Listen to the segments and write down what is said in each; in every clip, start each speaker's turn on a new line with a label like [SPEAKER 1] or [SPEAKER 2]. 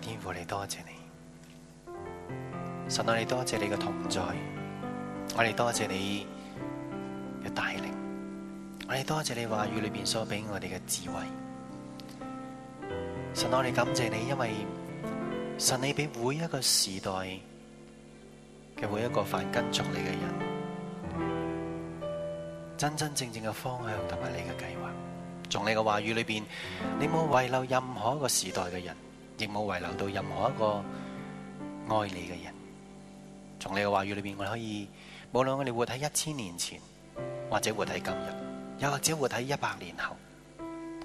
[SPEAKER 1] 天父，你多謝你神啊！你多謝你嘅同在，我哋多謝你嘅帶領，我哋多謝你嘅話語裏邊所俾我哋嘅智慧。神啊！你，感謝你，因為神你俾每一個時代嘅每一個凡跟足你嘅人，真真正正嘅方向同埋你嘅計劃，從你嘅話語裏邊，你冇遺留任何一個時代嘅人。亦冇遺留到任何一個愛你嘅人。從你嘅話語裏邊，我可以無論我哋活喺一千年前，或者活喺今日，又或者活喺一百年後，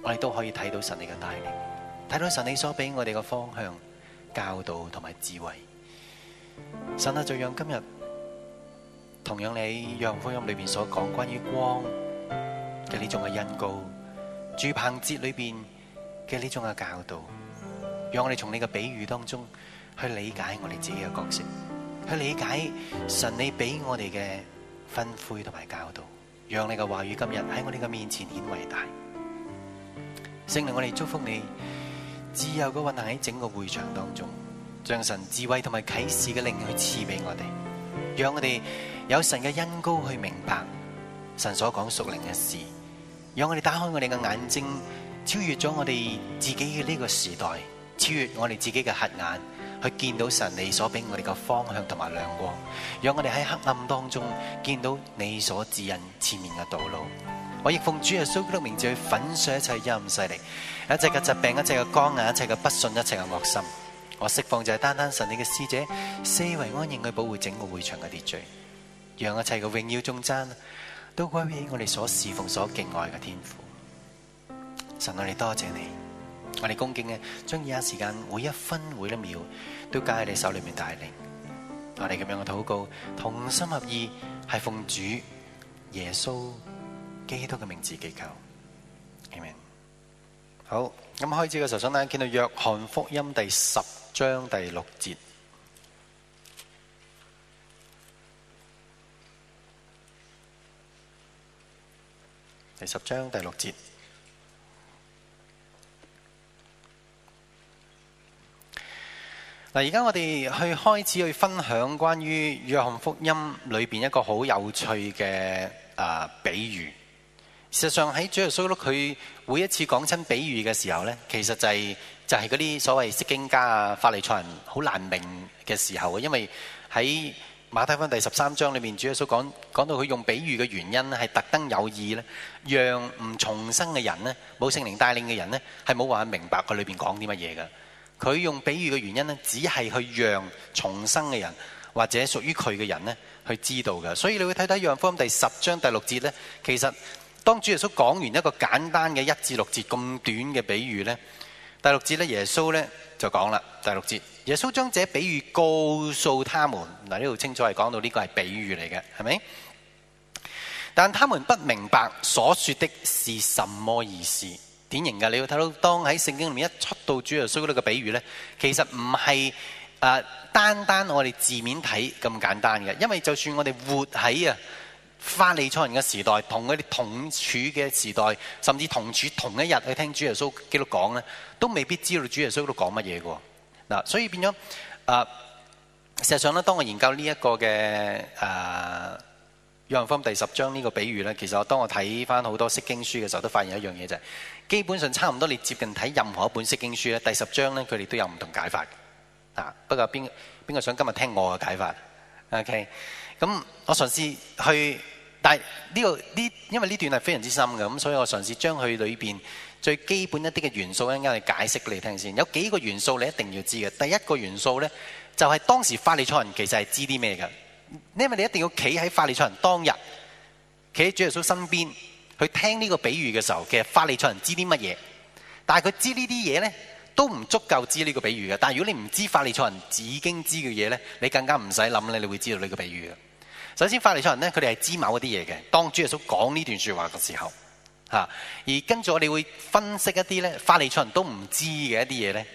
[SPEAKER 1] 我哋都可以睇到神你嘅帶領，睇到神你所俾我哋嘅方向、教導同埋智慧。神啊，就讓今日同樣你讓福音裏邊所講關於光嘅呢種嘅恩膏，住棚節裏邊嘅呢種嘅教導。讓我哋從你嘅比喻當中去理解我哋自己嘅角色，去理解神你俾我哋嘅吩咐同埋教導，讓你嘅話語今日喺我哋嘅面前顯為大。聖靈，我哋祝福你，自由嘅運行喺整個會場當中，將神智慧同埋啟示嘅靈去賜俾我哋，讓我哋有神嘅恩膏去明白神所講屬靈嘅事，讓我哋打開我哋嘅眼睛，超越咗我哋自己嘅呢個時代。超越我哋自己嘅黑眼，去見到神你所俾我哋嘅方向同埋亮光，讓我哋喺黑暗當中見到你所指引前面嘅道路。我亦奉主耶穌基督嘅名字去粉碎一切陰勢力，一切嘅疾病，一切嘅光暗，一切嘅不信，一切嘅惡心。我釋放就係單單神你嘅使者，四圍安營去保護整個會場嘅秩序，讓一切嘅榮耀中爭都歸於我哋所侍奉、所敬愛嘅天父。神，我哋多謝你。我哋恭敬嘅，將以下時間每一分每一秒都交喺你手裏面帶領。我哋咁樣嘅禱告，同心合意，係奉主耶穌基督嘅名字祈求。阿門。好，咁開始嘅時候，想大家見到約翰福音第十章第六節，第十章第六節。嗱，而家我哋去開始去分享關於約翰福音裏邊一個好有趣嘅啊比喻。事實上喺主耶穌咧，佢每一次講親比喻嘅時候咧，其實就係就係嗰啲所謂釋經家啊、法利賽人好難明嘅時候嘅，因為喺馬太福音第十三章裏邊，主耶穌講講到佢用比喻嘅原因咧，係特登有意咧，讓唔重生嘅人咧、冇聖靈帶領嘅人咧，係冇話明白佢裏邊講啲乜嘢㗎。佢用比喻嘅原因呢，只係去讓重生嘅人或者屬於佢嘅人呢去知道嘅。所以你會睇睇《約翰福音》第十章第六節呢，其實當主耶穌講完一個簡單嘅一至六節咁短嘅比喻呢，第六節咧耶穌呢就講啦。第六節，耶穌將這比喻告訴他們，嗱呢度清楚係講到呢個係比喻嚟嘅，係咪？但他們不明白所說的是什麼意思。典型㗎，你要睇到當喺聖經裏面一出到主耶穌嗰度嘅比喻咧，其實唔係誒單單我哋字面睇咁簡單嘅，因為就算我哋活喺啊法利賽人嘅時代，同佢哋同處嘅時代，甚至同處同一日去聽主耶穌基督講咧，都未必知道主耶穌喺度講乜嘢嘅，嗱，所以變咗誒、啊，事實上咧，當我研究呢一個嘅誒。啊《約翰福音》第十章呢個比喻呢，其實我當我睇翻好多釋經書嘅時候，都發現一樣嘢就係、是，基本上差唔多你接近睇任何一本釋經書咧，第十章呢，佢哋都有唔同解法。啊，不過邊邊個想今日聽我嘅解法？OK，咁我嘗試去，但係、這、呢個呢，因為呢段係非常之深嘅，咁所以我嘗試將佢裏邊最基本一啲嘅元素一間嚟解釋俾你聽先。有幾個元素你一定要知嘅，第一個元素呢，就係、是、當時法利賽人其實係知啲咩嘅。因為你一定要企喺法利賽人當日，企喺主耶穌身邊去聽呢個比喻嘅時候，其實法利賽人知啲乜嘢？但係佢知呢啲嘢咧，都唔足夠知呢個比喻嘅。但係如果你唔知法利賽人已經知嘅嘢咧，你更加唔使諗咧，你會知道呢個比喻嘅。首先，法利賽人咧，佢哋係知某一啲嘢嘅。當主耶穌講呢段說話嘅時候，吓而跟住我哋會分析一啲咧，法利賽人都唔知嘅一啲嘢咧，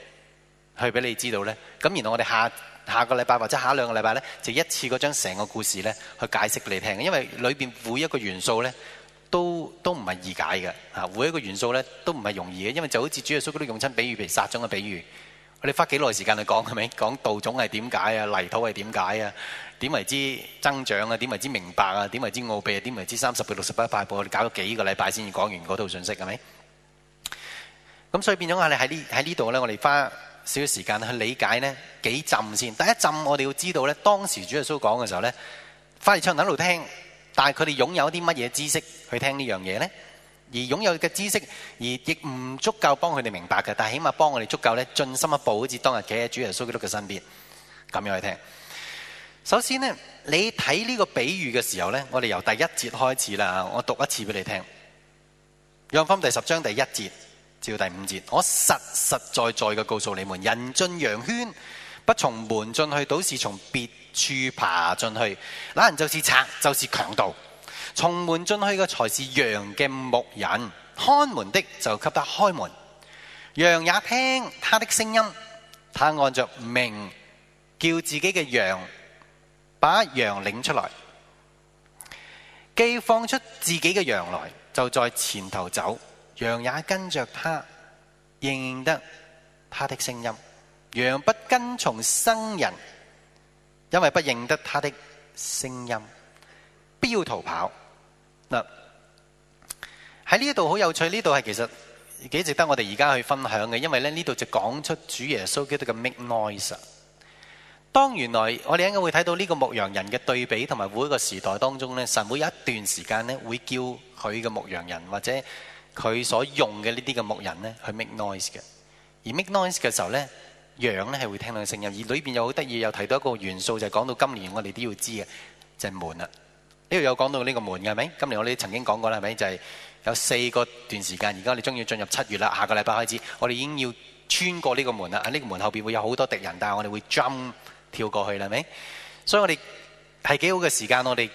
[SPEAKER 1] 去俾你知道咧。咁然後我哋下。下個禮拜或者下一兩個禮拜咧，就一次過將成個故事咧，去解釋俾你聽。因為裏邊每一個元素咧，都都唔係易解嘅。啊，每一個元素咧，都唔係容易嘅。因為就好似主耶穌嗰啲用親比喻，譬如撒種嘅比喻，我哋花幾耐時間去講係咪？講道種係點解啊？泥土係點解啊？點為之增長啊？點為之明白啊？點為之奧秘啊？點為之三十倍、六十倍、一百倍？我哋搞咗幾個禮拜先至講完嗰套信息係咪？咁所以變咗我哋喺呢喺呢度咧，我哋花少少時間去理解呢幾浸先，第一浸我哋要知道呢，當時主耶穌講嘅時候呢，法利賽人喺度聽，但係佢哋擁有啲乜嘢知識去聽呢樣嘢呢？而擁有嘅知識而亦唔足夠幫佢哋明白嘅，但係起碼幫我哋足夠呢，進深一步，好似當日企喺主耶穌基督嘅身邊，咁樣去聽。首先呢，你睇呢個比喻嘅時候呢，我哋由第一節開始啦，我讀一次俾你聽。約翰第十章第一節。照第五節，我實實在在嘅告訴你們：人進羊圈，不從門進去，倒是從別處爬進去。那人就是賊，就是強盜。從門進去嘅才是羊嘅牧人，看門的就給他開門。羊也聽他的聲音，他按着名叫自己嘅羊，把羊領出來，既放出自己嘅羊來，就在前頭走。羊也跟着他，認得他的聲音。羊不跟從生人，因為不認得他的聲音，必要逃跑。嗱、嗯，喺呢度好有趣，呢度係其實幾值得我哋而家去分享嘅，因為咧呢度就講出主耶穌基督嘅 make noise。當原來我哋應該會睇到呢個牧羊人嘅對比，同埋每一個時代當中咧，神會有一段時間咧會叫佢嘅牧羊人或者。佢所用嘅呢啲嘅木人咧，去 make noise 嘅。而 make noise 嘅時候咧，羊咧係會聽到聲音。而裏邊又好得意，又提到一個元素，就係講到今年我哋都要知嘅，就係門啦。呢度有講到呢個門嘅，係咪？今年我哋曾經講過啦，係咪？就係有四個段時間。而家我哋終於進入七月啦，下個禮拜開始，我哋已經要穿過呢個門啦。喺呢個門後邊會有好多敵人，但係我哋會 jump 跳過去啦，係咪？所以我哋係幾好嘅時間，我哋。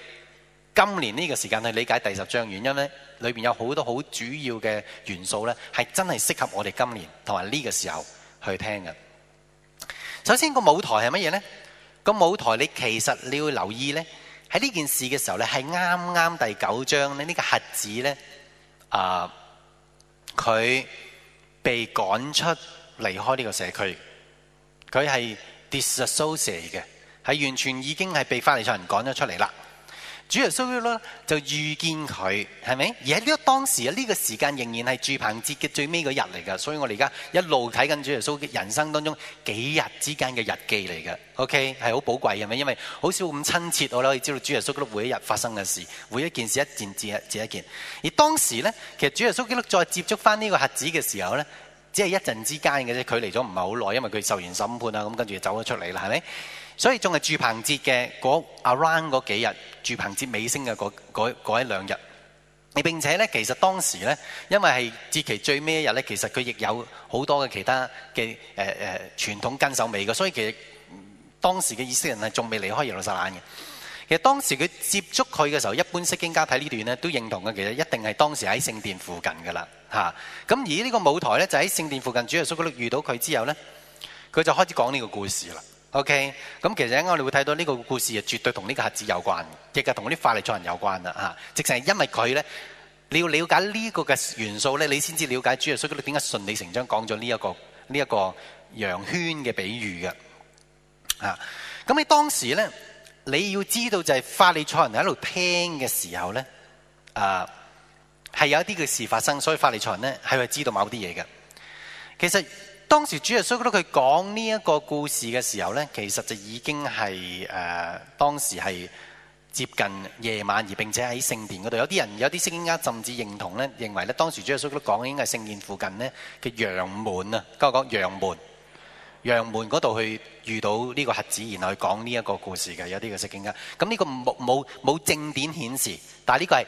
[SPEAKER 1] 今年呢個時間去理解第十章，原因咧，裏面有好多好主要嘅元素咧，係真係適合我哋今年同埋呢個時候去聽嘅。首先個舞台係乜嘢咧？個舞台你其實你要留意咧，喺呢件事嘅時候咧，係啱啱第九章咧，呢個瞎子咧，啊、呃，佢被趕出離開呢個社區，佢係 disassociate 嘅，係完全已經係被法利賽人趕咗出嚟啦。主耶穌基督就遇見佢，係咪？而喺呢、這個當時啊，呢、這個時間仍然係住棚節嘅最尾嗰日嚟㗎，所以我哋而家一路睇緊主耶穌基督人生當中幾日之間嘅日記嚟㗎。OK，係好寶貴㗎，係咪？因為好少咁親切我們，我哋可以知道主耶穌基督每一日發生嘅事，每一件事一件接一件。而當時呢，其實主耶穌基督再接觸翻呢個瞎子嘅時候呢，只係一陣之間嘅啫，距離咗唔係好耐，因為佢受完審判啊，咁跟住就走咗出嚟啦，係咪？所以仲係住棚節嘅嗰 around 嗰幾日，住棚節尾聲嘅嗰一兩日。你並且呢，其實當時呢，因為係節期最尾一日呢，其實佢亦有好多嘅其他嘅誒誒傳統跟手尾嘅。所以其實當時嘅以色列人係仲未離開耶路撒冷嘅。其實當時佢接觸佢嘅時候，一般聖經家睇呢段呢都認同嘅，其實一定係當時喺聖殿附近嘅啦嚇。咁、啊、而呢個舞台呢，就喺聖殿附近，主耶穌嗰度遇到佢之後呢，佢就開始講呢個故事啦。OK，咁其實啱啱我哋會睇到呢個故事，又絕對同呢個瞎子有關，亦係同嗰啲法利賽人有關啦嚇。直情係因為佢咧，你要了解呢個嘅元素咧，你先至了解主要，所以佢哋點解順理成章講咗呢一個呢一、呢一個羊圈嘅比喻嘅嚇？咁喺當時咧，你要知道就係法利賽人喺度聽嘅時候咧，啊、呃、係有一啲嘅事發生，所以法利賽人咧係會知道某啲嘢嘅。其實。當時主耶穌佢講呢一個故事嘅時候呢，其實就已經係誒、呃、當時係接近夜晚，而並且喺聖殿嗰度有啲人有啲聖經家甚至認同呢，認為呢當時主耶穌講應該係聖殿附近呢，嘅羊門啊，我講羊門羊門嗰度去遇到呢個核子，然後去講呢一個故事嘅有啲嘅聖經家，咁呢個冇冇冇正點顯示，但係呢個係。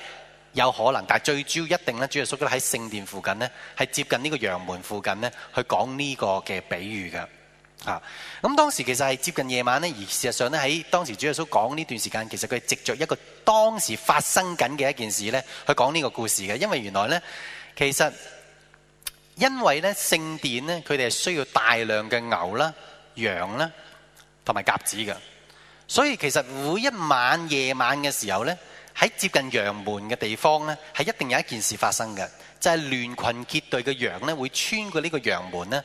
[SPEAKER 1] 有可能，但係最主要一定咧，主耶穌咧喺聖殿附近呢，係接近呢個羊門附近呢，去講呢個嘅比喻嘅。啊，咁當時其實係接近夜晚呢，而事實上呢，喺當時主耶穌講呢段時間，其實佢係藉著一個當時發生緊嘅一件事呢，去講呢個故事嘅。因為原來呢，其實因為呢聖殿呢，佢哋係需要大量嘅牛啦、羊啦同埋鴿子嘅，所以其實每一晚夜晚嘅時候呢。喺接近羊門嘅地方呢，係一定有一件事發生嘅，就係、是、聯群結隊嘅羊咧，會穿過呢個羊門呢，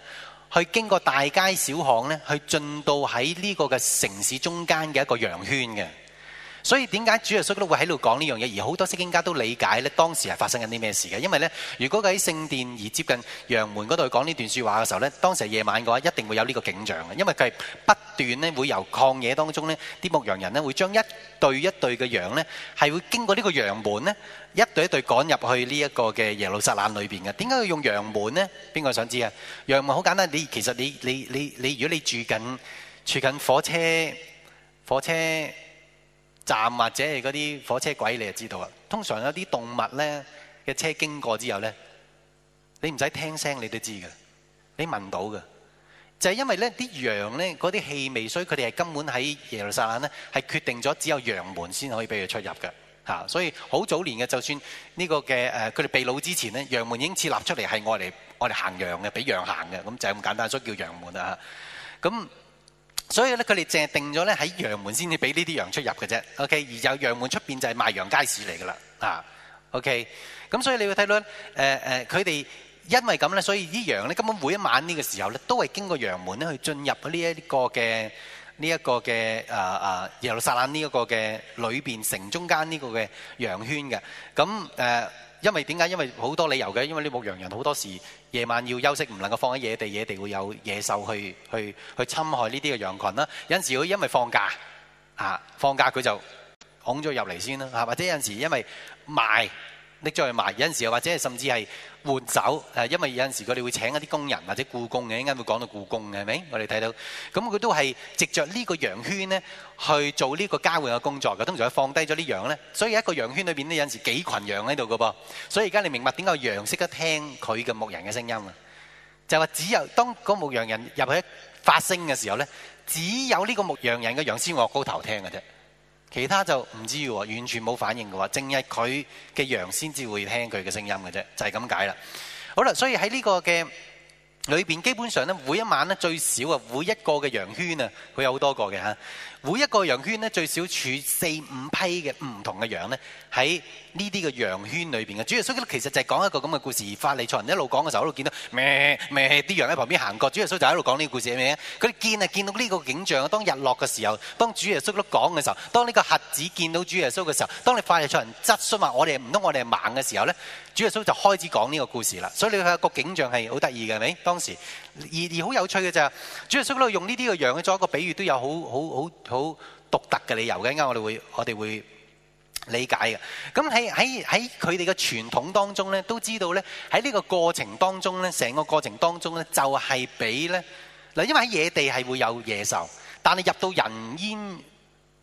[SPEAKER 1] 去經過大街小巷呢，去進到喺呢個嘅城市中間嘅一個羊圈嘅。所以點解主耶穌都會喺度講呢樣嘢？而好多聖經家都理解呢當時係發生緊啲咩事嘅？因為呢，如果佢喺聖殿而接近羊門嗰度講呢段説話嘅時候呢，當時係夜晚嘅話，一定會有呢個景象嘅。因為佢係不斷呢會由曠野當中呢啲牧羊人呢，會將一對一對嘅羊呢，係會經過呢個羊門呢，一對一對趕入去呢一個嘅耶路撒冷裏邊嘅。點解要用羊門呢？邊個想知啊？羊門好簡單，你其實你你你你，你，如果你住緊住緊火車火車。火車站或者係嗰啲火車軌，你就知道啦。通常有啲動物呢，嘅車經過之後呢，你唔使聽聲，你都知嘅。你聞到嘅，就係因為呢啲羊呢，嗰啲氣味，所以佢哋係根本喺耶路撒冷呢，係決定咗只有羊門先可以俾佢出入嘅吓。所以好早年嘅，就算呢個嘅誒佢哋被擄之前呢，羊門已經設立出嚟係用嚟用嚟行羊嘅，俾羊行嘅，咁就係咁簡單，所以叫羊門啊。咁所以咧，佢哋淨係定咗咧喺羊門先至俾呢啲羊出入嘅啫。OK，而有羊門出邊就係賣羊街市嚟噶啦。啊，OK，咁所以你會睇到咧，誒誒佢哋因為咁咧，所以啲羊咧根本每一晚呢個時候咧，都係經過羊門咧去進入呢一個嘅呢一個嘅、呃、啊啊耶路撒冷呢一個嘅裏邊城中間呢個嘅羊圈嘅。咁誒。呃因為點解？因為好多理由嘅，因為啲牧羊人好多時夜晚要休息，唔能夠放喺野地，野地會有野獸去去去侵害呢啲嘅羊群啦。有陣時佢因為放假啊，放假佢就攬咗入嚟先啦，嚇。或者有陣時因為賣拎咗去賣，有陣時又或者甚至係。換走誒，因為有陣時佢哋會請一啲工人或者僱工嘅，應該會講到僱工嘅係咪？我哋睇到咁佢都係藉著呢個羊圈咧去做呢個交換嘅工作嘅。通常佢放低咗啲羊咧，所以一個羊圈裏邊咧有陣時幾羣羊喺度嘅噃，所以而家你明白點解羊識得聽佢嘅牧人嘅聲音啊？就係話只有當嗰牧羊人入去發聲嘅時候咧，只有呢個牧羊人嘅羊先卧高頭聽嘅啫。其他就唔知喎，完全冇反應嘅話，淨係佢嘅羊先至會聽佢嘅聲音嘅啫，就係咁解啦。好啦，所以喺呢個嘅裏邊，基本上呢，每一晚呢，最少啊，每一個嘅羊圈啊，佢有好多個嘅嚇。每一個羊圈咧，最少處四五批嘅唔同嘅羊咧喺呢啲嘅羊圈裏面，嘅。主耶穌其實就係講一個咁嘅故事。法利賽人一路講嘅時候，一路見到咩咩啲羊喺旁邊行過。主耶穌就喺度講呢個故事嘅咩？佢、呃、見啊到呢個景象，當當日落嘅時候，當主耶穌都講嘅時候，當呢個瞎子見到主耶穌嘅時候，當你法利賽人質詢話我哋唔通我哋盲嘅時候咧，主耶穌就開始講呢個故事啦。所以你睇、這個景象係好得意嘅，係咪當時？而而好有趣嘅就係，主耶穌都用呢啲嘅羊去做一個比喻，都有好好好好獨特嘅理由嘅。陣間我哋會我哋會,會理解嘅。咁喺喺喺佢哋嘅傳統當中咧，都知道咧喺呢個過程當中咧，成個過程當中咧，就係俾咧嗱，因為喺野地係會有野獸，但係入到人煙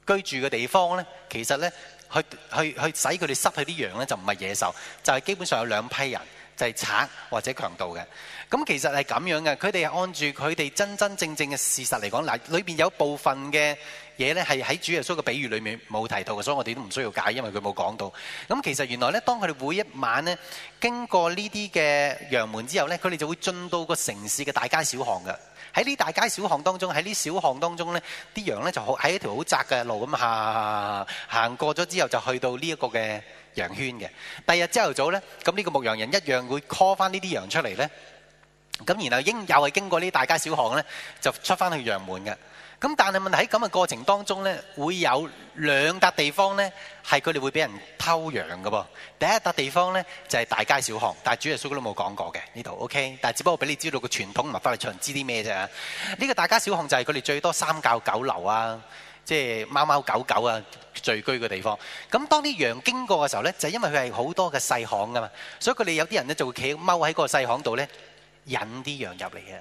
[SPEAKER 1] 居住嘅地方咧，其實咧去去去使佢哋失去啲羊咧，就唔係野獸，就係、是、基本上有兩批人，就係、是、賊或者強盜嘅。咁其實係咁樣嘅，佢哋係按住佢哋真真正正嘅事實嚟講，嗱裏面有部分嘅嘢咧係喺主耶穌嘅比喻裏面冇提到嘅，所以我哋都唔需要解，因為佢冇講到。咁其實原來咧，當佢哋每一晚咧經過呢啲嘅羊門之後咧，佢哋就會進到個城市嘅大街小巷嘅。喺呢大街小巷當中，喺呢小巷當中咧，啲羊咧就好喺一條好窄嘅路咁行行過咗之後，就去到呢一個嘅羊圈嘅。第二日朝頭早咧，咁呢個牧羊人一樣會 call 翻呢啲羊出嚟咧。咁然後應又係經過呢大街小巷呢，就出翻去羊門嘅。咁但係問題喺咁嘅過程當中呢，會有兩笪地方呢，係佢哋會俾人偷羊嘅噃。第一笪地方呢，就係、是、大街小巷，但係主耶穌都冇講過嘅呢度，OK。但係只不過俾你知道個傳統文化翻嚟場知啲咩啫。呢、這個大街小巷就係佢哋最多三教九流啊，即係貓貓狗狗啊聚居嘅地方。咁當啲羊經過嘅時候呢，就因為佢係好多嘅細巷㗎嘛，所以佢哋有啲人呢，就會企踎喺個細巷度呢。引啲羊入嚟嘅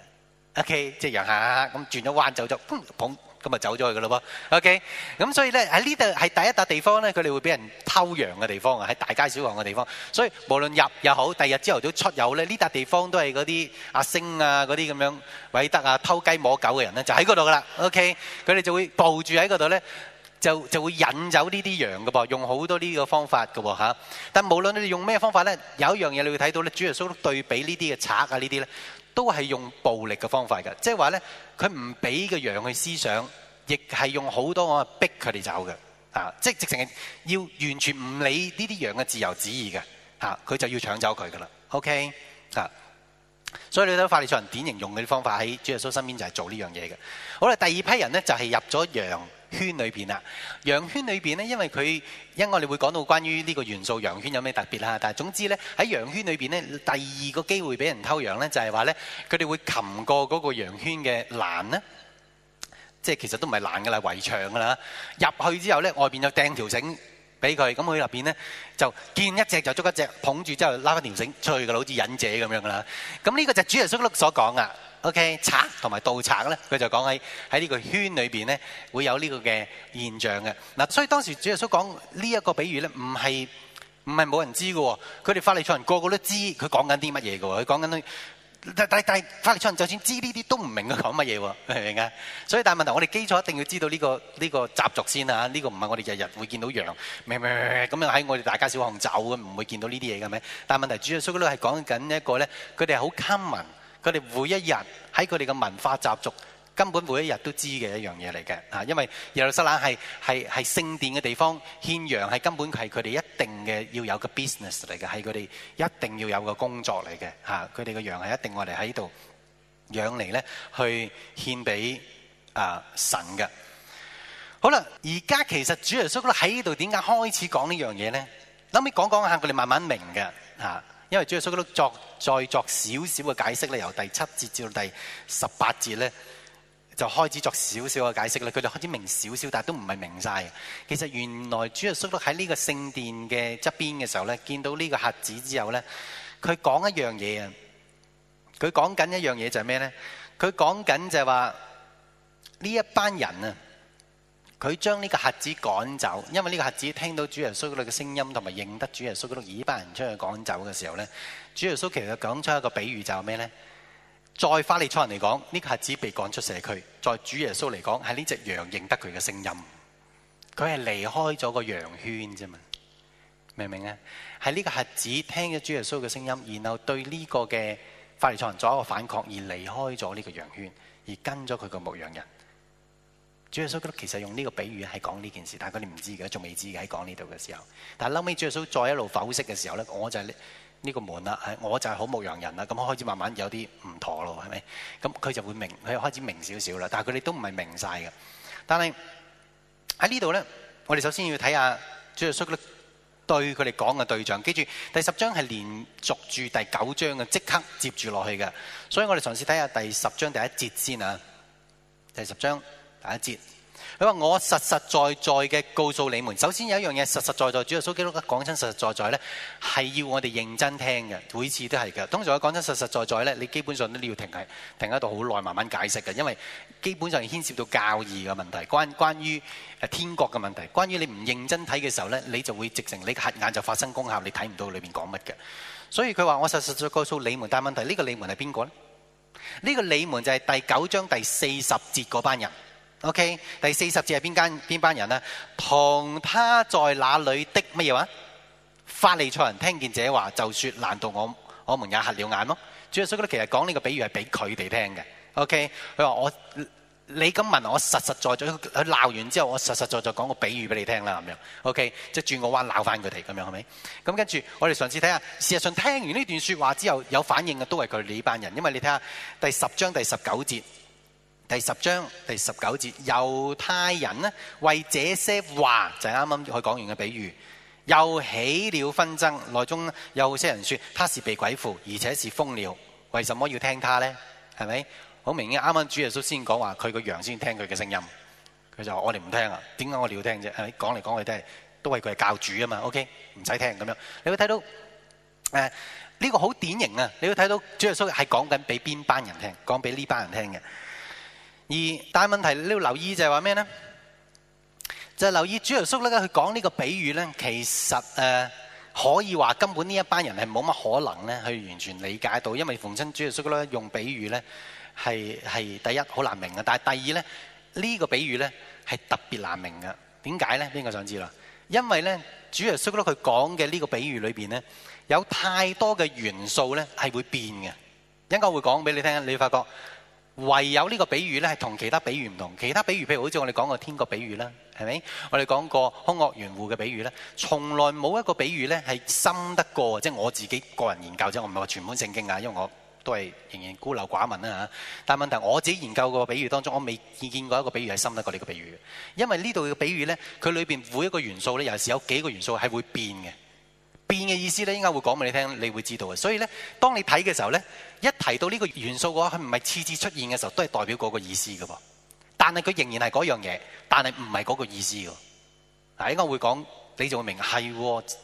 [SPEAKER 1] OK 隻羊下咁轉咗彎走咗，咁、嗯、捧、就走咗去噶喇噃。OK，咁所以咧喺呢度係第一笪地方咧，佢哋會俾人偷羊嘅地方啊，喺大街小巷嘅地方。所以無論入又好，第二日朝頭早出遊咧，呢笪地方都係嗰啲阿星啊、嗰啲咁樣偉德啊偷雞摸狗嘅人咧，就喺嗰度噶啦。OK，佢哋就會抱住喺嗰度咧。就就會引走呢啲羊嘅噃，用好多呢個方法嘅喎，但無論你哋用咩方法咧，有一樣嘢你會睇到咧，主耶穌對比呢啲嘅賊啊呢啲咧，都係用暴力嘅方法嘅，即係話咧，佢唔俾個羊去思想，亦係用好多我啊逼佢哋走嘅嚇，即係直情要完全唔理呢啲羊嘅自由旨意嘅嚇，佢就要搶走佢嘅啦。OK 嚇，所以你睇法利賽人典型用嘅方法喺主耶穌身邊就係做呢樣嘢嘅。好啦，第二批人咧就係、是、入咗羊圈裏邊啦，羊圈裏邊咧，因為佢，因為我哋會講到關於呢個元素，羊圈有咩特別啦。但係總之咧，喺羊圈裏邊咧，第二個機會俾人偷羊咧，就係話咧，佢哋會擒過嗰個羊圈嘅欄咧，即係其實都唔係欄噶啦，圍牆噶啦，入去之後咧，外邊有掟條繩。俾佢咁，佢入邊咧，就見一隻就捉一隻，捧住之後拉翻條繩出去嘅，好似忍者咁樣啦。咁呢個就係主耶穌所講啊。OK，賊同埋盜賊咧，佢就講喺喺呢個圈裏邊咧，會有呢個嘅現象嘅。嗱，所以當時主耶穌講呢一個比喻咧，唔係唔係冇人知嘅喎。佢哋法利賽人個個都知佢講緊啲乜嘢嘅喎。佢講緊咧。但但但係，法律出，就算知呢啲都唔明佢講乜嘢喎，明唔明啊？所以但係問題，我哋基礎一定要知道呢個呢個習俗先啊！呢個唔係我哋日日會見到羊明明咁樣喺我哋大街小巷走嘅，唔會見到呢啲嘢嘅咩？但係問題是，主耶穌嗰度係講緊一個咧，佢哋係好 common，佢哋每一日喺佢哋嘅文化習俗。根本每一日都知嘅一樣嘢嚟嘅嚇，因為耶路撒冷係係係聖殿嘅地方，獻羊係根本係佢哋一定嘅要有個 business 嚟嘅，係佢哋一定要有個工作嚟嘅嚇。佢哋嘅羊係一定愛嚟喺度養嚟咧，去獻俾啊神嘅。好啦，而家其實主耶穌都喺度點解開始講呢樣嘢咧？諗起講講下，佢哋慢慢明嘅嚇，因為主耶穌都作再作少少嘅解釋咧，由第七節至到第十八節咧，就開始作少少嘅解釋啦，佢就開始明少少，但係都唔係明晒嘅。其實原來主耶穌喺呢個聖殿嘅側邊嘅時候呢，見到呢個盒子之後說一說一就是什麼呢，佢講一樣嘢啊。佢講緊一樣嘢就係咩呢？佢講緊就係話呢一班人啊，佢將呢個盒子趕走，因為呢個盒子聽到主耶穌嗰度嘅聲音，同埋認得主耶穌嗰度，呢班人將佢趕走嘅時候呢，主耶穌其實講出一個比喻就係咩呢？再法利賽人嚟講，呢、這個孩子被趕出社區；再主耶穌嚟講，係呢隻羊認得佢嘅聲音，佢係離開咗個羊圈啫嘛，明唔明啊？係呢個孩子聽咗主耶穌嘅聲音，然後對呢個嘅法利賽人作一個反抗，而離開咗呢個羊圈，而跟咗佢個牧羊人。主耶穌其實用呢個比喻係講呢件事，但係佢哋唔知嘅，仲未知嘅喺講呢度嘅時候。但係後尾主耶穌再一路剖析嘅時候咧，我就係、是、呢。呢、這個門啦，係我就係好牧羊人啦，咁開始慢慢有啲唔妥咯，係咪？咁佢就會明，佢開始明少少啦。但係佢哋都唔係明晒嘅。但係喺呢度咧，我哋首先要睇下主約書亞對佢哋講嘅對象。記住第十章係連續住第九章嘅，即刻接住落去嘅。所以我哋嘗試睇下第十章第一節先啊。第十章第一節。佢話：我實實在在嘅告訴你們，首先有一樣嘢實實在在，主耶穌基督得講親實實在在呢係要我哋認真聽嘅，每次都係嘅。通常我講親實實在在呢你基本上都都要停喺停喺度好耐，慢慢解釋嘅，因為基本上牽涉到教義嘅問題，關關於天國嘅問題，關於你唔認真睇嘅時候呢，你就會直情你核眼就發生功效，你睇唔到裏面講乜嘅。所以佢話：我實實在在告訴你們，但係問題呢個你們係邊個咧？呢個你們就係第九章第四十節嗰班人。OK，第四十節係邊間邊班人呢？同他在那裏的乜嘢話？法利賽人聽見這話，就説：難道我我們也瞎了眼麼？主要，所以嗰啲其實講呢個比喻係俾佢哋聽嘅。O K，佢話我你咁問我，實實在在，佢鬧完之後，我實實在在講個比喻俾你聽啦咁樣。O K，即係轉個彎鬧翻佢哋咁樣係咪？咁跟住我哋嘗試睇下，事實上聽完呢段説話之後有反應嘅都係佢哋呢班人，因為你睇下第十章第十九節。第十章第十九節，猶太人呢為這些話就係啱啱佢講完嘅比喻，又起了紛爭。內中有好些人說他是被鬼附，而且是瘋了，為什麼要聽他呢？係咪？好明顯，啱啱主耶穌先講話，佢個羊先聽佢嘅聲音。佢就話：我哋唔聽啊，點解我哋要聽啫？係咪講嚟講去都係都係佢係教主啊嘛？OK，唔使聽咁樣。你會睇到誒呢、呃這個好典型啊！你會睇到主耶穌係講緊俾邊班人聽，講俾呢班人聽嘅。而但係問題，你要留意就係話咩呢？就係、留意主耶穌咧，佢講呢個比喻呢，其實誒、呃、可以話根本呢一班人係冇乜可能咧去完全理解到，因為逢親主耶穌咧用比喻呢係係第一好難明嘅。但係第二呢，呢、呢個比喻呢係特別難明嘅。點解呢？邊個想知啦？因為呢，主耶穌咧佢講嘅呢個比喻裏邊呢，有太多嘅元素呢係會變嘅。應該我會講俾你聽，你會發覺。唯有呢個比喻呢，係同其他比喻唔同。其他比喻，譬如好似我哋講過天國比喻啦，係咪？我哋講過凶惡園戶嘅比喻呢，從來冇一個比喻呢係深得過，即係我自己個人研究啫。我唔係話全本聖經啊，因為我都係仍然孤陋寡聞啦。但係問題是我自己研究個比喻當中，我未見過一個比喻係深得過呢個比喻。因為呢度嘅比喻呢，佢裏邊每一個元素呢，有時有幾個元素係會變嘅。變嘅意思咧，應該會講俾你聽，你會知道嘅。所以咧，當你睇嘅時候咧，一提到呢個元素嘅話，佢唔係次次出現嘅時候，都係代表嗰個意思嘅。但係佢仍然係嗰樣嘢，但係唔係嗰個意思嘅。啊，應該會講，你就會明係，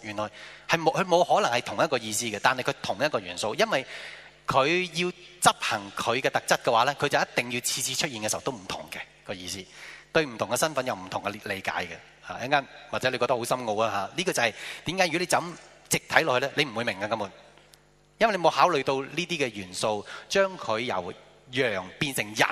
[SPEAKER 1] 原來係冇，佢冇可能係同一個意思嘅。但係佢同一個元素，因為佢要執行佢嘅特質嘅話咧，佢就一定要次次出現嘅時候都唔同嘅個意思，對唔同嘅身份有唔同嘅理解嘅。一陣間或者你覺得好深奧啊。吓，呢個就係點解，如果你咁。直睇落去咧，你唔會明㗎。根本，因為你冇考慮到呢啲嘅元素，將佢由羊變成人，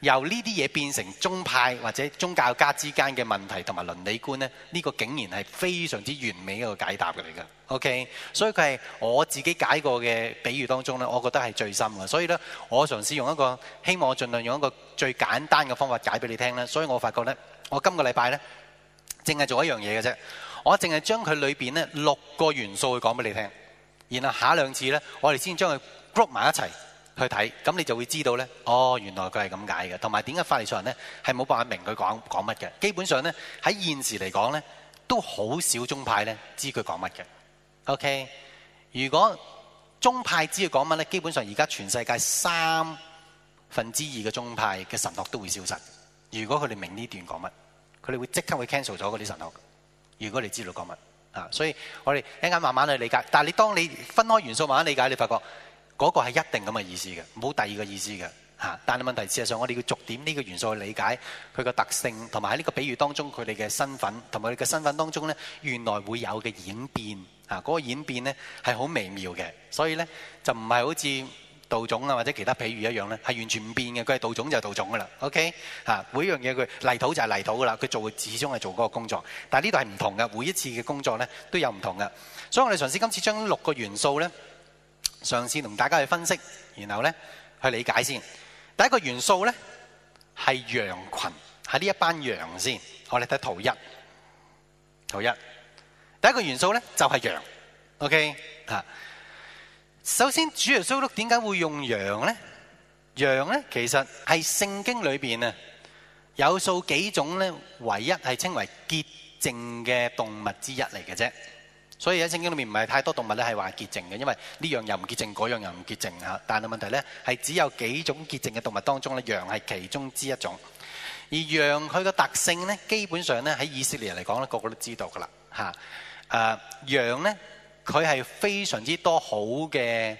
[SPEAKER 1] 由呢啲嘢變成宗派或者宗教家之間嘅問題同埋倫理觀咧，呢個竟然係非常之完美一個解答嚟㗎。OK，所以佢係我自己解過嘅比喻當中咧，我覺得係最深嘅。所以咧，我嘗試用一個，希望我儘量用一個最簡單嘅方法解俾你聽啦。所以我發覺咧，我今個禮拜咧，淨係做一樣嘢嘅啫。我淨係將佢裏邊呢六個元素去講俾你聽，然後下兩次呢，我哋先將佢 group 埋一齊去睇，咁你就會知道呢。哦，原來佢係咁解嘅。同埋點解法利賽人呢係冇辦法明佢講講乜嘅？基本上呢，喺現時嚟講呢，都好少宗派呢知佢講乜嘅。OK，如果宗派知佢講乜呢，基本上而家全世界三分之二嘅宗派嘅神學都會消失。如果佢哋明呢段講乜，佢哋會即刻會 cancel 咗嗰啲神學。如果你知道講乜，啊，所以我哋一陣間慢慢去理解。但係你當你分開元素慢慢理解，你發覺嗰個係一定咁嘅意思嘅，冇第二個意思嘅。嚇！但係問題事實上，我哋要逐點呢個元素去理解佢個特性，同埋喺呢個比喻當中佢哋嘅身份，同埋佢哋嘅身份當中咧，原來會有嘅演變。嚇！嗰個演變咧係好微妙嘅，所以咧就唔係好似。道種啊，或者其他譬如一樣咧，係完全唔變嘅。佢係道種就道種噶啦，OK，吓每樣嘢佢泥土就係泥土噶啦，佢做嘅始終係做嗰個工作。但係呢度係唔同嘅，每一次嘅工作咧都有唔同嘅。所以我哋嘗試今次將六個元素咧，嘗試同大家去分析，然後咧去理解先。第一個元素咧係羊群，喺呢一班羊先，我哋睇圖一，圖一，第一個元素咧就係羊，OK，吓。首先，主耶穌點解會用羊咧？羊咧，其實係聖經裏邊啊，有數幾種咧，唯一係稱為潔淨嘅動物之一嚟嘅啫。所以喺聖經裏面唔係太多動物咧係話潔淨嘅，因為呢樣又唔潔淨，嗰樣又唔潔淨嚇。但係問題咧係只有幾種潔淨嘅動物當中咧，羊係其中之一種。而羊佢個特性咧，基本上咧喺以色列人嚟講咧，個個都知道㗎啦嚇。誒，羊咧。佢係非常之多好嘅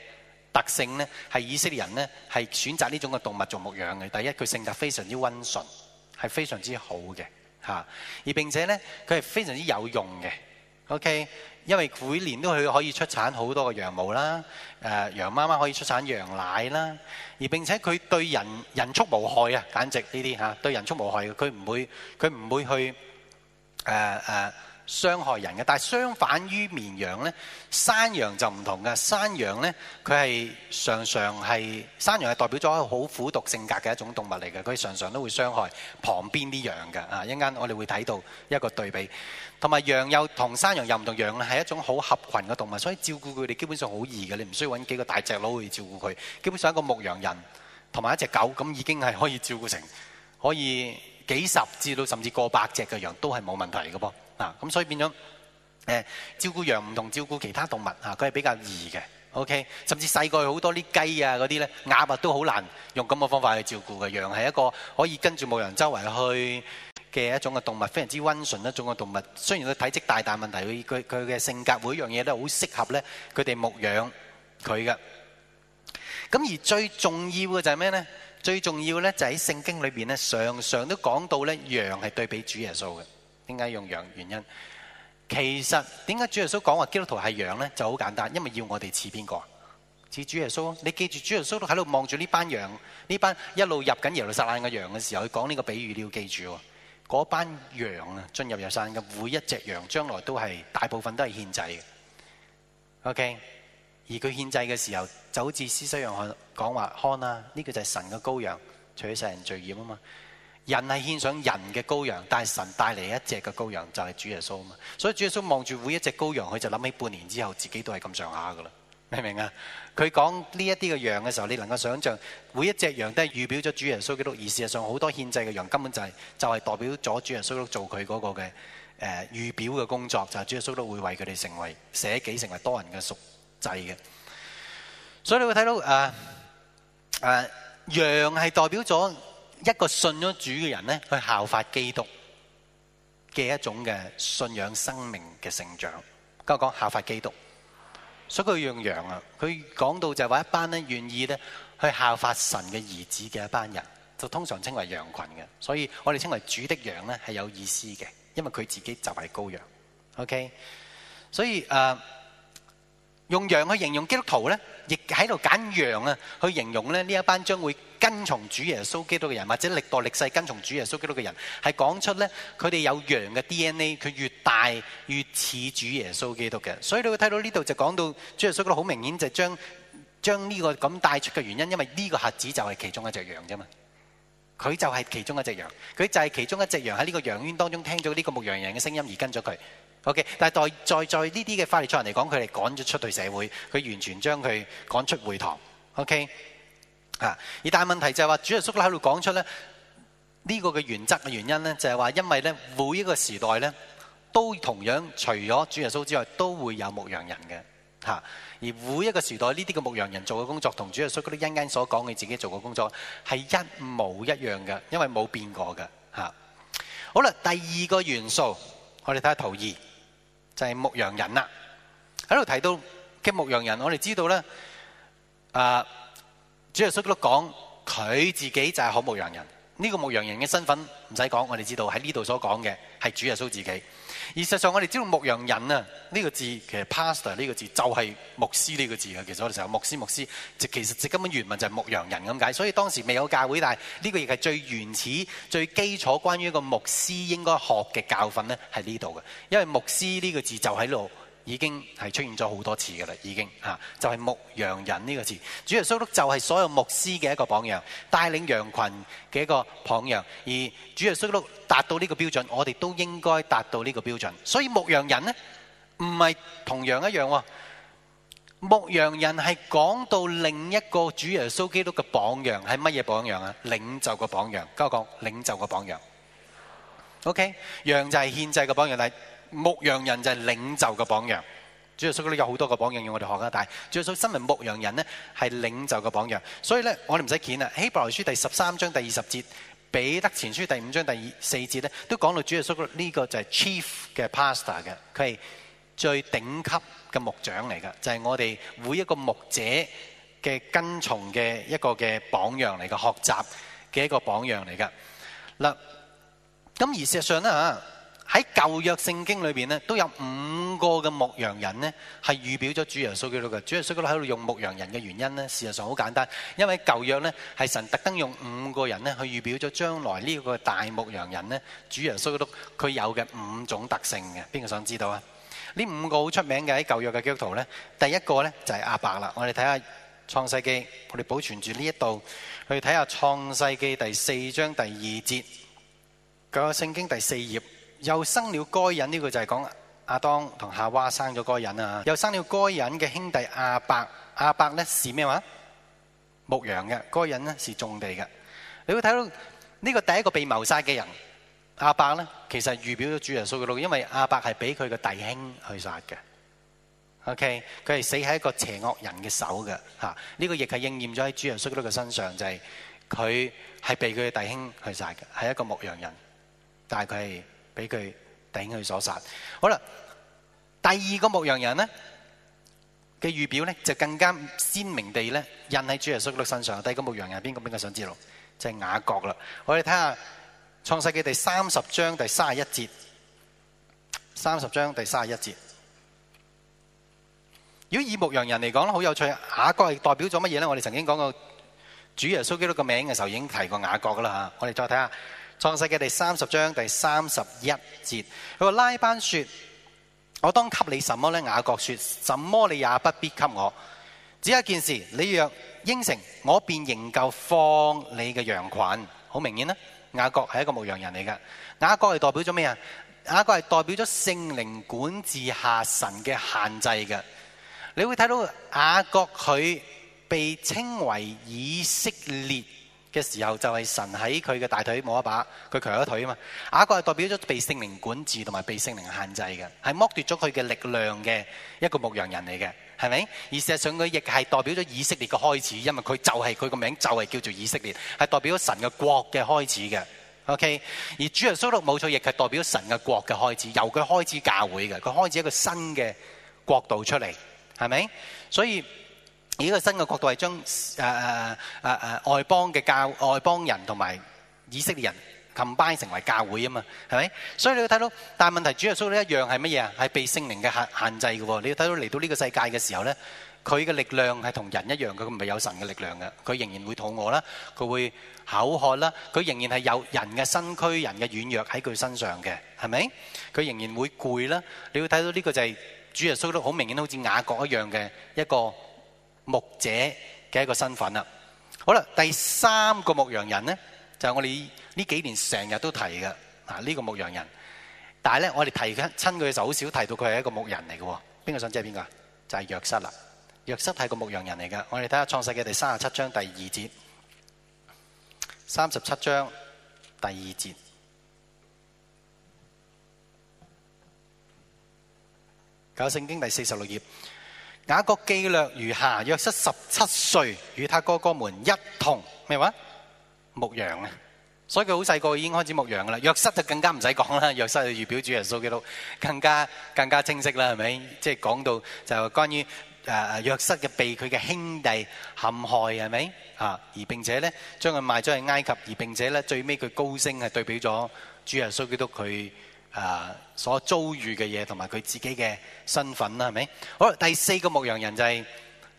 [SPEAKER 1] 特性呢，係以色列人呢係選擇呢種嘅動物做牧羊嘅。第一，佢性格非常之溫順，係非常之好嘅嚇、啊。而並且呢，佢係非常之有用嘅。OK，因為每年都去可以出產好多嘅羊毛啦，誒、啊、羊媽媽可以出產羊奶啦、啊。而並且佢對人人畜無害啊，簡直呢啲嚇對人畜無害嘅，佢唔會佢唔會去誒誒。啊啊傷害人嘅，但係相反於綿羊呢，山羊就唔同嘅。山羊呢，佢係常常係山羊係代表咗一個好苦毒性格嘅一種動物嚟嘅，佢常常都會傷害旁邊啲羊嘅。啊，一陣間我哋會睇到一個對比。同埋羊又同山羊又唔同，羊係一種好合群嘅動物，所以照顧佢哋基本上好易嘅，你唔需要揾幾個大隻佬去照顧佢。基本上一個牧羊人同埋一隻狗咁已經係可以照顧成可以幾十至到甚至過百隻嘅羊都係冇問題嘅噃。啊，咁所以變咗誒，照顧羊唔同照顧其他動物啊，佢係比較易嘅，OK。甚至細個好多啲雞啊嗰啲咧，鴨啊都好難用咁嘅方法去照顧嘅。羊係一個可以跟住牧羊周圍去嘅一種嘅動物，非常之温順一種嘅動物。雖然佢體積大，但係問題佢佢佢嘅性格每樣嘢咧，都好適合咧，佢哋牧養佢嘅。咁而最重要嘅就係咩咧？最重要咧就喺聖經裏邊咧，常常都講到咧，羊係對比主耶穌嘅。點解用羊原因？其實點解主耶穌講話基督徒係羊咧，就好簡單，因為要我哋似邊個？似主耶穌。你記住主耶穌都喺度望住呢班羊，呢班一路入緊耶路撒冷嘅羊嘅時候，佢講呢個比喻你要記住。嗰班羊啊，進入耶山嘅路撒冷，每一隻羊將來都係大部分都係獻祭嘅。OK，而佢獻祭嘅時候，就好似施洗約翰講話看啊，呢、呢個就係神嘅羔羊，除咗世人罪孽啊嘛。人係獻上人嘅羔羊，但係神帶嚟一隻嘅羔羊就係、是、主耶穌啊嘛！所以主耶穌望住每一隻羔羊，佢就諗起半年之後自己都係咁上下噶啦，明唔明啊？佢講呢一啲嘅羊嘅時候，你能夠想象每一隻羊都係預表咗主耶穌基督，而事實上好多獻祭嘅羊根本就係、是、就係、是、代表咗主耶穌基督做佢嗰個嘅誒預表嘅工作，就係、是、主耶穌都會為佢哋成為捨己，成為多人嘅贖祭嘅。所以你會睇到誒誒、呃呃、羊係代表咗。一個信咗主嘅人咧，去效法基督嘅一種嘅信仰生命嘅成長，咁我講效法基督。所以佢用羊啊，佢講到就係話一班咧願意咧去效法神嘅兒子嘅一班人，就通常稱為羊群嘅。所以我哋稱為主的羊咧係有意思嘅，因為佢自己就係羔羊。OK，所以誒。呃用羊去形容基督徒呢，亦喺度揀羊啊，去形容呢一班將會跟從主耶穌基督嘅人，或者歷代歷世跟從主耶穌基督嘅人，係講出呢，佢哋有羊嘅 DNA，佢越大越似主耶穌基督嘅。所以你會睇到呢度就講到主耶穌基督好明顯就將，將呢個咁帶出嘅原因，因為呢個瞎子就係其中一隻羊啫嘛，佢就係其中一隻羊，佢就係其中一隻羊喺呢個羊圈當中聽咗呢個牧羊人嘅聲音而跟咗佢。OK，但係在在在呢啲嘅法利賽人嚟講，佢哋趕咗出對社會，佢完全將佢趕出會堂。OK，啊，而但係問題就係話，主耶穌都喺度講出咧呢個嘅原則嘅原因咧，就係話因為咧每一個時代咧都同樣除咗主耶穌之外，都會有牧羊人嘅嚇。而每一個時代呢啲嘅牧羊人做嘅工作，同主耶穌嗰啲恩恩所講嘅自己做嘅工作係一模一樣嘅，因為冇變過嘅嚇。好啦，第二個元素，我哋睇下圖二。就係牧羊人啦，喺度提到嘅牧羊人，我哋知道咧，啊，主耶穌都講佢自己就係好牧羊人，呢、這個牧羊人嘅身份唔使講，我哋知道喺呢度所講嘅係主耶穌自己。而實際上，我哋知道牧羊人啊呢個字，其實 pastor 呢個字就係牧師呢個字嘅。其實我哋成日牧師牧師，其實最根本原文就係牧羊人咁解。所以當時未有教會，但係呢個亦係最原始、最基礎關於一個牧師應該學嘅教訓咧，係呢度嘅。因為牧師呢個字就喺度。已經係出現咗好多次噶啦，已經吓就係牧羊人呢個詞，主耶穌基督就係所有牧師嘅一個榜樣，帶領羊群嘅一個榜樣。而主耶穌基督達到呢個標準，我哋都應該達到呢個標準。所以牧羊人呢，唔係同羊一樣喎。牧羊人係講到另一個主耶穌基督嘅榜樣，係乜嘢榜樣啊？領袖嘅榜樣，交我講領袖嘅榜樣。OK，羊就係獻祭嘅榜樣啦。牧羊人就係領袖嘅榜樣。主耶穌呢有好多個榜樣要我哋學啊，但係主耶穌身為牧羊人呢，係領袖嘅榜樣。所以呢，我哋唔使見啦，《希伯來書》第十三章第二十節，《彼得前書》第五章第四節呢，都講到主耶穌呢個就係 chief 嘅 pastor 嘅，佢係最頂級嘅牧長嚟噶，就係、是、我哋每一個牧者嘅跟從嘅一個嘅榜樣嚟嘅，學習嘅一個榜樣嚟噶。嗱，咁而事實上呢。嚇。喺舊約聖經裏邊呢，都有五個嘅牧羊人呢，係預表咗主耶穌基督嘅。主耶穌基督喺度用牧羊人嘅原因呢，事實上好簡單，因為舊約呢，係神特登用五個人呢去預表咗將來呢個大牧羊人呢。主耶穌基督佢有嘅五種特性嘅。邊個想知道啊？呢五個好出名嘅喺舊約嘅基督徒呢，第一個呢，就係亞伯啦。我哋睇下創世記，我哋保存住呢一度去睇下創世記第四章第二節，個聖經第四頁。又生了該隱，呢個就係講亞當同夏娃生咗該隱啊。又生了該隱嘅兄弟亞伯，亞伯呢，是咩話牧羊嘅。該隱呢，是種地嘅。你會睇到呢個第一個被謀殺嘅人亞伯呢，其實預表咗主耶穌嘅路，因為亞伯係俾佢嘅弟兄去殺嘅。OK，佢係死喺一個邪惡人嘅手嘅嚇。呢個亦係應驗咗喺主耶穌嘅嘅身上，就係佢係被佢嘅弟兄去殺嘅，係一個牧羊人，但係佢係俾佢頂佢所殺。好啦，第二個牧羊人呢嘅預表呢，就更加鮮明地呢印喺主耶穌基督身上。第二個牧羊人邊個？邊個想知道？就係、是、雅各啦。我哋睇下創世記第三十章第三十一節。三十章第三十一節。如果以牧羊人嚟講呢，好有趣。雅各係代表咗乜嘢呢？我哋曾經講過主耶穌基督個名嘅時候已經提過雅各噶啦嚇。我哋再睇下。創世嘅第三十章第三十一節，佢話拉班說：我當給你什麼呢？雅國說：什麼你也不必給我。只有一件事，你若應承，我便仍舊放你嘅羊群。好明顯啦，雅國係一個牧羊人嚟嘅。雅國係代表咗咩啊？雅國係代表咗聖靈管治下神嘅限制嘅。你會睇到雅國佢被稱為以色列。嘅時候就係神喺佢嘅大腿摸一把，佢強咗腿啊嘛。雅各係代表咗被聖靈管治同埋被聖靈限制嘅，係剝奪咗佢嘅力量嘅一個牧羊人嚟嘅，係咪？而事實上佢亦係代表咗以色列嘅開始，因為佢就係佢個名就係叫做以色列，係代表神嘅國嘅開始嘅。OK，而主耶穌基督冇錯，亦係代表神嘅國嘅開始，由佢開始教會嘅，佢開始一個新嘅國度出嚟，係咪？所以。以呢個新嘅角度係將誒誒誒誒外邦嘅教外邦人同埋以色列人 combine 成為教會啊嘛，係咪？所以你睇到，但係問題，主耶穌呢一樣係乜嘢啊？係被聖靈嘅限限制嘅。你要睇到嚟到呢個世界嘅時候咧，佢嘅力量係同人一樣嘅，佢唔係有神嘅力量嘅，佢仍然會肚餓啦，佢會口渴啦，佢仍然係有人嘅身軀、人嘅軟弱喺佢身上嘅，係咪？佢仍然會攰啦。你要睇到呢個就係主耶穌都好明顯好似雅各一樣嘅一個。牧者嘅一個身份啦，好啦，第三個牧羊人咧，就係、是、我哋呢幾年成日都提嘅，啊、這、呢個牧羊人，但係咧我哋提佢，親佢就好少提到佢係一個牧人嚟嘅，邊個想知係邊個？就係約瑟啦，約瑟係個牧羊人嚟嘅。我哋睇下創世記第三十七章第二節，三十七章第二節，九聖經第四十六頁。雅各記略如下：約瑟十七歲，與他哥哥們一同咩話牧羊啊！所以佢好細個已經開始牧羊噶啦。約瑟就更加唔使講啦。約瑟就預表主耶穌基督，更加更加清晰啦，係咪？即係講到就關於誒約瑟嘅被佢嘅兄弟陷害係咪啊？而並且咧將佢賣咗去埃及，而並且咧最尾佢高升係對比咗主耶穌基督佢。誒，所遭遇嘅嘢同埋佢自己嘅身份啦，係咪？好，第四個牧羊人就係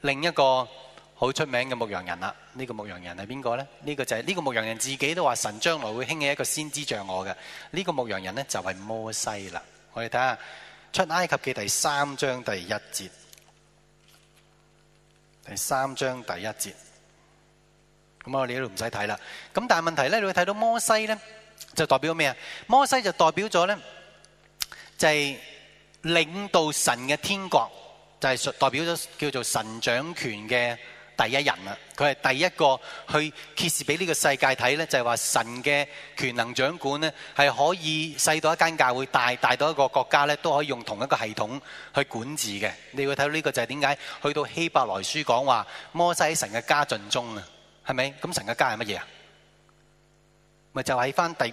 [SPEAKER 1] 另一個好出名嘅牧羊人啦。呢個牧羊人係邊個呢？呢個就係、是、呢個牧羊人自己都話神將來會興起一個先知像我嘅。呢個牧羊人呢，就係、是、摩西啦。我哋睇下出埃及嘅第三章第一節，第三章第一節。咁我哋喺度唔使睇啦。咁但係問題呢，你會睇到摩西呢。就代表咩啊？摩西就代表咗咧，就係領導神嘅天國，就係代表咗叫做神掌權嘅第一人啦。佢係第一個去揭示俾呢個世界睇咧，就係話神嘅權能掌管咧，係可以細到一間教會，大大到一個國家咧，都可以用同一個系統去管治嘅。你會睇到呢個就係點解去到希伯來書講話摩西喺神嘅家盡忠啊？係咪？咁神嘅家係乜嘢啊？咪就喺返第，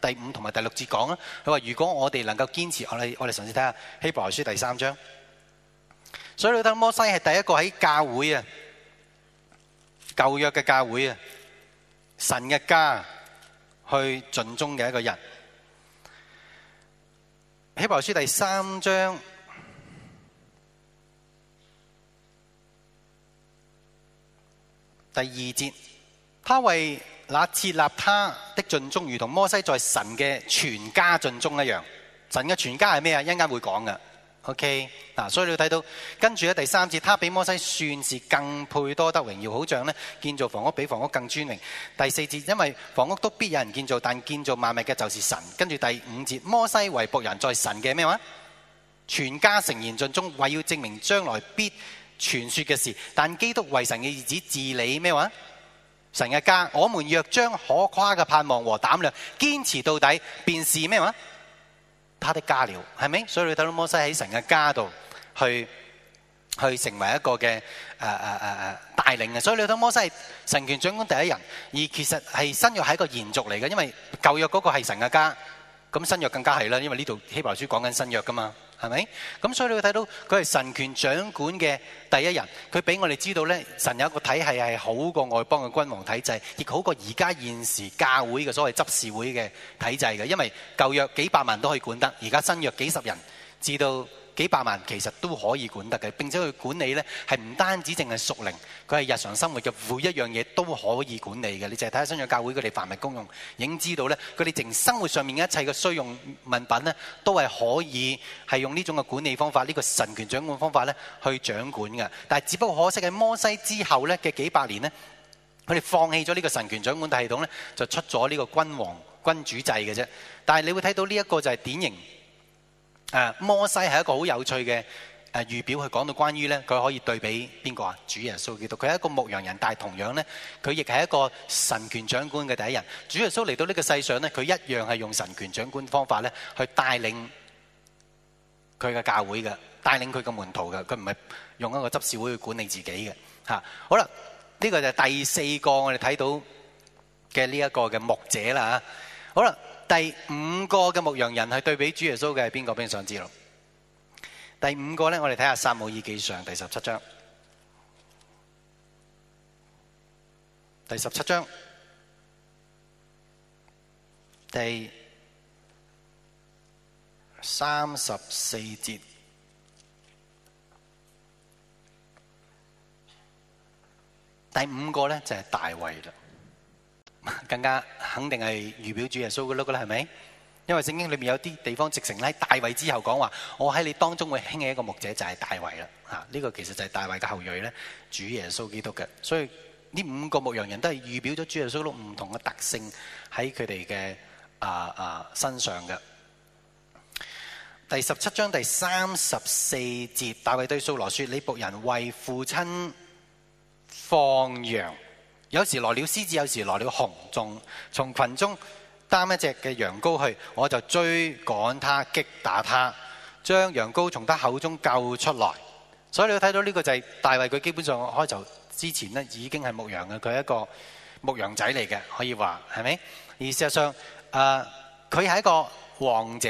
[SPEAKER 1] 第五同埋第六節講啦。佢話：如果我哋能夠堅持，我哋我哋上次睇下希伯來書第三章。所以老德摩西係第一個喺教會啊、舊約嘅教會啊、神嘅家去盡忠嘅一個人。希伯來書第三章第二節，他為那設立他的盡忠，如同摩西在神嘅全家盡忠一樣。神嘅全家係咩啊？一陣間會講㗎。OK，嗱、啊，所以你會睇到跟住咧第三節，他比摩西算是更配多得榮耀好像呢，建造房屋比房屋更尊榮。第四節，因為房屋都必有人建造，但建造萬物嘅就是神。跟住第五節，摩西為僕人在神嘅咩話？全家誠然盡忠，為要證明將來必傳説嘅事。但基督為神嘅兒子治理咩話？神嘅家，我們若將可誇嘅盼望和膽量堅持到底，便是咩話？他的家了，係咪？所以你睇到摩西喺神嘅家度去去成為一個嘅誒誒帶領。所以你睇到摩西係神權長官第一人，而其實係新約係一個延續嚟嘅，因為舊約嗰個係神嘅家，咁新約更加係啦，因為呢度希伯來書講緊新約㗎嘛。係咪？咁所以你會睇到佢係神權掌管嘅第一人，佢俾我哋知道咧，神有一個體系係好過外邦嘅君王體制，亦好過而家現時教會嘅所謂執事會嘅體制嘅，因為舊約幾百萬都可以管得，而家新約幾十人至到。幾百萬其實都可以管得嘅，並且佢管理呢，係唔單止淨係屬靈，佢係日常生活嘅每一樣嘢都可以管理嘅。你就係睇下新約教會佢哋凡物公用，已經知道呢，佢哋淨生活上面嘅一切嘅需用物品呢，都係可以係用呢種嘅管理方法，呢個神權掌管方法呢，去掌管嘅。但係只不過可惜喺摩西之後呢嘅幾百年呢，佢哋放棄咗呢個神權掌管嘅系統呢，就出咗呢個君王君主制嘅啫。但係你會睇到呢一個就係典型。誒摩西係一個好有趣嘅誒預表，佢講到關於咧，佢可以對比邊個啊？主耶穌基督，佢係一個牧羊人，但係同樣咧，佢亦係一個神權長官嘅第一人。主耶穌嚟到呢個世上咧，佢一樣係用神權長官方法咧去帶領佢嘅教會嘅，帶領佢嘅門徒嘅，佢唔係用一個執事會去管理自己嘅。嚇，好啦，呢個就係第四個我哋睇到嘅呢一個嘅牧者啦。好啦。第五個嘅牧羊人係對比主耶穌嘅係邊個？邊個想知咯？第五個呢，我哋睇下撒母耳記上第十七章，第十七章，第三十四節。第五個呢，就係大衛啦。更加肯定係預表主耶穌嗰碌啦，係咪？因為聖經裏面有啲地方直情拉大衛之後講話，我喺你當中會興起一個牧者就係、是、大衛啦。啊，呢個其實就係大衛嘅後裔咧，主耶穌基督嘅。所以呢五個牧羊人都係預表咗主耶穌碌唔同嘅特性喺佢哋嘅啊啊身上嘅。第十七章第三十四節，大衛對掃羅說：你僕人為父親放羊。有時來了獅子，有時來了熊，從從群中擔一隻嘅羊羔去，我就追趕他、擊打他，將羊羔從他口中救出來。所以你睇到呢個就係大衛，佢基本上開頭之前已經係牧羊嘅，佢係一個牧羊仔嚟嘅，可以話係咪？而事實上，誒佢係一個王者，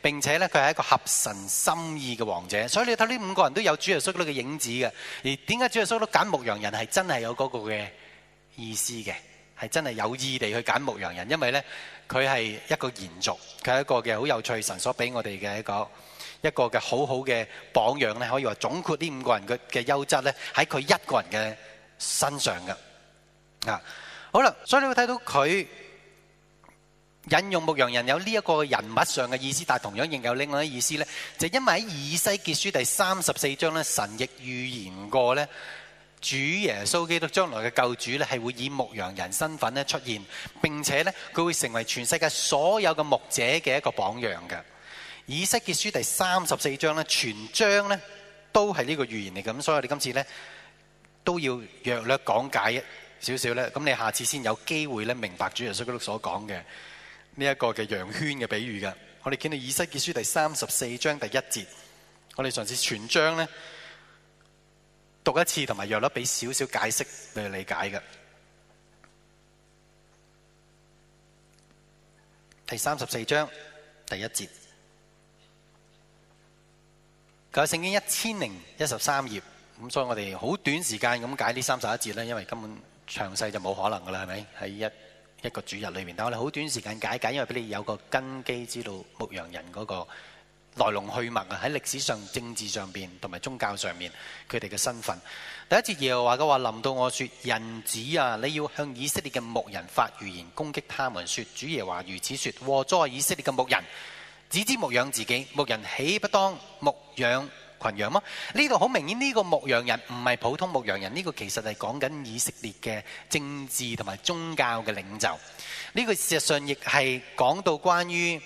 [SPEAKER 1] 並且呢，佢係一個合神心意嘅王者。所以你睇呢五個人都有主耶穌嘅影子嘅。而點解主耶穌都揀牧羊人係真係有嗰個嘅？意思嘅係真係有意地去揀牧羊人，因為呢，佢係一個延續，佢係一個嘅好有趣，神所俾我哋嘅一個一個嘅好好嘅榜樣呢，可以話總括呢五個人嘅嘅優質咧，喺佢一個人嘅身上噶啊好啦，所以你會睇到佢引用牧羊人有呢一個人物上嘅意思，但係同樣仍有另外啲意思呢，就是因為喺以西結書第三十四章呢，神亦預言過呢。主耶穌基督將來嘅救主咧，係會以牧羊人身份出現，並且咧，佢會成為全世界所有嘅牧者嘅一個榜樣嘅。以西結書第三十四章全章都係呢個預言嚟，咁，所以我哋今次都要略略講解少少咧，咁你下次先有機會明白主耶穌基督所講嘅呢一個嘅羊圈嘅比喻嘅。我哋見到以西結書第三十四章第一節，我哋上次全章讀一次同埋約略俾少少解釋你去理解嘅，第三十四章第一節，佢話聖經一千零一十三頁，咁所以我哋好短時間咁解呢三十一節咧，因為根本詳細就冇可能噶啦，係咪？喺一一個主日裏面，但係我哋好短時間解解，因為俾你有個根基，知道牧羊人嗰個。來龍去脈啊！喺歷史上、政治上邊同埋宗教上面，佢哋嘅身份。第一節耶和華嘅話臨到我說：人子啊，你要向以色列嘅牧人發預言，攻擊他們說：主耶和華如此說：禍哉以色列嘅牧人，只知牧養自己，牧人豈不當牧養群羊嗎？呢度好明顯，呢個牧羊人唔係普通牧羊人，呢個其實係講緊以色列嘅政治同埋宗教嘅領袖。呢個事實上亦係講到關於。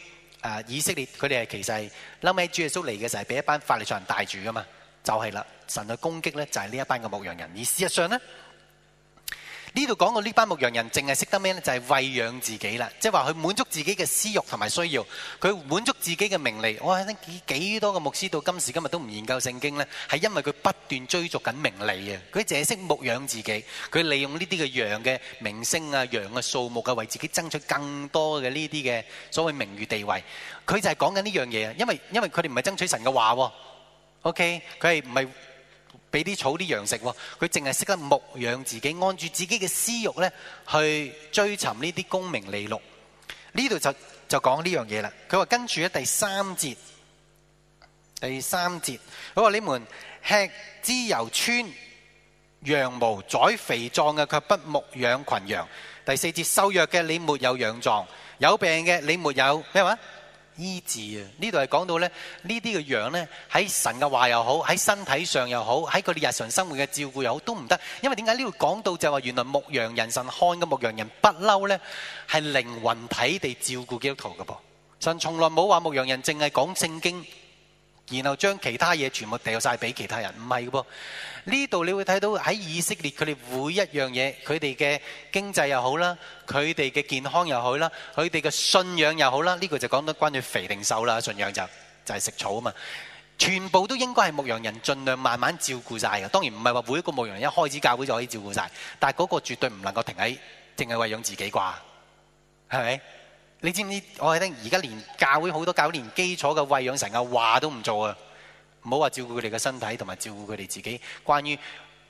[SPEAKER 1] 啊、以色列佢哋係其實係，諗起主耶穌嚟嘅時候係俾一班法利賽人帶住噶嘛，就係、是、啦。神嘅攻擊咧就係呢一班嘅牧羊人，而事實上咧。呢度講到呢班牧羊人，淨係識得咩呢？就係餵養自己啦，即係話佢滿足自己嘅私慾同埋需要，佢滿足自己嘅名利。我睇下先，幾幾多個牧師到今時今日都唔研究聖經呢，係因為佢不斷追逐緊名利啊，佢淨係識牧養自己，佢利用呢啲嘅羊嘅名聲啊、羊嘅數目啊，為自己爭取更多嘅呢啲嘅所謂名譽地位。佢就係講緊呢樣嘢啊，因為因為佢哋唔係爭取神嘅話喎。OK，佢係唔係？俾啲草啲羊食，佢淨係識得牧養自己，按住自己嘅私欲，呢去追尋呢啲功名利祿。呢度就就講呢樣嘢啦。佢話跟住咧第三節，第三節，佢話，你們吃脂油，穿羊毛，宰肥壯嘅，卻不牧養群羊。第四節，瘦弱嘅你沒有養壯，有病嘅你沒有咩話？醫治啊！呢度係講到呢呢啲嘅羊呢，喺神嘅話又好，喺身體上又好，喺佢哋日常生活嘅照顧又好，都唔得。因為點解呢度講到就話，原來牧羊人神看嘅牧羊人不嬲呢，係靈魂體地照顧基督徒嘅噃。神從來冇話牧羊人淨係講聖經。然後將其他嘢全部掉晒俾其他人，唔係嘅噃。呢度你會睇到喺以色列，佢哋每一樣嘢，佢哋嘅經濟又好啦，佢哋嘅健康又好啦，佢哋嘅信仰又好啦。呢個就講得關於肥定瘦啦，信仰就、就係食草啊嘛。全部都應該係牧羊人，盡量慢慢照顧晒嘅。當然唔係話每一個牧羊人一開始教會就可以照顧晒，但嗰個絕對唔能夠停喺淨係餵養自己啩，係咪？你知唔知？我聽，而家連教會好多教會連基礎嘅餵養神嘅話都唔做啊！唔好話照顧佢哋嘅身體，同埋照顧佢哋自己。關於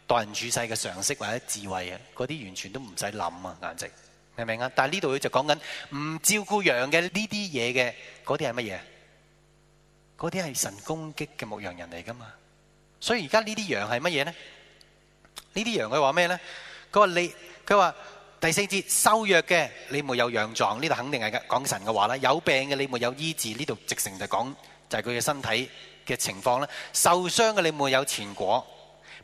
[SPEAKER 1] 待人處世嘅常識或者智慧啊，嗰啲完全都唔使諗啊！顏值明唔明啊？但係呢度佢就講緊唔照顧羊嘅呢啲嘢嘅，嗰啲係乜嘢？嗰啲係神攻擊嘅牧羊人嚟噶嘛？所以而家呢啲羊係乜嘢咧？呢啲羊佢話咩咧？佢話你，佢話。第四節，瘦弱嘅你沒有養壯，呢度肯定係講神嘅話啦。有病嘅你沒有醫治，呢度直情就係講就係佢嘅身體嘅情況啦。受傷嘅你沒有纏裹，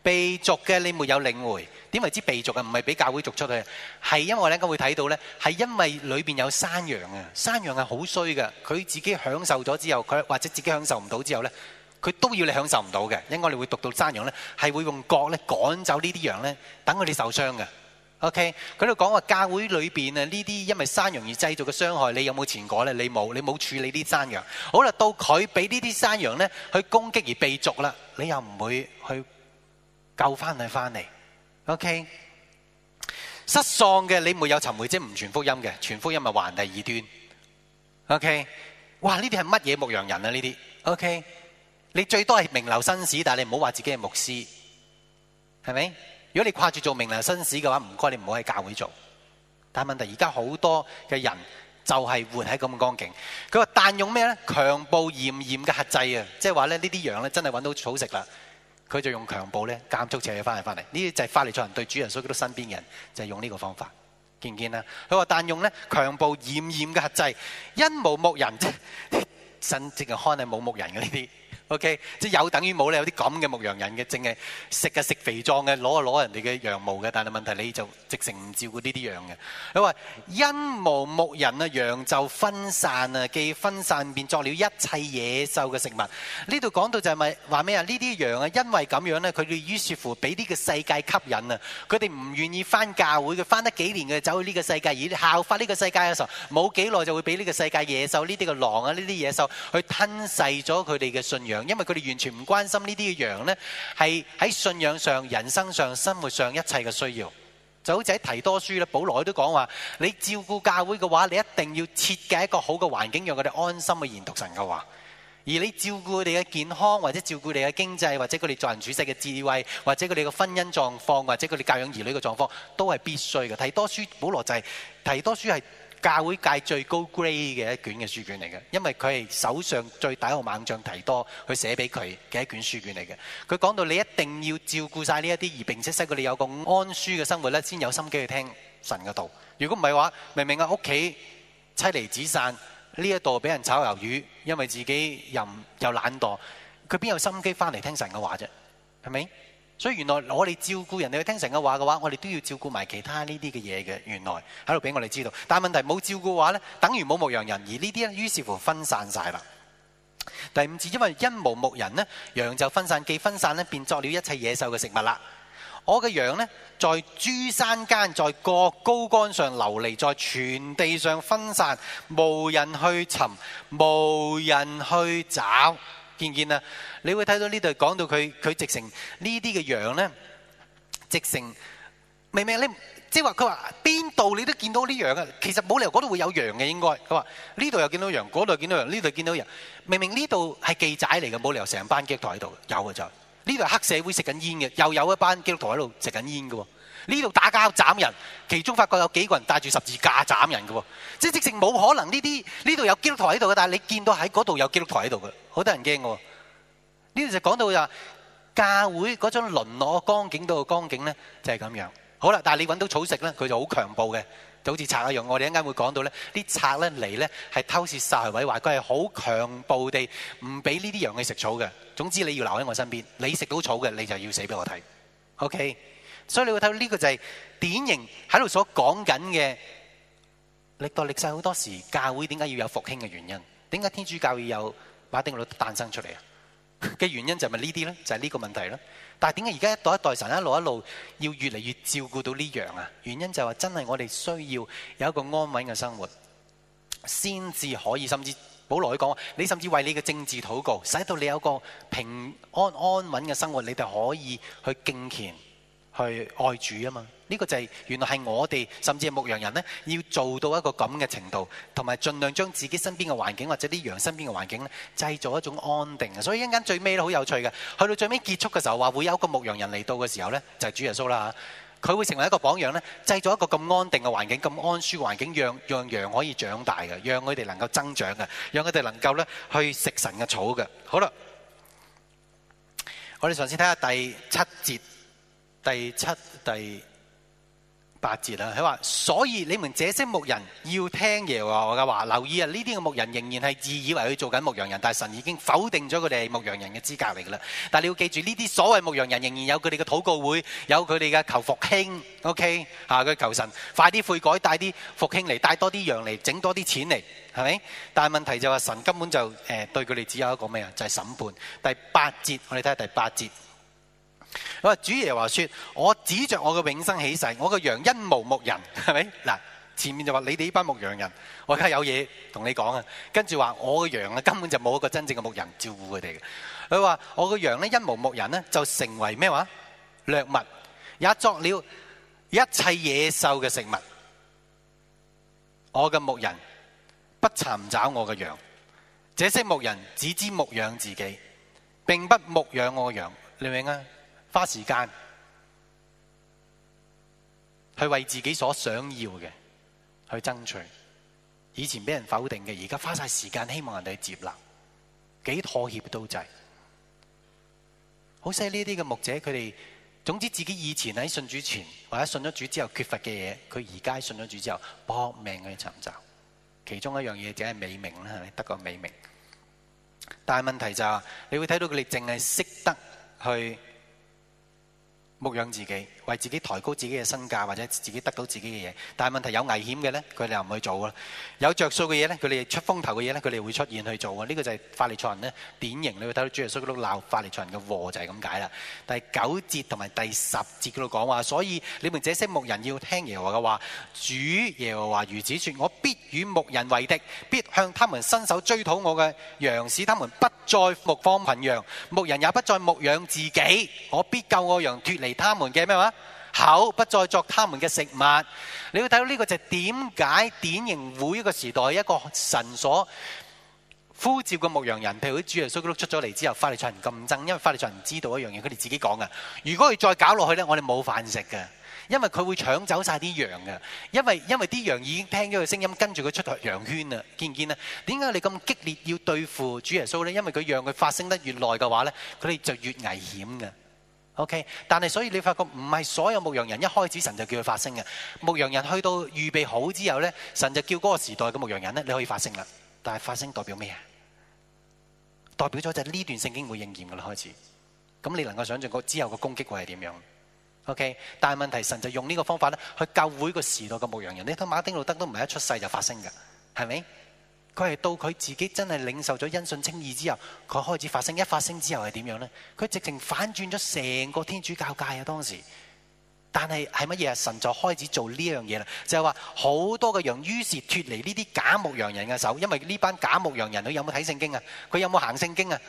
[SPEAKER 1] 被逐嘅你沒有領回。點為之被逐嘅？唔係俾教會逐出去，係因為我哋應該會睇到呢，係因為裏邊有山羊啊。山羊係好衰嘅，佢自己享受咗之後，佢或者自己享受唔到之後呢，佢都要你享受唔到嘅。應該你會讀到山羊呢，係會用角呢趕走呢啲羊呢，等佢哋受傷嘅。OK，佢哋講話教會裏邊啊，呢啲因為山羊而製造嘅傷害，你有冇前果咧？你冇，你冇處理啲山羊。好啦，到佢俾呢啲山羊咧去攻擊而被逐啦，你又唔會去救翻佢翻嚟。OK，失喪嘅你沒有尋回，即唔傳福音嘅，傳福音咪還第二端。OK，哇，呢啲係乜嘢牧羊人啊？呢啲 OK，你最多係名流紳士，但係你唔好話自己係牧師，係咪？如果你掛住做明良紳士嘅話，唔該你唔好喺教會做。但問題而家好多嘅人就係活喺咁嘅光景。佢話但用咩咧？強暴嚴嚴嘅轄制啊！即係話咧，呢啲羊咧真係揾到草食啦，佢就用強暴咧監束住佢翻嚟翻嚟。呢啲就係法利賽人對主人，所以佢都嘅身邊人就係、是、用呢個方法。見唔見啊？佢話但用咧強暴嚴嚴嘅轄制，因無牧人，神即係看係冇牧人嘅呢啲。O.K. 即係有等於冇咧，有啲咁嘅牧羊人嘅，淨係食啊食肥壯嘅，攞啊攞人哋嘅羊毛嘅。但係問題你就直情唔照顧呢啲羊嘅。佢話因無牧人啊，羊就分散啊，既分散便作了一切野獸嘅食物。呢度講到就係咪話咩啊？呢啲羊啊，因為咁樣咧，佢哋於是乎俾呢個世界吸引啊，佢哋唔願意翻教會，佢翻得幾年嘅，走去呢個世界而效法呢個世界嘅時候，冇幾耐就會俾呢個世界野獸呢啲嘅狼啊，呢啲野獸去吞噬咗佢哋嘅信仰。因為佢哋完全唔關心呢啲嘅羊呢係喺信仰上、人生上、生活上一切嘅需要，就好似喺提多書咧，保羅都講話，你照顧教會嘅話，你一定要設計一個好嘅環境，讓佢哋安心去研讀神嘅話，而你照顧佢哋嘅健康，或者照顧佢哋嘅經濟，或者佢哋做人處世嘅智慧，或者佢哋嘅婚姻狀況，或者佢哋教養兒女嘅狀況，都係必須嘅。提多書保羅就係、是、提多書係。教會界最高 grade 嘅一卷嘅書卷嚟嘅，因為佢係手上最大號猛將提多去寫俾佢嘅一卷書卷嚟嘅。佢講到你一定要照顧晒呢一啲，而並且使佢哋有個安舒嘅生活咧，先有心機去聽神嘅道。如果唔係嘅話，明明喺屋企妻離子散，呢一度俾人炒魷魚，因為自己又又懶惰，佢邊有心機翻嚟聽神嘅話啫？係咪？所以原來我哋照顧人哋去聽神嘅話嘅話，我哋都要照顧埋其他呢啲嘅嘢嘅。原來喺度俾我哋知道，但係問題冇照顧嘅話呢，等於冇牧羊人，而呢啲呢於是乎分散晒啦。第五次因為因無牧人呢羊就分散，既分散呢變作了一切野獸嘅食物啦。我嘅羊呢，在諸山間，在各高崗上流離，在全地上分散，無人去尋，無人去找。見見啊，你會睇到呢度講到佢佢直成呢啲嘅羊咧，直成明明你即係話佢話邊度你都見到呢樣啊？其實冇理由嗰度會有羊嘅應該。佢話呢度又見到羊，嗰度見到羊，呢度見到羊。明明呢度係記者嚟嘅，冇理由成班基督徒喺度。有嘅就係呢度黑社會食緊煙嘅，又有一班基督徒喺度食緊煙嘅喎。呢度打交斬人，其中發覺有幾個人帶住十字架斬人嘅喎。即係直成冇可能呢啲呢度有基督徒喺度嘅，但係你見到喺嗰度有基督徒喺度嘅。好得人驚嘅喎，呢度就講到就話教會嗰種淪落光景到嘅光景咧，就係咁樣。好啦，但係你揾到草食咧，佢就好強暴嘅，就好似賊一樣。我哋一間會講到咧，啲賊咧嚟咧係偷竊殺害毀壞，佢係好強暴地唔俾呢啲羊去食草嘅。總之你要留喺我身邊，你食到草嘅，你就要死俾我睇。OK，所以你會睇到呢個就係典型喺度所講緊嘅歷代歷世好多時教會點解要有復興嘅原因？點解天主教會有？馬丁路德誕生出嚟嘅原因就係咪呢啲呢？就係、是、呢個問題啦。但係點解而家一代一代神一路一路要越嚟越照顧到呢樣啊？原因就係話真係我哋需要有一個安穩嘅生活，先至可以甚至保羅講，講你甚至為你嘅政治禱告，使到你有一個平安安穩嘅生活，你哋可以去敬虔去愛主啊嘛。呢個就係原來係我哋甚至係牧羊人咧要做到一個咁嘅程度，同埋盡量將自己身邊嘅環境或者啲羊身邊嘅環境咧製造一種安定。所以一陣間最尾都好有趣嘅，去到最尾結束嘅時候話會有一個牧羊人嚟到嘅時候咧就係主耶穌啦嚇，佢會成為一個榜樣咧，製造一個咁安定嘅環境、咁安舒環境，讓讓羊可以長大嘅，讓佢哋能夠增長嘅，讓佢哋能夠咧去食神嘅草嘅。好啦，我哋上次睇下第七節第七第。八節啦，啊，佢話，所以你們這些牧人要聽耶和華嘅話，留意啊！呢啲嘅牧人仍然係自以為去做緊牧羊人，但係神已經否定咗佢哋牧羊人嘅資格嚟噶啦。但係你要記住，呢啲所謂牧羊人仍然有佢哋嘅禱告會，有佢哋嘅求復興，OK 吓，佢求神快啲悔改，帶啲復興嚟，帶多啲羊嚟，整多啲錢嚟，係咪？但係問題就係神根本就誒對佢哋只有一個咩啊？就係、是、審判。第八節，我哋睇下第八節。我主耶和華說，我指着我嘅永生起誓，我嘅羊因無牧人，係咪嗱？前面就話你哋呢班牧羊人，我而家有嘢同你講啊。跟住話我嘅羊啊，根本就冇一個真正嘅牧人照顧佢哋。佢話我嘅羊咧因無牧人咧，就成為咩話掠物，也作了一切野獸嘅食物。我嘅牧人不尋找我嘅羊，這些牧人只知牧養自己，並不牧養我嘅羊，你明啊？花時間去為自己所想要嘅去爭取，以前被人否定嘅，而家花曬時間希望人哋去接納，幾妥協都制、就是。好似呢啲嘅牧者，佢哋總之自己以前喺信主前或者信咗主之後缺乏嘅嘢，佢而家信咗主之後搏命去尋找其中一樣嘢，就係美名啦，係咪得個美名？但係問題就係、是，你會睇到佢哋淨係識得去。牧養自己。為自己抬高自己嘅身價，或者自己得到自己嘅嘢，但係問題有危險嘅呢，佢哋又唔去做咯。有着數嘅嘢呢，佢哋出風頭嘅嘢呢，佢哋會出現去做嘅。呢、這個就係法利賽人呢典型，你去睇到主耶穌喺度鬧法利賽人嘅禍就係咁解啦。第九節同埋第十節嗰度講話，所以你們這些牧人要聽耶和華嘅話。主耶和華如此説：我必與牧人為敵，必向他們伸手追討我嘅羊使，他們不再牧放羣羊，牧人也不再牧養自己。我必救我羊脫離他們嘅咩話？口不再作他們嘅食物，你會睇到呢個就係點解典型會一個時代一個神所呼召嘅牧羊人，譬如主耶穌基督出咗嚟之後，法利賽人咁憎，因為法利賽人知道一樣嘢，佢哋自己講嘅。如果佢再搞落去呢，我哋冇飯食㗎，因為佢會搶走晒啲羊㗎。因為因為啲羊已經聽咗佢聲音，跟住佢出嚟羊圈，啦，見唔見啊？點解你咁激烈要對付主耶穌呢？因為佢讓佢發生得越耐嘅話呢，佢哋就越危險嘅。O K，但係，所以你發覺唔係所有牧羊人一開始神就叫佢發聲嘅，牧羊人去到預備好之後咧，神就叫嗰個時代嘅牧羊人咧，你可以發聲啦。但係發聲代表咩啊？代表咗就係呢段聖經會應驗噶啦，開始。咁你能夠想象到之後個攻擊會係點樣？O K，但係問題神就用呢個方法咧去教會個時代嘅牧羊人。你睇馬丁路德都唔係一出世就發聲噶，係咪？佢係到佢自己真係領受咗因信稱義之後，佢開始發聲。一發聲之後係點樣呢？佢直情反轉咗成個天主教界啊！當時，但係係乜嘢啊？神就開始做呢樣嘢啦，就係話好多嘅羊於是脫離呢啲假牧羊人嘅手，因為呢班假牧羊人佢有冇睇聖經啊？佢有冇行聖經啊？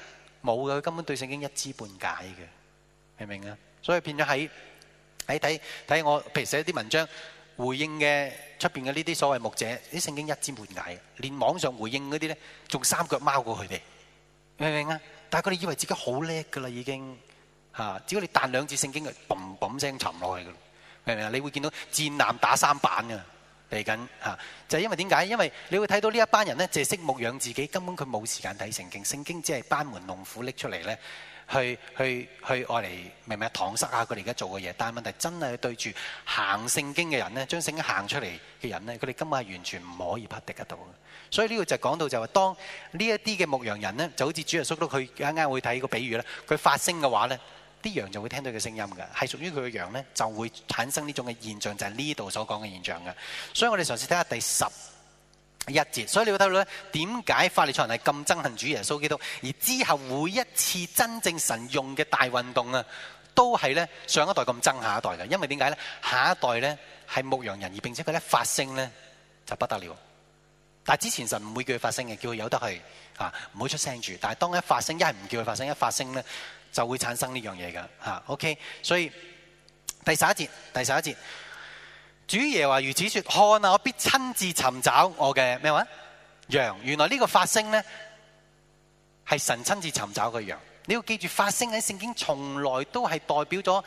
[SPEAKER 1] 冇嘅，佢根本對聖經一知半解嘅，明唔明啊？所以變咗喺喺睇睇我，譬如寫啲文章。回應嘅出邊嘅呢啲所謂的牧者，啲聖經一知半解嘅，連網上回應嗰啲呢，仲三腳貓過佢哋，明唔明啊？但係佢哋以為自己好叻噶啦，已經吓。只要你彈兩字聖經啊，嘣嘣聲沉落去噶啦，明唔明啊？你會見到戰男打三板噶，嚟緊吓，就係、是、因為點解？因為你會睇到這呢一班人咧，借識牧養自己，根本佢冇時間睇聖經，聖經只係班門弄斧拎出嚟呢。去去去外嚟，明明搪塞下佢哋而家做嘅嘢，但係問題真係對住行聖經嘅人呢，將聖經行出嚟嘅人呢，佢哋今日係完全唔可以匹敵得到嘅。所以呢個就講到就係、是、當呢一啲嘅牧羊人呢，就好似主耶穌都佢啱啱會睇個個比喻呢，佢發聲嘅話呢，啲羊就會聽到佢聲音嘅，係屬於佢嘅羊呢，就會產生呢種嘅現象，就係呢度所講嘅現象嘅。所以我哋嘗試睇下第十。一節，所以你會睇到咧，點解法利賽人係咁憎恨主耶穌基督？而之後每一次真正神用嘅大運動啊，都係咧上一代咁憎下一代嘅，因為點解咧？下一代咧係牧羊人，而並且佢咧發聲咧就不得了。但係之前神唔會叫佢發聲嘅，叫佢由得去啊，唔好出聲住。但係當一發聲，一係唔叫佢發聲，一發聲咧就會產生呢樣嘢噶吓。OK，所以第十一節，第十一節。主耶和華如此說，看啊！我必親自尋找我嘅咩話？羊，原來呢個發聲呢，係神親自尋找嘅羊。你要記住，發聲喺聖經從來都係代表咗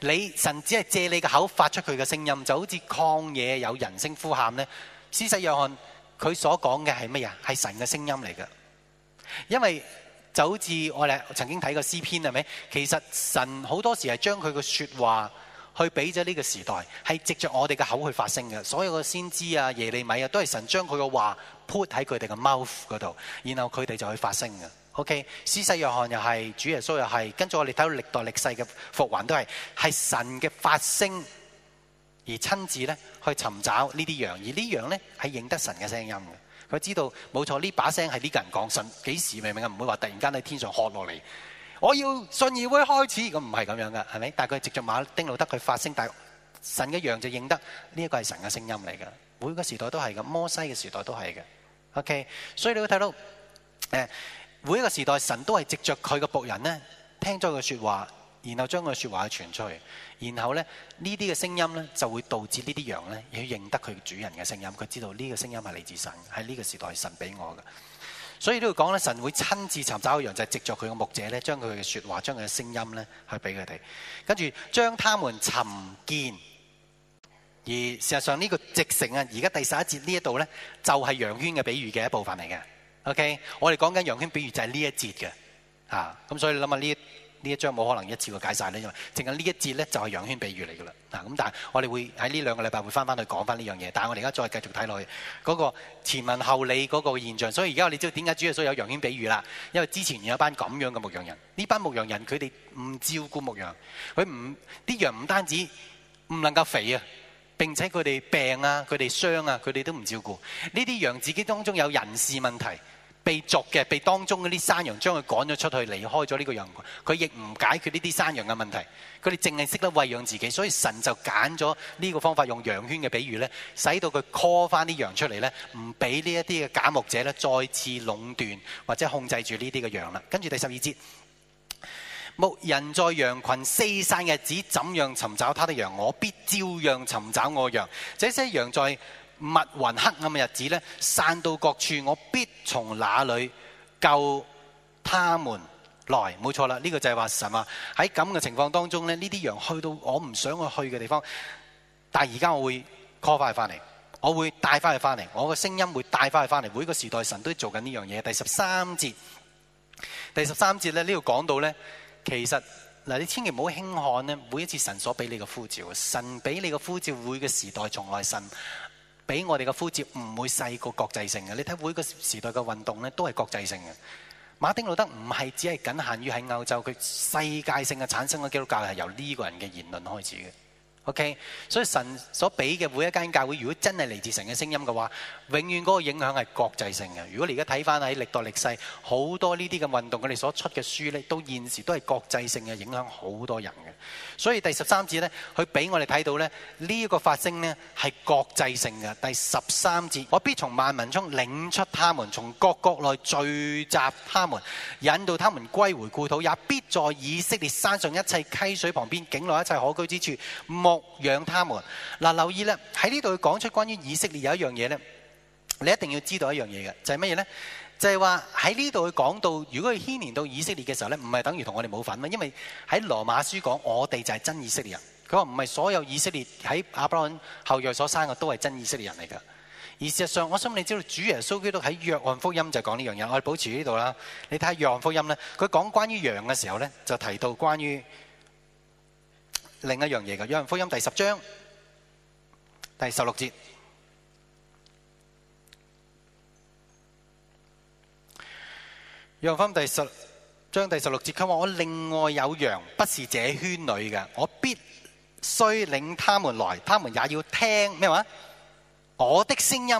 [SPEAKER 1] 你神只係借你嘅口發出佢嘅聲音，就好似曠野有人聲呼喊呢。事實，施洗約翰佢所講嘅係乜嘢？係神嘅聲音嚟嘅，因為就好似我哋曾經睇過詩篇係咪？其實神好多時係將佢嘅說話。佢俾咗呢個時代係藉着我哋嘅口去發聲嘅，所有嘅先知啊、耶利米啊，都係神將佢嘅話 put 喺佢哋嘅 mouth 嗰度，然後佢哋就去發聲嘅。OK，施洗約翰又係，主耶穌又係，跟住我哋睇到歷代歷世嘅復還都係，係神嘅發聲而親自咧去尋找呢啲羊，而親自呢羊咧係認得神嘅聲音嘅，佢知道冇錯呢把聲係呢個人講，神幾時明明啊？唔會話突然間喺天上喝落嚟。我要信義會開始，咁唔係咁樣噶，係咪？但係佢係藉着馬丁路德佢發聲大，但神嘅羊就認得呢一、這個係神嘅聲音嚟噶、okay？每一個時代都係咁，摩西嘅時代都係嘅。OK，所以你會睇到誒，每一個時代神都係藉着佢個僕人呢，聽咗佢說話，然後將佢嘅說話傳出去，然後咧呢啲嘅聲音咧就會導致呢啲羊咧要認得佢主人嘅聲音，佢知道呢個聲音係嚟自神，喺呢個時代神俾我噶。所以都要講咧，神會親自尋找個羊，就係、是、藉着佢嘅牧者咧，將佢嘅說話、將佢嘅聲音咧，去俾佢哋，跟住將他們尋見。而事實上呢個直成啊，而家第十一節呢一度咧，就係、是、羊圈嘅比喻嘅一部分嚟嘅。OK，我哋講緊羊圈比喻就係呢一節嘅。咁、啊、所以你諗下呢？呢一章冇可能一次過解晒，咧，因為淨係呢一節咧就係羊圈比喻嚟噶啦。嗱，咁但係我哋會喺呢兩個禮拜會翻翻去講翻呢樣嘢。但係我哋而家再繼續睇落去嗰個前文後理嗰個現象。所以而家我哋知道點解主耶穌有羊圈比喻啦。因為之前有一班咁樣嘅牧羊人，呢班牧羊人佢哋唔照顧牧羊，佢唔啲羊唔單止唔能夠肥啊，並且佢哋病啊，佢哋傷啊，佢哋都唔照顧。呢啲羊自己當中有人事問題。被逐嘅被當中嗰啲山羊將佢趕咗出去，離開咗呢個羊群，佢亦唔解決呢啲山羊嘅問題，佢哋淨係識得餵養自己，所以神就揀咗呢個方法，用羊圈嘅比喻咧，使到佢 call 翻啲羊出嚟呢，唔俾呢一啲嘅假牧者呢，再次壟斷或者控制住呢啲嘅羊啦。跟住第十二節，牧人在羊群四散日子，怎樣尋找他的羊？我必照樣尋找我羊。這些羊在。密雲黑暗嘅日子咧，散到各處，我必從哪裏救他們來？冇錯啦，呢個就係話神話！喺咁嘅情況當中呢，呢啲羊去到我唔想我去嘅地方，但係而家我會 call 翻佢翻嚟，我會帶翻佢翻嚟，我嘅聲音會帶翻佢翻嚟。每個時代神都做緊呢樣嘢。第十三節，第十三節咧，呢度講到呢，其實嗱，你千祈唔好輕看呢，每一次神所俾你嘅呼召，神俾你嘅呼召，會嘅時代從來神。俾我哋嘅呼召唔會細過國際性嘅，你睇每個時代嘅運動咧都係國際性嘅。馬丁路德唔係只係僅限於喺歐洲，佢世界性嘅產生嘅基督教係由呢個人嘅言論開始嘅。OK，所以神所俾嘅每一間教會，如果真係嚟自神嘅聲音嘅話。永遠嗰個影響係國際性嘅。如果你而家睇翻喺歷代歷世好多呢啲咁運動，佢哋所出嘅書呢，到現時都係國際性嘅影響，好多人嘅。所以第十三節呢，佢俾我哋睇到呢，呢一個發聲呢，係國際性嘅。第十三節，我必從萬民中領出他們，從各國內聚集他們，引導他們歸回故土，也必在以色列山上一切溪水旁邊、境內一切可居之處牧養他們。嗱，留意呢，喺呢度佢講出關於以色列有一樣嘢呢。你一定要知道一樣嘢嘅，就係乜嘢呢？就係話喺呢度佢講到，如果佢牽連到以色列嘅時候呢，唔係等於同我哋冇份咩？因為喺羅馬書講，我哋就係真以色列人。佢話唔係所有以色列喺亞伯倫後裔所生嘅都係真以色列人嚟㗎。而事實上，我想你知道，主耶穌基督喺約翰福音就講呢樣嘢。我哋保持呢度啦。你睇下約翰福音呢，佢講關於羊嘅時候呢，就提到關於另一樣嘢嘅。約翰福音第十章第十六節。楊分第十章第十六節，佢話，我另外有羊，不是這圈裏的，我必須領他們來，他們也要聽咩話我的聲音，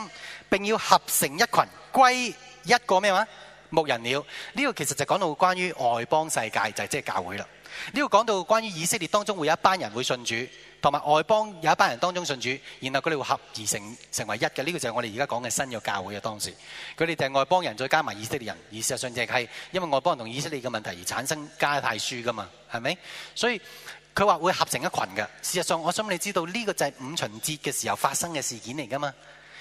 [SPEAKER 1] 並要合成一群歸一個咩話牧人了。呢個其實就講到關於外邦世界，就係即係教會啦，呢個講到關於以色列當中會有一班人會信主。同埋外邦有一班人當中信主，然後佢哋會合而成成為一嘅，呢個就係我哋而家講嘅新嘅教會啊！當時佢哋就係外邦人再加埋以色列人，而事實上就係因為外邦人同以色列嘅問題而產生加太書㗎嘛，係咪？所以佢話會合成一群嘅，事實上我想你知道呢個就係五旬節嘅時候發生嘅事件嚟㗎嘛。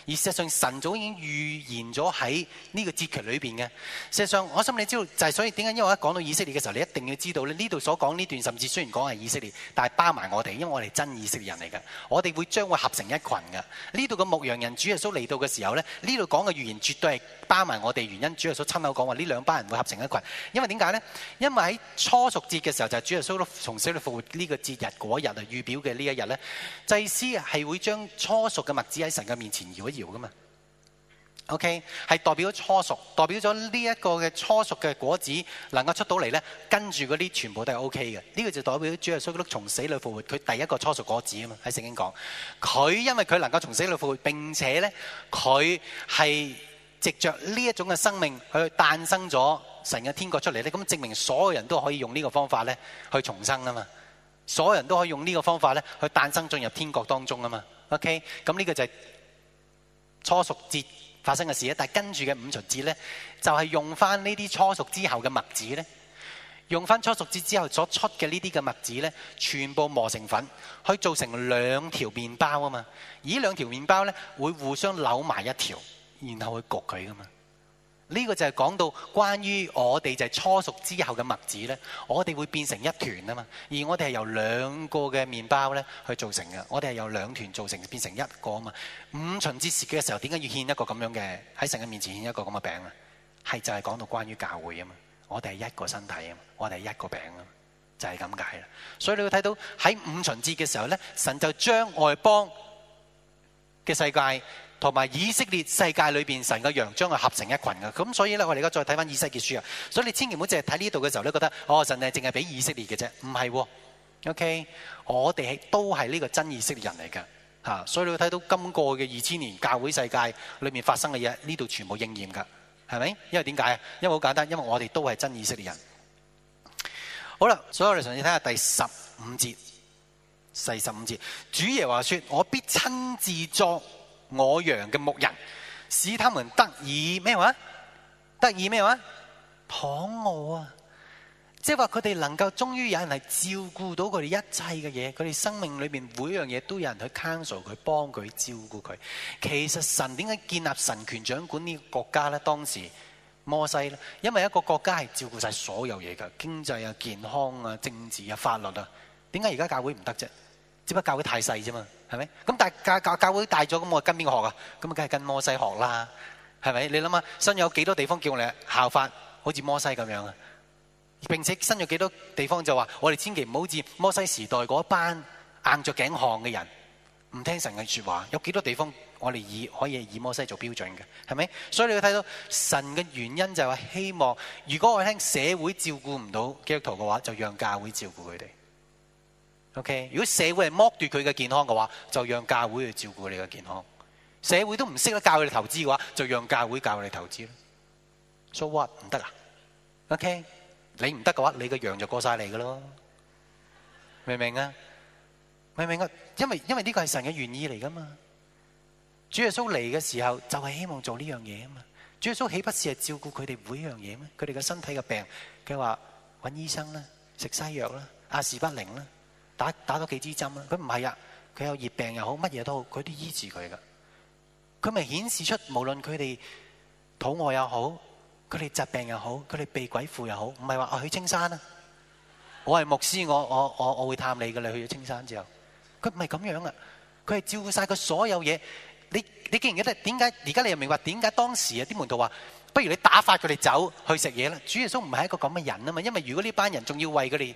[SPEAKER 1] 而事實上神早已經預言咗喺呢個節期裏邊嘅。事實上我想你知道就係、是、所以點解因為一講到以色列嘅時候，你一定要知道呢度所講呢段，甚至雖然講係以色列，但係包埋我哋，因為我哋真以色列人嚟嘅。我哋會將會合成一群嘅。呢度嘅牧羊人主耶穌嚟到嘅時候呢，呢度講嘅預言絕對係包埋我哋原因。主耶穌親口講話呢兩班人會合成一群，因為點解呢？因為喺初熟節嘅時候就係、是、主耶穌都從聖約復活呢個節日嗰日啊預表嘅呢一日呢，祭司係會將初熟嘅麥子喺神嘅面前搖搖噶嘛？OK，係代表咗初熟，代表咗呢一個嘅初熟嘅果子能夠出到嚟咧，跟住嗰啲全部都係 OK 嘅。呢個就代表主耶穌基督從死裏復活，佢第一個初熟果子啊嘛。喺聖經講佢，因為佢能夠從死裏復活，並且咧佢係藉着呢一種嘅生命去誕生咗神嘅天國出嚟咧，咁證明所有人都可以用呢個方法咧去重生啊嘛，所有人都可以用呢個方法咧去誕生進入天國當中啊嘛。OK，咁呢個就係。初熟節發生嘅事，但跟住嘅五旬節呢，就係、是、用翻呢啲初熟之後嘅麥子，用翻初熟節之後所出嘅呢啲嘅麥子呢，全部磨成粉，去做成兩條麵包啊嘛，而呢兩條麵包呢，會互相扭埋一條，然後去焗佢嘛。呢個就係講到關於我哋就係初熟之後嘅麥子呢。我哋會變成一團啊嘛。而我哋係由兩個嘅麵包呢去做成嘅，我哋係由兩團做成變成一個啊嘛。五旬節時嘅時候點解要獻一個咁樣嘅喺神嘅面前獻一個咁嘅餅啊？係就係講到關於教會啊嘛。我哋係一個身體啊嘛，我哋係一個餅啊嘛，就係咁解啦。所以你會睇到喺五旬節嘅時候呢，神就將外邦嘅世界，同埋以色列世界裏邊，神個羊將佢合成一群㗎。咁所以咧，我哋而家再睇翻以西結書啊，所以你千祈唔好淨係睇呢度嘅時候咧，覺得哦，神淨係俾以色列嘅啫，唔係，OK，我哋係都係呢個真以色列人嚟㗎。吓，所以你會睇到今個嘅二千年教會世界裏面發生嘅嘢呢度全部應驗噶，係咪？因為點解啊？因為好簡單，因為我哋都係真以色列人。好啦，所以我哋上次睇下第十五節、四十五節，主耶和華說我必親自作。我羊嘅牧人，使他們得以咩話？得以咩話？躺臥啊！即係話佢哋能夠終於有人嚟照顧到佢哋一切嘅嘢，佢哋生命裏面每樣嘢都有人去 counsel 佢，幫佢照顧佢。其實神點解建立神權掌管呢個國家呢？當時摩西咧，因為一個國家係照顧晒所有嘢噶，經濟啊、健康啊、政治啊、法律啊，點解而家教會唔得啫？只不過教會太細啫嘛，係咪？咁但係教教教會大咗，咁我跟邊個學啊？咁梗係跟摩西學啦，係咪？你諗下，身有幾多地方叫我哋效法，好似摩西咁樣啊？並且身有幾多地方就話，我哋千祈唔好似摩西時代嗰班硬着頸項嘅人，唔聽神嘅説話。有幾多地方我哋以，以可以以摩西做標準嘅？係咪？所以你睇到神嘅原因就係話，希望如果我聽社會照顧唔到基督徒嘅話，就讓教會照顧佢哋。OK，如果社會係剝奪佢嘅健康嘅話，就讓教會去照顧你嘅健康。社會都唔識得教佢哋投資嘅話，就讓教會教佢哋投資啦。So what？唔得啊。OK，你唔得嘅話，你嘅羊就過晒嚟嘅咯。明唔明啊？明唔明啊？因為因為呢個係神嘅原意嚟噶嘛。主耶穌嚟嘅時候就係希望做呢樣嘢啊嘛。主耶穌豈不是係照顧佢哋每一樣嘢咩？佢哋嘅身體嘅病，佢話揾醫生啦，食西藥啦，阿士匹靈啦。打打咗幾支針啦！佢唔係啊，佢有熱病又好，乜嘢都好，佢都醫治佢噶。佢咪顯示出無論佢哋肚餓又好，佢哋疾病又好，佢哋被鬼附又好，唔係話我去青山啊！我係牧師，我我我我會探你噶，你去咗青山之後，佢唔係咁樣啊！佢係照顧晒佢所有嘢。你你竟然記得點解，而家你又明白點解當時啊啲門徒話，不如你打發佢哋走去食嘢啦。主耶穌唔係一個咁嘅人啊嘛，因為如果呢班人仲要為佢哋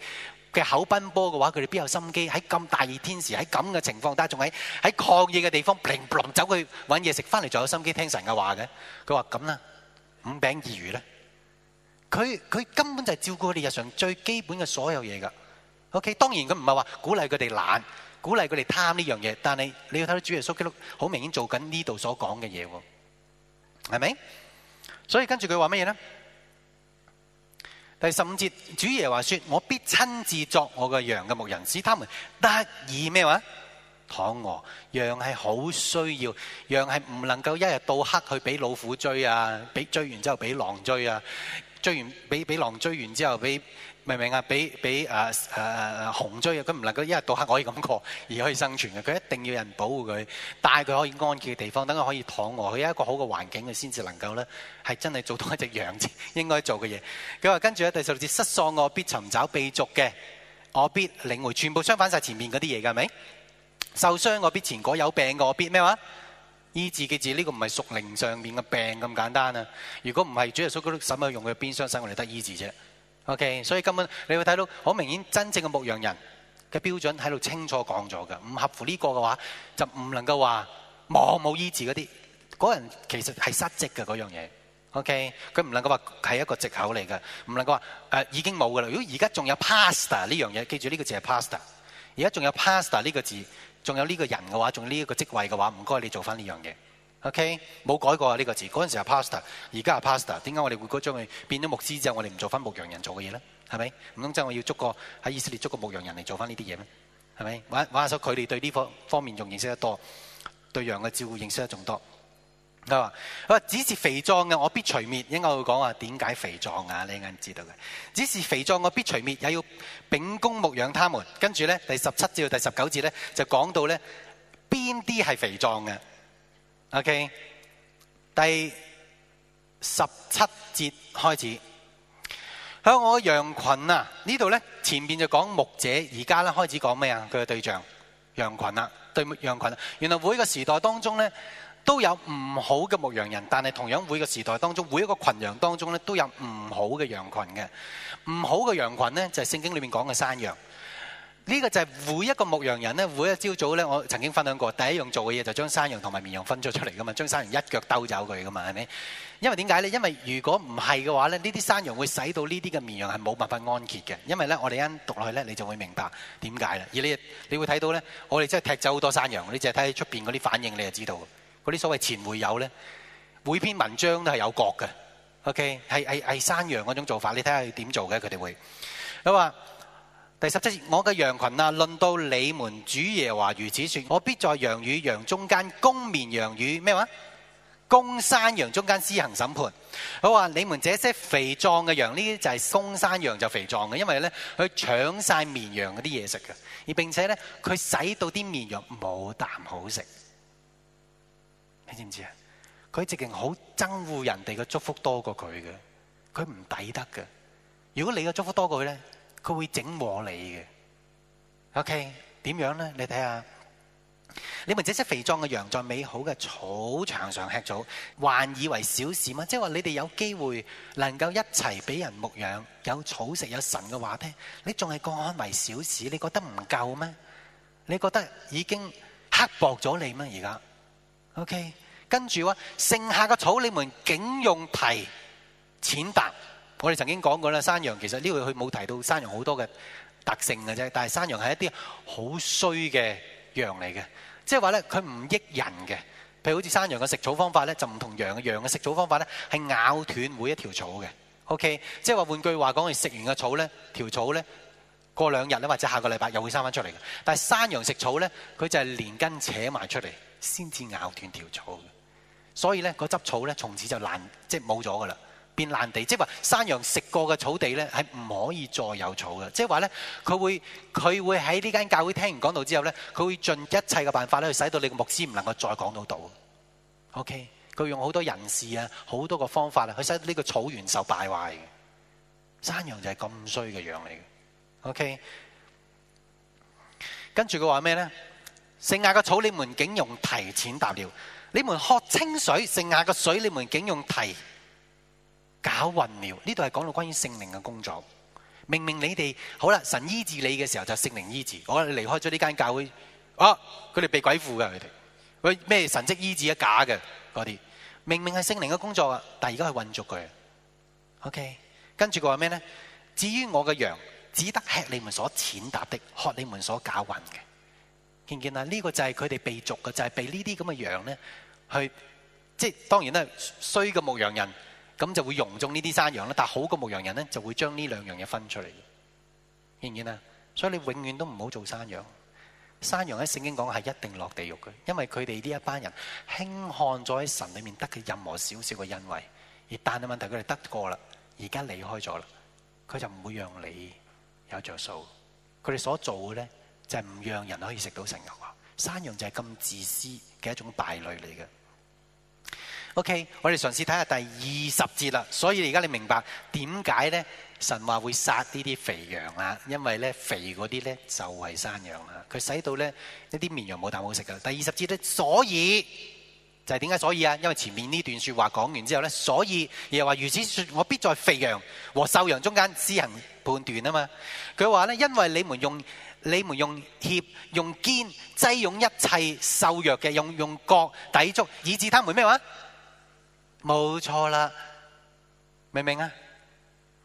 [SPEAKER 1] 嘅口奔波嘅話，佢哋邊有心機？喺咁大熱天時，喺咁嘅情況，但係仲喺喺曠野嘅地方，boom boom 走去揾嘢食，翻嚟仲有心機聽神嘅話嘅。佢話咁啦，五餅二魚咧，佢佢根本就係照顧佢哋日常最基本嘅所有嘢噶。OK，當然佢唔係話鼓勵佢哋懶，鼓勵佢哋貪呢樣嘢，但係你要睇到主耶穌基督好明顯做緊呢度所講嘅嘢喎，係咪？所以跟住佢話乜嘢呢？第十五節，主耶和華說，我必親自作我個羊嘅牧人，使他們得以咩話？躺臥，羊係好需要，羊係唔能夠一日到黑去俾老虎追啊，俾追完之後俾狼追啊，追完俾俾狼追完之後俾。明唔明啊？俾俾誒誒誒熊追佢唔能夠一日到黑可以咁過而可以生存嘅，佢一定要有人保護佢，帶佢可以安嘅地方，等佢可以躺臥，佢有一個好嘅環境，佢先至能夠咧係真係做到一隻羊先應該做嘅嘢。佢話跟住咧第十六節失喪我必尋找被逐嘅，我必領回，全部相反晒前面嗰啲嘢㗎，係咪？受傷我必纏裹有病的我必咩話？醫治嘅字呢，這個唔係屬靈上面嘅病咁簡單啊！如果唔係，主耶穌嗰啲神啊用佢鞭傷身，我哋得醫治啫。OK，所以根本你會睇到好明顯，真正嘅牧羊人嘅標準喺度清楚講咗嘅，唔合乎呢個嘅話就唔能夠話冇冇醫治嗰啲嗰人其實係失職嘅嗰樣嘢。OK，佢唔能夠話係一個藉口嚟嘅，唔能夠話誒已經冇噶啦。如果而家仲有 pastor 呢樣嘢，記住呢個字係 pastor，而家仲有 pastor 呢個字，仲有呢個人嘅話，仲有呢一個職位嘅話，唔該你做翻呢樣嘢。OK，冇改過啊！呢個字嗰陣時係 pastor，而家係 pastor。點解我哋會嗰將佢變咗牧師之後，我哋唔做翻牧羊人做嘅嘢咧？係咪？唔通真係我要捉個喺以色列捉個牧羊人嚟做翻呢啲嘢咩？係咪？玩玩下所佢哋對呢方方面，仲認識得多，對羊嘅照顧認識得仲多。佢話：佢話只是肥壯嘅，我必除滅。應該會講話點解肥壯啊？你應該知道嘅。只是肥壯我必除滅，也要秉公牧養他們。跟住咧，第十七至到第十九節咧，就講到咧邊啲係肥壯嘅。OK，第十七節開始，向我嘅羊群啊，呢度呢，前面就講牧者，而家咧開始講咩啊？佢嘅對象，羊群啊。對羊群。啊，原來每個時代當中呢，都有唔好嘅牧羊人，但係同樣每個時代當中，每一個群羊當中呢，都有唔好嘅羊群嘅。唔好嘅羊群呢，就係聖經裏面講嘅山羊。呢個就係每一個牧羊人咧，每一朝早咧，我曾經分享過，第一樣做嘅嘢就將山羊同埋綿羊分咗出嚟噶嘛，將山羊一腳兜走佢噶嘛，係咪？因為點解咧？因為如果唔係嘅話咧，呢啲山羊會使到呢啲嘅綿羊係冇辦法安歇嘅，因為咧我哋一陣讀落去咧，你就會明白點解啦。而你你會睇到咧，我哋真係踢走好多山羊，你淨係睇喺出邊嗰啲反應，你就知道。嗰啲所謂前會有咧，每篇文章都係有角嘅。OK，係係係山羊嗰種做法，你睇下點做嘅佢哋會。佢話。第十七節，我嘅羊羣啊，論到你們主耶華如此説：我必在羊與羊中間，公綿羊與咩話？公山羊中間施行審判。佢話你們這些肥壯嘅羊，呢啲就係公山羊，就肥壯嘅，因為咧佢搶曬綿羊嗰啲嘢食嘅，而並且咧佢使到啲綿羊冇啖好食。你知唔知啊？佢直情好憎乎人哋嘅祝福多過佢嘅，佢唔抵得嘅。如果你嘅祝福多過佢咧？佢會整蠱你嘅，OK？點樣呢？你睇下，你們這些肥壯嘅羊在美好嘅草場上吃草，還以為小事嗎？即係話你哋有機會能夠一齊俾人牧養，有草食有神嘅話呢？你仲係幹為小事？你覺得唔夠咩？你覺得已經刻薄咗你嗎？而家，OK？跟住話，剩下嘅草你們竟用蹄踐踏。我哋曾經講過啦，山羊其實呢個佢冇提到山羊好多嘅特性嘅啫。但係山羊係一啲好衰嘅羊嚟嘅，即係話咧，佢唔益人嘅。譬如好似山羊嘅食草方法咧，就唔同羊嘅。羊嘅食草方法咧係咬斷每一條草嘅。OK，即係話換句話講，食完嘅草咧，條草咧過兩日咧，或者下個禮拜又會生翻出嚟。但係山羊食草咧，佢就係連根扯埋出嚟先至咬斷條草嘅。所以咧，嗰執草咧，從此就難即係冇咗噶啦。變爛地，即係話山羊食過嘅草地，係唔可以再有草嘅，即係話佢會佢會喺呢間教會聽完講道之後，佢會盡一切嘅辦法去使到你嘅牧師唔能夠再講到道，佢用好多人事，好多方法去使到呢個草原受敗壞嘅，山羊就係咁衰嘅羊嚟嘅，跟住佢話咩呢? OK? OK? 聖亞嘅草，你們竟用蹄踐踏了，你們喝清水，聖亞嘅水，你們竟用蹄，搞混了，呢度係講到關於聖靈嘅工作。明明你哋好啦，神醫治你嘅時候就係聖靈醫治。我離開咗呢間教會，啊，佢哋被鬼附嘅佢哋，喂咩神蹟醫治一假嘅嗰啲，明明係聖靈嘅工作啊，但係而家係混濁佢。OK，跟住佢話咩咧？至於我嘅羊，只得吃你們所踐踏的，喝你們所搞混嘅。見唔見啊？呢、這個就係佢哋被逐嘅，就係、是、被這些這樣呢啲咁嘅羊咧，去即係當然咧衰嘅牧羊人。咁就會容縱呢啲山羊啦，但係好嘅牧羊人咧就會將呢兩樣嘢分出嚟，明唔明啊？所以你永遠都唔好做山羊，山羊喺聖經講係一定落地獄嘅，因為佢哋呢一班人輕看咗喺神裏面得嘅任何少少嘅恩惠，而但係問題佢哋得過啦，而家離開咗啦，佢就唔會讓你有著數。佢哋所做嘅咧就係唔讓人可以食到成牛啊！山羊就係咁自私嘅一種敗類嚟嘅。OK，我哋嘗試睇下第二十節啦。所以而家你明白點解呢？神話會殺呢啲肥羊啊，因為呢肥嗰啲呢就係山羊啦。佢使到呢一啲綿羊冇啖好食噶。第二十節呢，所以就係點解？所以啊，因為前面呢段說話講完之後呢，所以又話如此說，我必在肥羊和瘦羊中間施行判斷啊嘛。佢話呢，因為你們用你們用脅用肩擠擁一切瘦弱嘅，用用角抵觸，以致他們咩話？冇錯啦，明唔明啊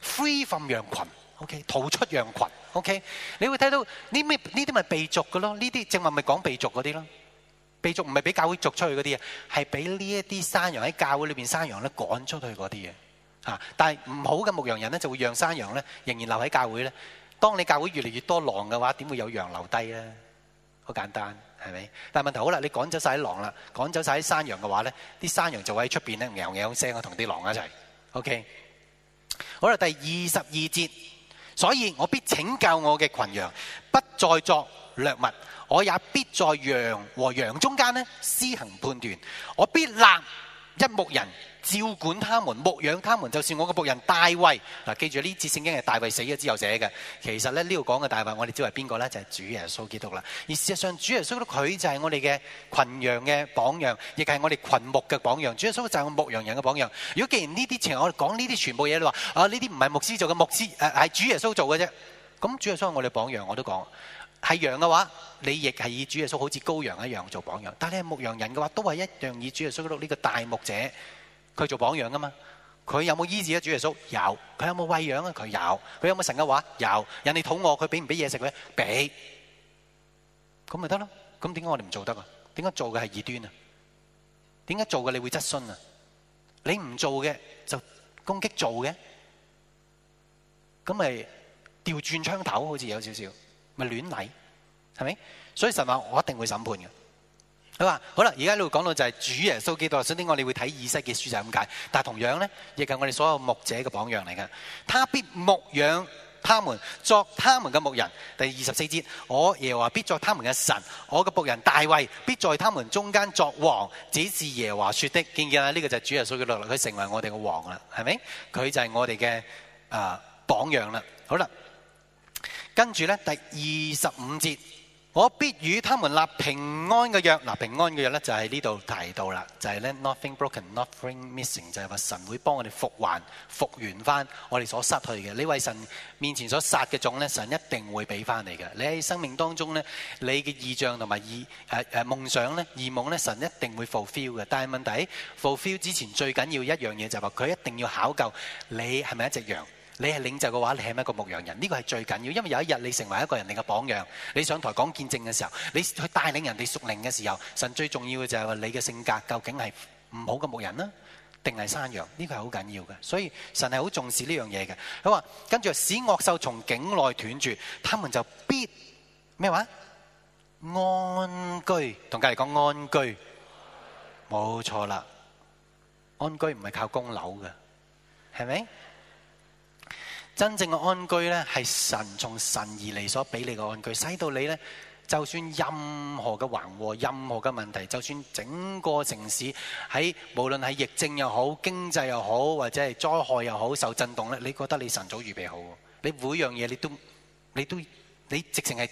[SPEAKER 1] ？Free from 羊群，OK，逃出羊群，OK。你會睇到呢咩？呢啲咪被逐嘅咯？呢啲正話咪講被逐嗰啲咯。被逐唔係俾教會逐出去嗰啲啊，係俾呢一啲山羊喺教會裏邊山羊咧趕出去嗰啲嘢。吓，但係唔好嘅牧羊人咧就會讓山羊咧仍然留喺教會咧。當你教會越嚟越多狼嘅話，點會有羊留低咧？好簡單。係咪？但係問題好啦，你趕走晒啲狼啦，趕走晒啲山羊嘅話呢，啲山羊就會喺出邊咧，嚷嚷聲，我同啲狼一齊。OK，好啦，第二十二節，所以我必拯救我嘅群羊，不再作掠物，我也必在羊和羊中間呢施行判斷，我必立。一牧人照管他們，牧養他們。就是我嘅牧人大衛，嗱，記住呢節聖經係大衛死咗之後寫嘅。其實咧呢度講嘅大衛，我哋知係邊個咧？就係主耶穌基督啦。而事實上，主耶穌佢就係我哋嘅群羊嘅榜樣，亦係我哋群牧嘅榜樣。主耶穌就係牧羊人嘅榜樣。如果既然呢啲情，我哋講呢啲全部嘢，你話啊，呢啲唔係牧師做嘅，牧師，誒係主耶穌做嘅啫。咁主耶穌係我哋榜樣，我都講。係羊嘅話，你亦係以主耶穌好似羔羊一樣做榜樣。但係你係牧羊人嘅話，都係一樣以主耶穌呢個大牧者佢做榜樣噶嘛？佢有冇醫治啊？主耶穌有。佢有冇餵養啊？佢有。佢有冇神嘅話？有。人哋肚餓，佢俾唔俾嘢食佢？俾。咁咪得咯？咁點解我哋唔做得啊？點解做嘅係異端啊？點解做嘅你會質詢啊？你唔做嘅就攻擊做嘅，咁咪調轉槍頭，好似有少少。咪亂禮，係咪？所以神話我一定會審判嘅。佢話好啦，而家你會講到就係主耶穌基督，所以我哋會睇以西結書就係咁解。但係同樣咧，亦係我哋所有牧者嘅榜樣嚟嘅。他必牧養他們，作他們嘅牧人。第二十四節，我耶和華必作他們嘅神，我嘅僕人大衛必在他們中間作王。這是耶和華說的。見唔見啊？呢、這個就係主耶穌基督，佢成為我哋嘅王啦，係咪？佢就係我哋嘅啊榜樣啦。好啦。跟住咧，第二十五節，我必與他們立平安嘅約。嗱，平安嘅約咧就喺呢度提到啦，就係咧 nothing broken，nothing missing，就係話神會幫我哋復還、復原翻我哋所失去嘅。呢位神面前所殺嘅種咧，神一定會俾翻你嘅。你喺生命當中咧，你嘅意象同埋意誒誒夢想咧、異夢咧，神一定會 fulfill 嘅。但係問題 fulfill 之前最緊要一樣嘢就係話，佢一定要考究你係咪一隻羊。你係領袖嘅話，你係咪一個牧羊人？呢個係最緊要，因為有一日你成為一個人哋嘅榜樣，你上台講見證嘅時候，你去帶領人哋屬靈嘅時候，神最重要嘅就係話你嘅性格究竟係唔好嘅牧人啦，定係山羊？呢個係好緊要嘅，所以神係好重視呢樣嘢嘅。佢話：跟住使惡獸從境內斷絕，他們就必咩話安居？同隔籬講安居，冇錯啦。安居唔係靠供樓嘅，係咪？真正嘅安居呢，係神從神而嚟所俾你嘅安居，使到你呢，就算任何嘅橫禍、任何嘅問題，就算整個城市喺無論係疫症又好、經濟又好或者係災害又好，受震動呢，你覺得你神早預備好，你每樣嘢你都你都你直情係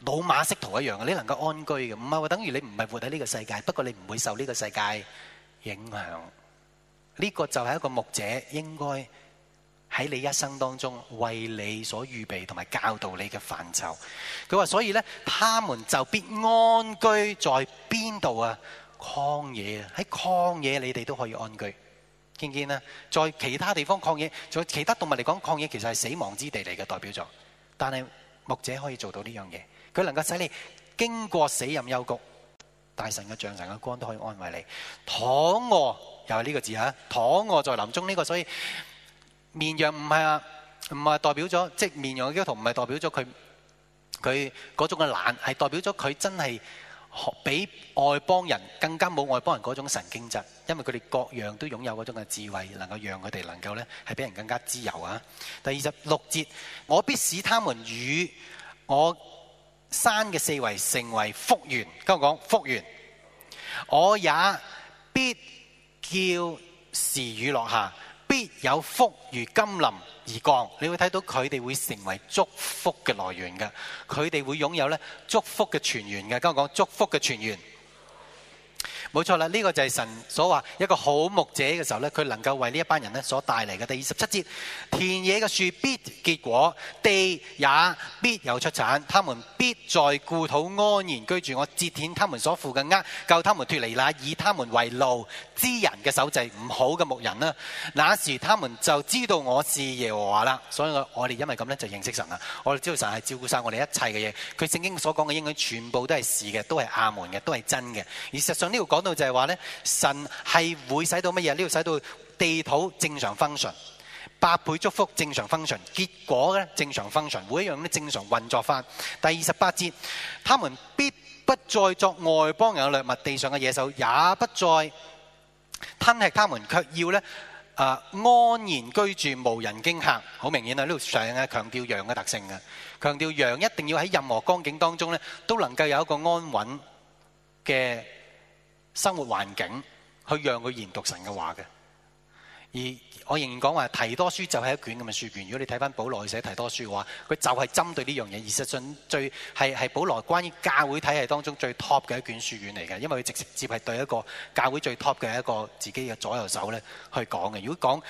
[SPEAKER 1] 老馬識途一樣嘅，你能夠安居嘅，唔係話等於你唔係活喺呢個世界，不過你唔會受呢個世界影響。呢個就係一個牧者應該。喺你一生當中，為你所預備同埋教導你嘅範疇。佢話：所以呢，他們就必安居在邊度啊？曠野啊！喺曠野，你哋都可以安居。見唔見啊？在其他地方曠野，在其他動物嚟講，曠野其實係死亡之地嚟嘅，代表作。但係牧者可以做到呢樣嘢，佢能夠使你經過死蔭幽谷，大神嘅、象神嘅光都可以安慰你。躺臥又係呢個字啊！躺臥在林中呢個，所以。綿羊唔係啊，唔係代表咗，即係綿羊嘅基督徒唔係代表咗佢佢嗰種嘅懶，係代表咗佢真係比外邦人更加冇外邦人嗰種神經質，因為佢哋各樣都擁有嗰種嘅智慧，能夠讓佢哋能夠呢係俾人更加自由啊！第二十六節，我必使他們與我山嘅四圍成為福源。今日講福源，我也必叫時雨落下。必有福如甘霖而降，你會睇到佢哋會成為祝福嘅來源嘅，佢哋會擁有咧祝福嘅泉源嘅，跟我講祝福嘅泉源。冇錯啦，呢、這個就係神所話一個好牧者嘅時候呢佢能夠為呢一班人呢所帶嚟嘅。第二十七節，田野嘅樹必結果，地也必有出產，他們必在故土安然居住。我截斷他們所負嘅軛，救他們脫離那以他們為奴之人嘅手勢。唔好嘅牧人啦，那時他們就知道我是耶和華啦。所以，我我哋因為咁呢就認識神啦。我哋知道神係照顧晒我哋一切嘅嘢。佢聖經所講嘅應該全部都係是嘅，都係阿門嘅，都係真嘅。而實際上呢個講。就係話咧，神係會使到乜嘢？呢度使到地土正常 function，八倍祝福正常 function，結果咧正常 function，每一樣都正常運作法。第二十八節，他們必不再作外邦人嘅掠物，地上嘅野獸也不再吞吃他們，卻要咧、呃、安然居住，無人驚嚇。好明顯啊，呢度成日強調羊嘅特性嘅，強調羊一定要喺任何光景當中咧都能夠有一個安穩嘅生活環境去讓佢研讀神嘅話嘅，而我仍然講話提多書就係一卷咁嘅書卷。如果你睇翻保羅寫提多書嘅話，佢就係針對呢樣嘢。而實上最係係保羅關於教會體系當中最 top 嘅一卷書卷嚟嘅，因為佢直接係對一個教會最 top 嘅一個自己嘅左右手咧去講嘅。如果講誒、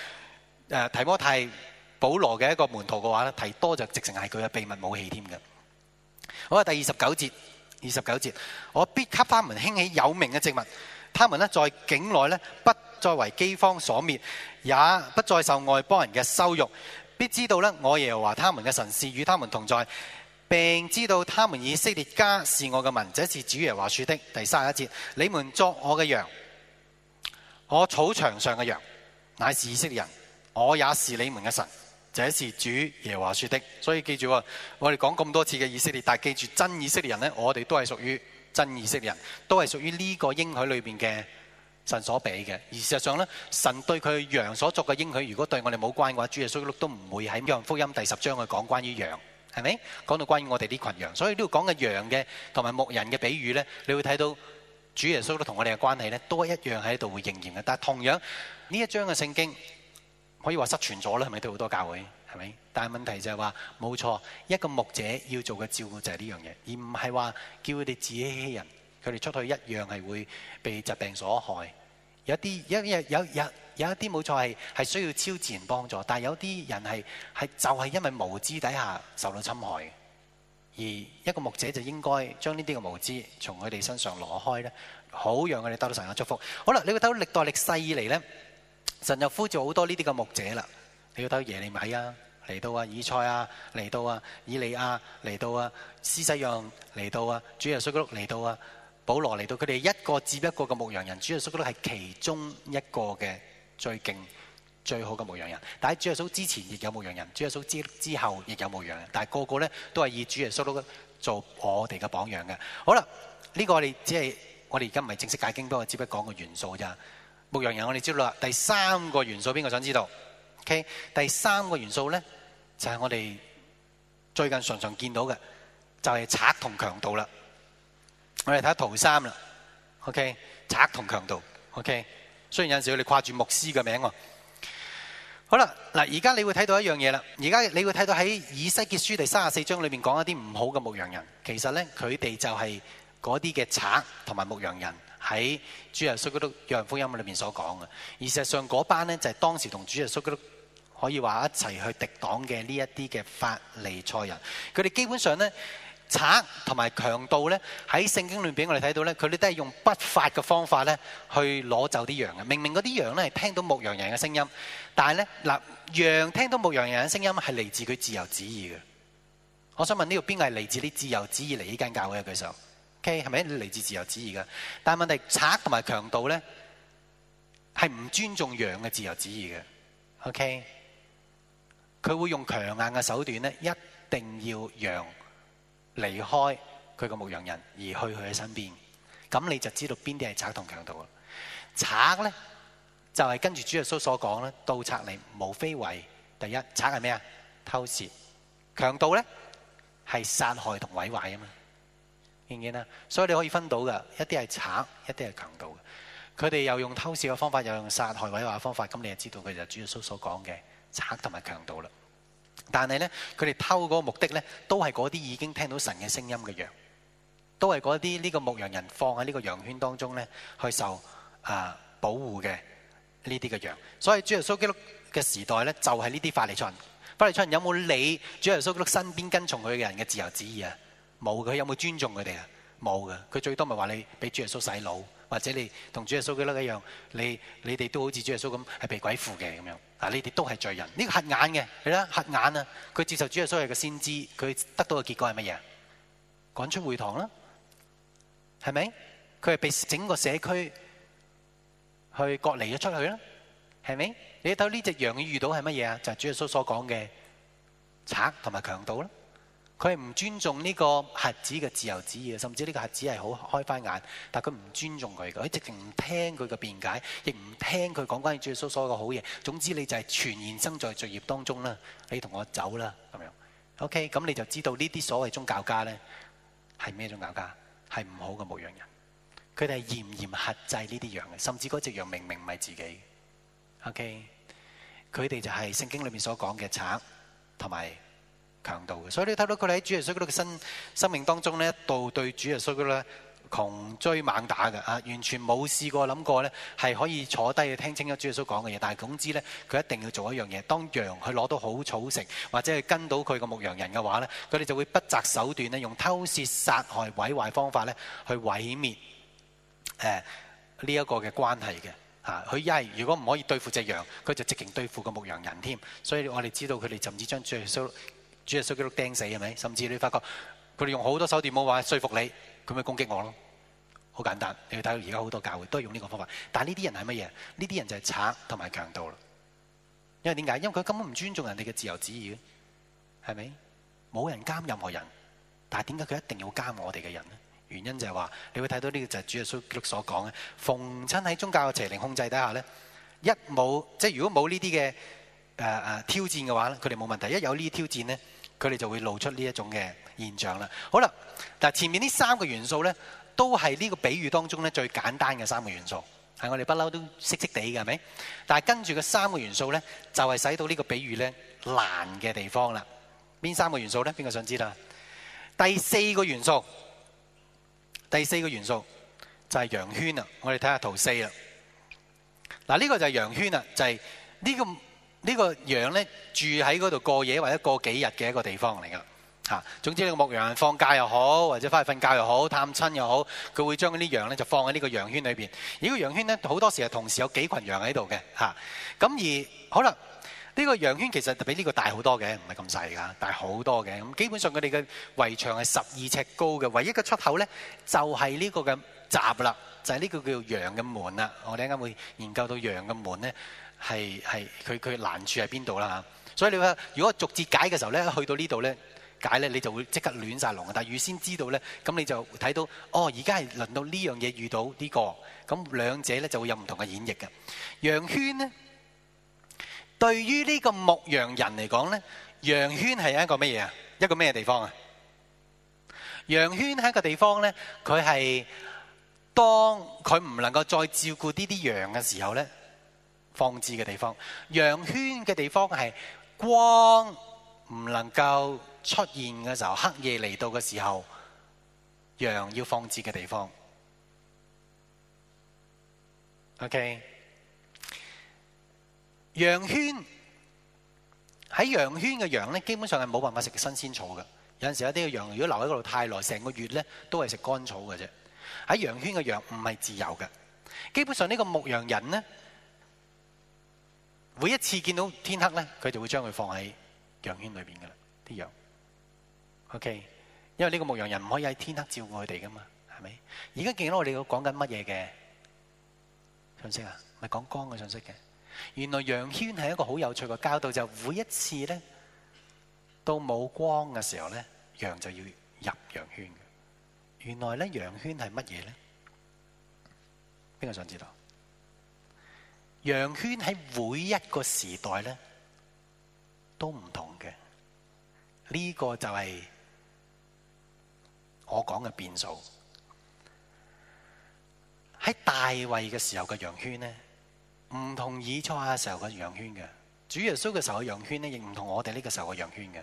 [SPEAKER 1] 呃、提摩太保羅嘅一個門徒嘅話咧，提多就直情係佢嘅秘密武器添嘅。好啊，第二十九節。二十九節，我必給他們興起有名嘅植物，他們在境內不再為飢荒所滅，也不再受外邦人嘅羞辱。必知道我耶和華他們嘅神是與他們同在，並知道他們以色列家是我嘅民，這是主耶和華說的。第三十一節，你們作我嘅羊，我草場上嘅羊，乃是以色列人，我也是你們嘅神。這是主耶華説的，所以記住，我哋講咁多次嘅以色列，但係記住真以色列人呢，我哋都係屬於真以色列人，都係屬於呢個應許裏邊嘅神所俾嘅。而事實上呢，神對佢羊所作嘅應許，如果對我哋冇關嘅話，主耶穌都唔會喺約翰福音第十章去講關於羊，係咪？講到關於我哋啲群羊，所以呢度講嘅羊嘅同埋牧人嘅比喻呢，你會睇到主耶穌都同我哋嘅關係呢，都一樣喺度會應驗嘅。但係同樣呢一章嘅聖經。可以話失傳咗啦，係咪都好多教會係咪？但係問題就係話冇錯，一個牧者要做嘅照顧就係呢樣嘢，而唔係話叫佢哋自欺欺人。佢哋出去一樣係會被疾病所害。有啲有有有有，有一啲冇錯係係需要超自然幫助，但係有啲人係係就係因為無知底下受到侵害。而一個牧者就應該將呢啲嘅無知從佢哋身上攞開咧，好讓佢哋得到神嘅祝福。好啦，你會睇到歷代歷世以嚟咧。神又呼召好多呢啲嘅牧者啦，你要睇到耶利米啊，嚟到啊以賽啊，嚟到啊以利亞，嚟到啊施洗約翰，嚟到啊主耶穌基督，嚟到啊保羅嚟到，佢哋一個接一個嘅牧羊人，主耶穌基督係其中一個嘅最勁最好嘅牧羊人。但係主耶穌之前亦有牧羊人，主耶穌之之後亦有牧羊人，但係個個咧都係以主耶穌基督做我哋嘅榜樣嘅。好啦，呢、這個我哋只係我哋而家唔係正式解經，不過只不過講個元素咋。牧羊人我哋知道啦，第三個元素邊個想知道？O K，第三個元素咧就係我哋最近常常見到嘅，就係賊同強盜啦。我哋睇下圖三啦。O K，賊同強盜。O K，雖然有陣時你跨住牧師嘅名。好啦，嗱，而家你會睇到一樣嘢啦。而家你會睇到喺以西結書第三十四章裏面講一啲唔好嘅牧羊人，其實咧佢哋就係嗰啲嘅賊同埋牧羊人。喺主耶穌基督羊福音裏面所講嘅，而實際上嗰班呢，就係、是、當時同主耶穌基督可以話一齊去敵擋嘅呢一啲嘅法利賽人，佢哋基本上呢，賊同埋強盜呢，喺聖經裏邊我哋睇到呢，佢哋都係用不法嘅方法呢去攞走啲羊嘅。明明嗰啲羊呢係聽到牧羊人嘅聲音，但係呢，嗱羊聽到牧羊人嘅聲音係嚟自佢自由旨意嘅。我想問呢度邊個係嚟自啲自由旨意嚟？呢間教會呀，舉手。O.K. 係咪嚟自自由主義嘅？但問題，賊同埋強盜咧，係唔尊重羊嘅自由主義嘅。O.K. 佢會用強硬嘅手段咧，一定要羊離開佢個牧羊人，而去佢嘅身邊。咁你就知道邊啲係賊同強盜啦。賊咧就係、是、跟住主耶穌所講咧，盜賊你無非為第一，賊係咩啊？偷竊。強盜咧係殺害同毀壞啊嘛。明顯啦，所以你可以分到噶，一啲係賊，一啲係強盜。佢哋又用偷竊嘅方法，又用殺害、毀壞嘅方法。咁你就知道佢就是主耶穌所講嘅賊同埋強盜啦。但係呢，佢哋偷嗰個目的呢，都係嗰啲已經聽到神嘅聲音嘅羊，都係嗰啲呢個牧羊人放喺呢個羊圈當中呢，去受啊、呃、保護嘅呢啲嘅羊。所以主耶穌基督嘅時代呢，就係呢啲法利賽人。法利賽人有冇理主耶穌基督身邊跟從佢嘅人嘅自由旨意啊？冇嘅，佢有冇尊重佢哋啊？冇嘅，佢最多咪話你俾主耶穌洗腦，或者你同主耶穌嗰粒一樣，你你哋都好似主耶穌咁係被鬼附嘅咁樣，啊，你哋都係罪人。呢個瞎眼嘅，係啦，瞎眼啊，佢接受主耶穌係個先知，佢得到嘅結果係乜嘢？趕出會堂啦，係咪？佢係被整個社區去隔離咗出去啦，係咪？你睇到呢隻羊佢遇到係乜嘢啊？就係主耶穌所講嘅賊同埋強盜啦。佢係唔尊重呢個瞎子嘅自由旨意，甚至呢個瞎子係好開返眼，但佢唔尊重佢嘅，佢直情唔聽佢嘅辯解，亦唔聽佢講關於耶穌所有嘅好嘢。總之你就係全然生在罪孽當中啦，你同我走啦咁樣。OK，咁你就知道呢啲所謂宗教家呢，係咩宗教家，係唔好嘅牧羊人。佢哋係嚴嚴轄制呢啲羊嘅，甚至嗰隻羊明明唔係自己。OK，佢哋就係聖經裏面所講嘅賊同埋。強盜嘅，所以你睇到佢哋喺主耶穌嗰度嘅生生命當中呢，一度對主耶穌嗰度窮追猛打嘅啊，完全冇試過諗過呢係可以坐低去聽清咗主耶穌講嘅嘢。但係總之呢，佢一定要做一樣嘢，當羊去攞到好草食，或者係跟到佢個牧羊人嘅話呢，佢哋就會不擇手段呢，用偷竊、殺害、毀壞方法呢去毀滅誒呢一個嘅關係嘅啊。佢一係如果唔可以對付隻羊，佢就直情對付個牧羊人添。所以我哋知道佢哋甚至將主耶穌。主耶穌基督釘死係咪？甚至你發覺佢哋用好多手段去話説服你，佢咪攻擊我咯？好簡單，你會睇到而家好多教會都係用呢個方法。但係呢啲人係乜嘢？呢啲人就係賊同埋強盜啦。因為點解？因為佢根本唔尊重人哋嘅自由旨意嘅，係咪？冇人監任何人，但係點解佢一定要監我哋嘅人咧？原因就係話，你會睇到呢個就係主耶穌基督所講嘅。逢親喺宗教嘅邪靈控制底下咧，一冇即係如果冇呢啲嘅。誒、啊、誒、啊、挑戰嘅話咧，佢哋冇問題。一有呢啲挑戰咧，佢哋就會露出呢一種嘅現象啦。好啦，嗱，前面呢三個元素咧，都係呢個比喻當中咧最簡單嘅三個元素，係我哋不嬲都識識地嘅，係咪？但係跟住嘅三個元素咧，就係使到呢個比喻咧難嘅地方啦。邊三個元素咧？邊個想知道啊？第四個元素，第四個元素就係羊圈啊！我哋睇下圖四啦。嗱，呢個就係羊圈啊，就係呢個。呢、個羊咧住喺嗰度過夜或者過幾日嘅一個地方嚟噶嚇。總之，個牧羊人放假又好，或者翻去瞓覺又好、探親又好，佢會將嗰啲羊咧就放喺呢個羊圈裏面。而、個羊圈咧好多時係同時有幾群羊喺度嘅嚇。咁而可能呢個羊圈其實比呢個大好多嘅，唔係咁細噶，大好多嘅。咁基本上佢哋嘅圍牆係十二尺高嘅，唯一嘅出口咧就係呢個嘅閘啦，就係呢個叫羊嘅門啦。我哋一陣間會研究到羊嘅門咧。係係，佢佢難處喺邊度啦？所以你話，如果逐字解嘅時候咧，去到呢度咧解咧，你就會即刻亂晒龍。但係預先知道咧，咁你就睇到，哦，而家係輪到呢樣嘢遇到呢個，咁兩者咧就會有唔同嘅演繹嘅。羊圈呢，對於呢個牧羊人嚟講咧，羊圈係一個乜嘢啊？一個咩地方啊？羊圈係一個地方咧，佢係當佢唔能夠再照顧呢啲羊嘅時候咧。放置嘅地方，羊圈嘅地方係光唔能夠出現嘅時候，黑夜嚟到嘅時候，羊要放置嘅地方。OK。羊圈，okay. 每一次見到天黑咧，佢就會將佢放喺羊圈裏邊噶啦，啲羊。OK，因為呢個牧羊人唔可以喺天黑照顧佢哋噶嘛，係咪？而家見到我哋講緊乜嘢嘅信息啊？咪講光嘅信息嘅。原來羊圈係一個好有趣嘅教導，就每一次咧到冇光嘅時候咧，羊就要入羊圈嘅。原來咧羊圈係乜嘢咧？邊個想知道？羊圈喺每一個時代咧都唔同嘅，呢個就係我講嘅變數。喺大衛嘅時候嘅羊圈咧，唔同以賽亞嘅時候嘅羊圈嘅，主耶穌嘅時候嘅羊圈咧，亦唔同我哋呢個時候嘅羊圈嘅。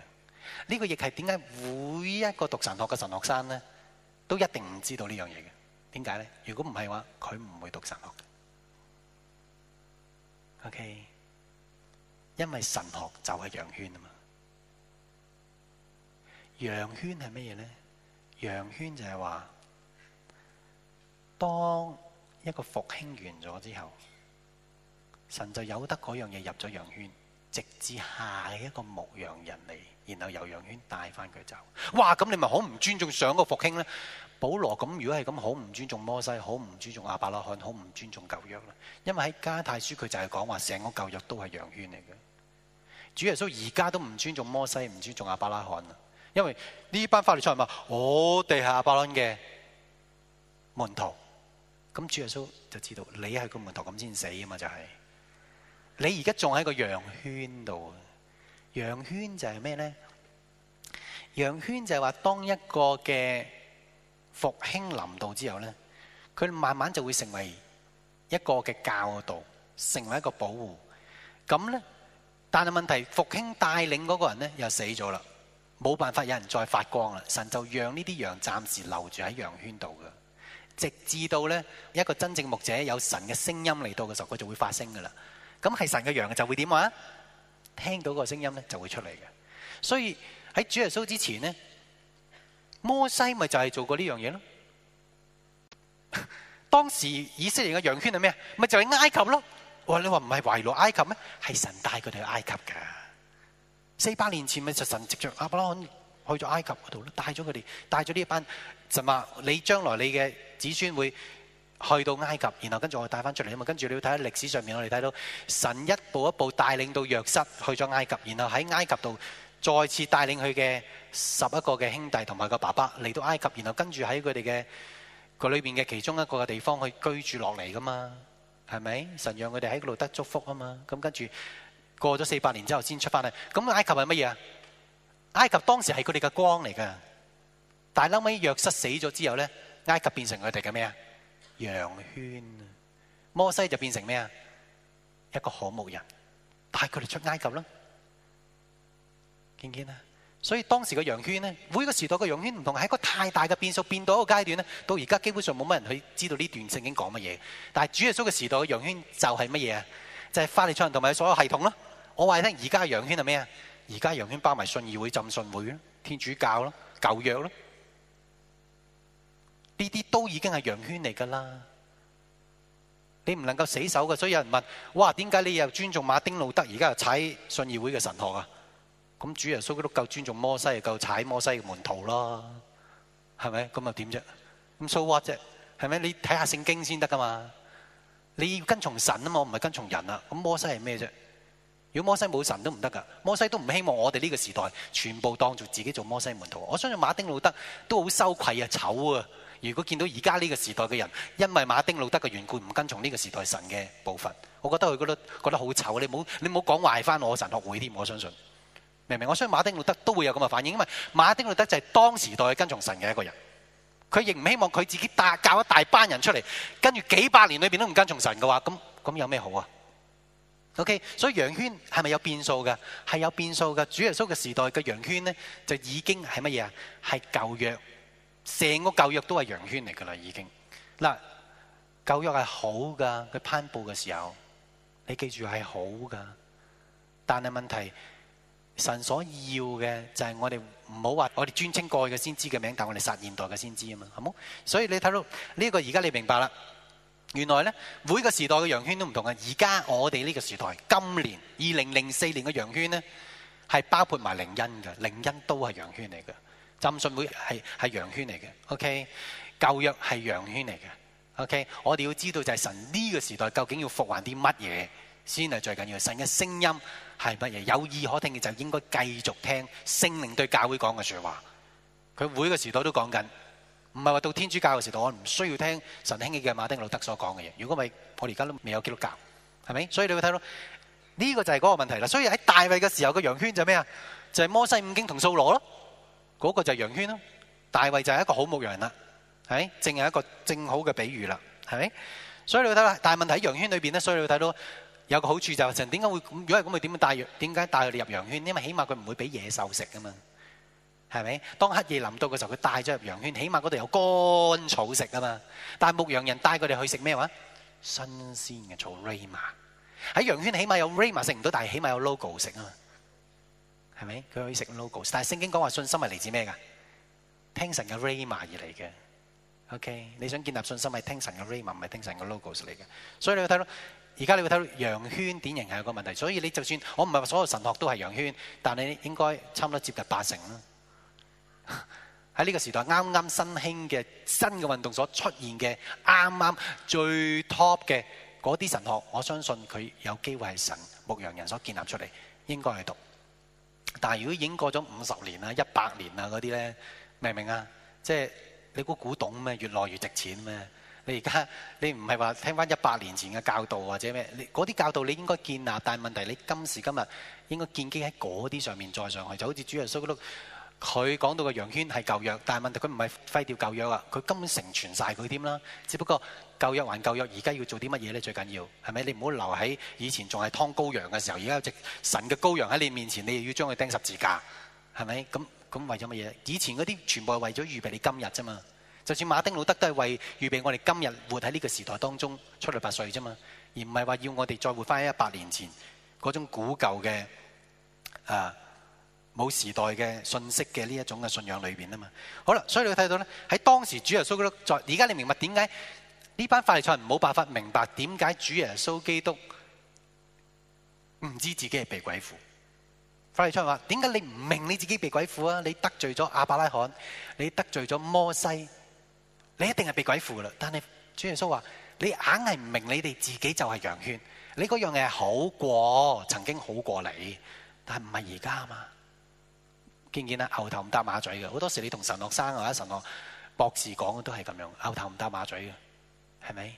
[SPEAKER 1] 呢個亦係點解每一個讀神學嘅神學生咧，都一定唔知道呢樣嘢嘅？點解咧？如果唔係嘅話，佢唔會讀神學。Okay，因為神學就係羊圈啊嘛，羊圈係乜嘢呢？羊圈就係話，當一個復興完咗之後，神就有得嗰樣嘢入咗羊圈，直至下一個牧羊人嚟，然後由羊圈帶翻佢走。哇！咁你咪好唔尊重上個復興咧？保羅咁，如果係咁，好唔尊重摩西，好唔尊重亞伯拉罕，好唔尊重舊約啦。因為喺加泰書佢就係講話，成個舊約都係羊圈嚟嘅。主耶穌而家都唔尊重摩西，唔尊重亞伯拉罕啦。因為呢班法利賽人話，我哋係亞伯拉罕嘅門徒，咁主耶穌就知道你係個門徒，咁先死啊嘛，就係你而家仲喺個羊圈度。羊圈就係咩咧？羊圈就係話當一個嘅。復興臨到之後呢，佢慢慢就會成為一個嘅教導，成為一個保護。咁呢，但係問題復興帶領嗰個人呢又死咗啦，冇辦法有人再發光啦。神就讓呢啲羊暫時留住喺羊圈度噶，直至到呢一個真正牧者有神嘅聲音嚟到嘅時候，佢就會發聲噶啦。咁係神嘅羊就會點啊？聽到個聲音呢就會出嚟嘅。所以喺主耶穌之前呢。摩西咪就係做過呢樣嘢咯。當時以色列嘅羊圈係咩啊？咪就係埃及咯。我話你話唔係遺落埃及咩？係神帶佢哋去埃及噶。四百年前咪就神藉著亞伯拉罕去咗埃及嗰度咯，帶咗佢哋，帶咗呢一班神話。你將來你嘅子孫會去到埃及，然後跟住我帶翻出嚟啊嘛。跟住你要睇下歷史上面，我哋睇到神一步一步帶領到約瑟去咗埃及，然後喺埃及度。再次帶領佢嘅十一個嘅兄弟同埋個爸爸嚟到埃及，然後跟住喺佢哋嘅個裏邊嘅其中一個嘅地方去居住落嚟噶嘛？係咪？神讓佢哋喺度得祝福啊嘛？咁跟住過咗四百年之後先出翻嚟。咁埃及係乜嘢啊？埃及當時係佢哋嘅光嚟噶，但係嬲尾約瑟死咗之後咧，埃及變成佢哋嘅咩啊？羊圈啊！摩西就變成咩啊？一個可牧人，帶佢哋出埃及啦。堅堅啦，所以當時嘅羊圈咧，每個時代嘅羊圈唔同，係一個太大嘅變數，變到一個階段咧，到而家基本上冇乜人去知道呢段聖經講乜嘢。但係主耶穌嘅時代嘅羊圈就係乜嘢啊？就係、是、法利賽人同埋所有系統咯。我話你聽，而家嘅羊圈係咩啊？而家羊圈包埋信義會、浸信會、天主教咯、舊約咯，呢啲都已經係羊圈嚟噶啦。你唔能夠死守嘅，所以有人問：哇，點解你又尊重馬丁路德，而家又踩信義會嘅神學啊？咁主耶穌都夠尊重摩西，夠踩摩西嘅門徒囉，係咪？咁又點啫？咁 so what 啫？係咪？你睇下聖經先得噶嘛？你要跟從神啊嘛，唔係跟從人啊。咁摩西係咩啫？如果摩西冇神都唔得噶，摩西都唔希望我哋呢個時代全部當做自己做摩西門徒。我相信馬丁路德都好羞愧啊，醜啊！如果見到而家呢個時代嘅人，因為馬丁路德嘅緣故唔跟從呢個時代神嘅部分，我覺得佢覺得覺得好醜啊！你唔好你唔好講壞翻我神學會添，我相信。明唔明？我相信馬丁路德都會有咁嘅反應，因為馬丁路德就係當時代的跟從神嘅一個人，佢亦唔希望佢自己大教一大班人出嚟，跟住幾百年裏邊都唔跟從神嘅話，咁咁有咩好啊？OK，所以羊圈係咪有變數嘅？係有變數嘅。主耶穌嘅時代嘅羊圈呢，就已經係乜嘢啊？係舊約，成個舊約都係羊圈嚟噶啦，已經。嗱，舊約係好噶，佢頒布嘅時候，你記住係好噶，但係問題。神所要嘅就係我哋唔好話我哋專稱過去嘅先知嘅名，但我哋殺現代嘅先知啊嘛，好冇？所以你睇到呢個而家你明白啦，原來呢，每個時代嘅羊圈都唔同嘅。而家我哋呢個時代，今年二零零四年嘅羊圈呢，係包括埋靈恩嘅，靈恩都係羊圈嚟嘅。浸信會係係羊圈嚟嘅，OK。舊約係羊圈嚟嘅，OK。我哋要知道就係神呢個時代究竟要復還啲乜嘢，先係最緊要的。神嘅聲音。係乜嘢？有意可聽嘅就應該繼續聽聖靈對教會講嘅說話。佢每個時代都講緊，唔係話到天主教嘅時代我唔需要聽神興起嘅馬丁路德所講嘅嘢。如果咪我哋而家都未有基督教，係咪？所以你會睇到呢，這個就係嗰個問題啦。所以喺大衛嘅時候嘅羊圈就咩啊？就係、是、摩西五經同掃羅咯，嗰、那個就係羊圈咯。大衛就係一個好牧羊人啦，係咪？淨係一個正好嘅比喻啦，係咪？所以你會睇到，但係問題喺羊圈裏邊咧，所以你會睇到。有個好處就神點解會咁？如果係咁，咪點解帶羊？點解帶佢哋入羊圈？因為起碼佢唔會俾野獸食啊嘛，係咪？當黑夜臨到嘅時候，佢帶咗入羊圈，起碼嗰度有乾草食啊嘛。但係牧羊人帶佢哋去食咩話？新鮮嘅草 rhema 喺羊圈，起碼有 rhema 食唔到，但係起碼有 logos 食啊嘛，係咪？佢可以食 logos。但係聖經講話信心係嚟自咩噶？聽神嘅 rhema 而嚟嘅，OK？你想建立信心係聽神嘅 rhema，唔係聽神嘅 logos 嚟嘅。所以你睇到。而家，你會睇到羊圈典型係有個問題，所以你就算我唔係話所有神學都係羊圈，但你應該差唔多接近八成啦。喺 呢個時代啱啱新興嘅新嘅運動所出現嘅啱啱最 top 嘅嗰啲神學，我相信佢有機會係神牧羊人所建立出嚟，應該係讀。但係如果已經過咗五十年啊一百年啊嗰啲呢，明唔明啊？即係你估古董咩？越耐越值錢咩？你而家你唔係話聽翻一百年前嘅教導或者咩？你嗰啲教導你應該建立，但係問題你今時今日應該建基喺嗰啲上面再上去，就好似主耶穌嗰度，佢講到嘅羊圈係舊約，但係問題佢唔係廢掉舊約啊，佢根本成全晒佢添啦。只不過舊約還舊約，而家要做啲乜嘢呢？最緊要係咪？你唔好留喺以前仲係劏羔羊嘅時候，而家有隻神嘅羔羊喺你面前，你又要將佢釘十字架，係咪？咁咁為咗乜嘢？以前嗰啲全部係為咗預備你今日啫嘛。就算馬丁路德都係為預備我哋今日活喺呢個時代當中出類拔萃啫嘛，而唔係話要我哋再活翻一百年前嗰種古舊嘅啊冇時代嘅信息嘅呢一種嘅信仰裏邊啊嘛。好啦，所以你會睇到咧喺當時主耶穌基督在，而家你明白點解呢班法利賽人冇辦法明白點解主耶穌基督唔知自己係被鬼附。法利賽人話：點解你唔明你自己被鬼附啊？你得罪咗亞伯拉罕，你得罪咗摩西。你一定係被鬼附啦，但係主耶穌話：你硬係唔明，你哋自己就係羊圈。你嗰樣嘢係好過，曾經好過你，但係唔係而家啊嘛。見唔見啊？牛頭唔搭馬嘴嘅，好多時你同神學生或者神學博士講嘅都係咁樣，牛頭唔搭馬嘴嘅，係咪？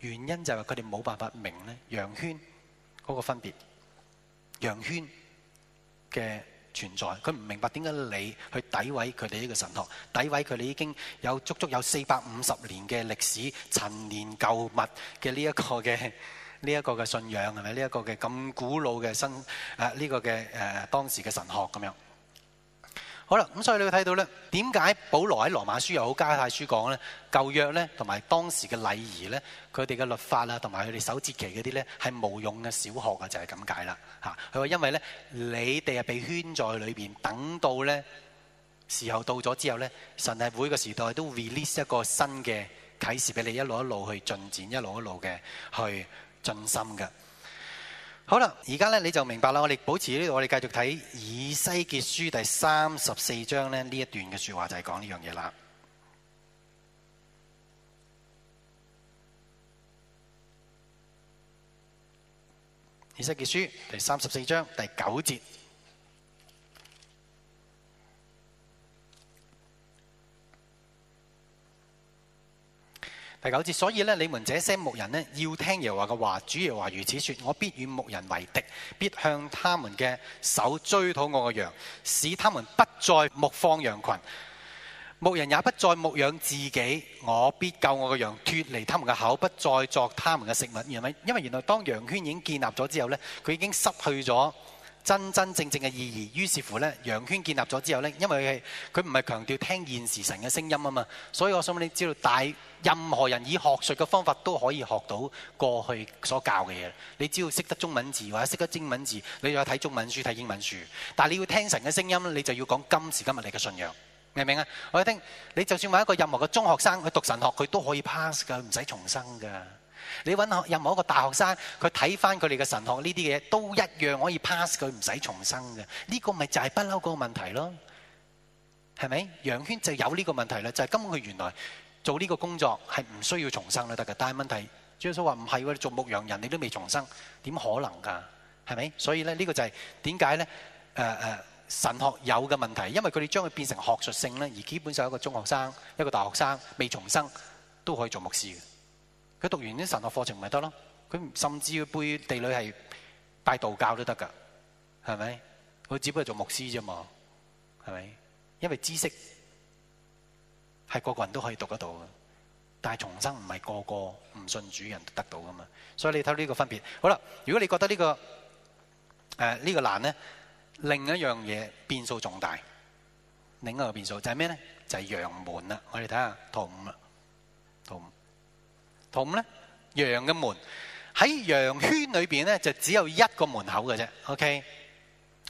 [SPEAKER 1] 原因就係佢哋冇辦法明咧，羊圈嗰個分別，羊圈嘅。存在佢唔明白，點解你去詆毀佢哋呢個神學，詆毀佢哋已經有足足有四百五十年嘅歷史、陳年舊物嘅呢一個嘅呢一個嘅信仰係咪呢一個嘅咁古老嘅新誒呢、呢個嘅誒、呃、當時嘅神學咁樣。好啦，咁所以你會睇到咧，點解保羅喺羅馬書又好加太書講咧？舊約咧，同埋當時嘅禮儀咧，佢哋嘅律法啊，同埋佢哋守節期嗰啲咧，係冇用嘅小學啊，就係咁解啦嚇。佢話因為咧，你哋係被圈在裏邊，等到咧時候到咗之後咧，神喺每個時代都 release 一個新嘅啟示俾你，一路一路去進展，一路一路嘅去進深嘅。好啦，而家呢，你就明白啦。我哋保持呢度，我哋繼續睇以西結書第三十四章咧呢一段嘅說話，就係講呢樣嘢啦。以西結書第三十四章第九節。第九節，所以咧，你們這些牧人呢，要聽耶和華嘅話。主耶和華如此說：我必與牧人為敵，必向他們嘅手追討我嘅羊，使他們不再牧放羊群，牧人也不再牧養自己。我必救我嘅羊脱離他們嘅口，不再作他們嘅食物。因為因為原來當羊圈已經建立咗之後呢，佢已經失去咗。真真正正嘅意義，於是乎呢，羊圈建立咗之後呢，因為佢係佢唔係強調聽現時神嘅聲音啊嘛，所以我想你知道，大任何人以學術嘅方法都可以學到過去所教嘅嘢。你只要識得中文字或者識得英文字，你就要睇中文書睇英文書，但你要聽神嘅聲音，你就要講今時今日你嘅信仰，明唔明啊？我聽，你就算搵一個任何嘅中學生去讀神學，佢都可以 pass 㗎，唔使重生㗎。你揾任何一個大學生，佢睇翻佢哋嘅神學呢啲嘢，都一樣可以 pass 佢，唔使重生嘅。呢、這個咪就係不嬲嗰個問題咯，係咪？羊圈就有呢個問題咧，就係、是、根本佢原來做呢個工作係唔需要重生都得嘅。但係問題，耶穌話唔係喎，你做牧羊人你都未重生，點可能㗎？係咪？所以咧呢個就係點解咧？誒、呃、誒，神學有嘅問題，因為佢哋將佢變成學術性咧，而基本上一個中學生、一個大學生未重生都可以做牧師嘅。佢讀完啲神學課程咪得咯？佢甚至要背地裏係拜道教都得噶，係咪？佢只不過是做牧師啫嘛，係咪？因為知識係個個人都可以讀得到嘅，但係重生唔係個個唔信主人都得到噶嘛。所以你睇呢個分別。好啦，如果你覺得呢、呢個誒呢、呃呢個難咧，另一樣嘢變數仲大，另一個變數就係咩咧？就係、是、羊門啦。我哋睇下圖五啦，圖五。圖同咧羊嘅門喺羊圈裏邊咧，就只有一個門口嘅啫，OK？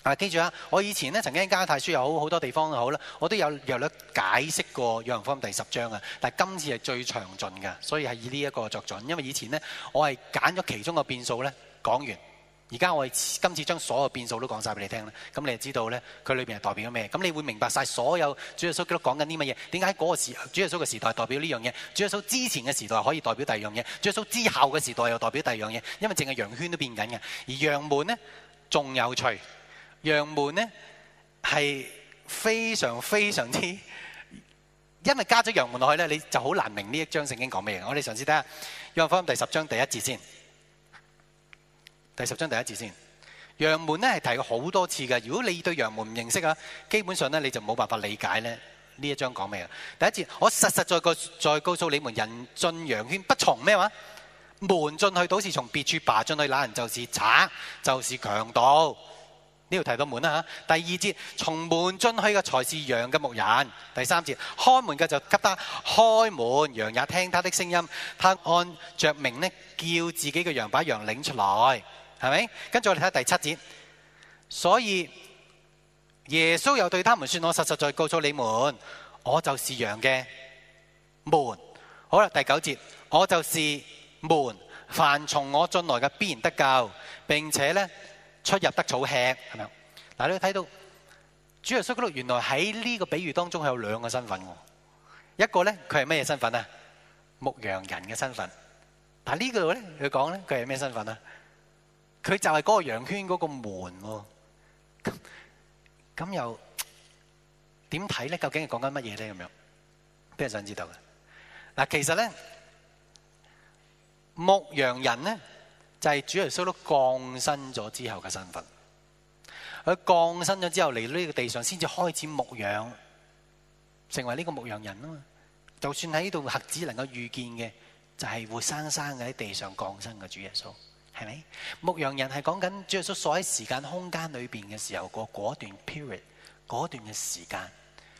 [SPEAKER 1] 啊，記住啊，我以前咧曾經喺加太書有好好多地方都好啦，我都有略略解釋過《約翰福音》第十章啊，但係今次係最詳盡嘅，所以係以呢一個作準，因為以前咧我係揀咗其中嘅變數咧講完。而家我哋今次將所有變數都講晒俾你聽咧，咁你就知道咧佢裏邊係代表咗咩？咁你會明白晒所有主耶穌都講緊啲乜嘢？點解嗰個時主耶穌嘅時代代表呢樣嘢？主耶穌之前嘅時代可以代表第二樣嘢，主耶穌之後嘅時代又代表第二樣嘢。因為淨係羊圈都變緊嘅，而羊門呢，仲有趣。羊門呢，係非常非常之，因為加咗羊門落去咧，你就好難明呢一章聖經講咩。我哋嘗試睇下約翰福音第十章第一節先。第十章第一節先，羊門咧係提過好多次嘅。如果你對羊門唔認識啊，基本上咧你就冇辦法理解咧呢呢一章講咩啊。第一節，我實實在在告訴你們，人進羊圈不從咩話？門進去倒是從別處爬進去，那人就是賊，就是強盜。呢度提到門啦嚇。第二節，從門進去嘅才是羊嘅牧人。第三節，看門嘅就給他開門，羊也聽他的聲音，他按着名呢，叫自己嘅羊，把羊領出來。係咪？跟住我哋睇下第七節。所以耶穌又對他們說：我實實在告訴你們，我就是羊嘅門。好啦，第九節，我就是門，凡從我進來嘅必然得救，並且咧出入得草吃。係咪？嗱，你睇到主耶穌嗰度，原來喺呢個比喻當中，係有兩個身份。一個咧佢係咩身份啊？牧羊人嘅身份。但係呢個咧佢講咧佢係咩身份啊？佢就係嗰個羊圈嗰個門喎。哦，咁咁又點睇咧？究竟係講緊乜嘢咧？咁樣，畀人想知道嘅？嗱，其實咧，牧羊人咧就係、是、主耶穌都降生咗之後嘅身份，佢降生咗之後嚟到呢個地上，先至開始牧羊，成為呢個牧羊人啊嘛。就算喺呢度瞎子能夠遇見嘅，就係、是、活生生嘅喺地上降生嘅主耶穌。係咪牧羊人係講緊主耶穌所喺時間空間裏邊嘅時候個嗰段 period，嗰段嘅時間，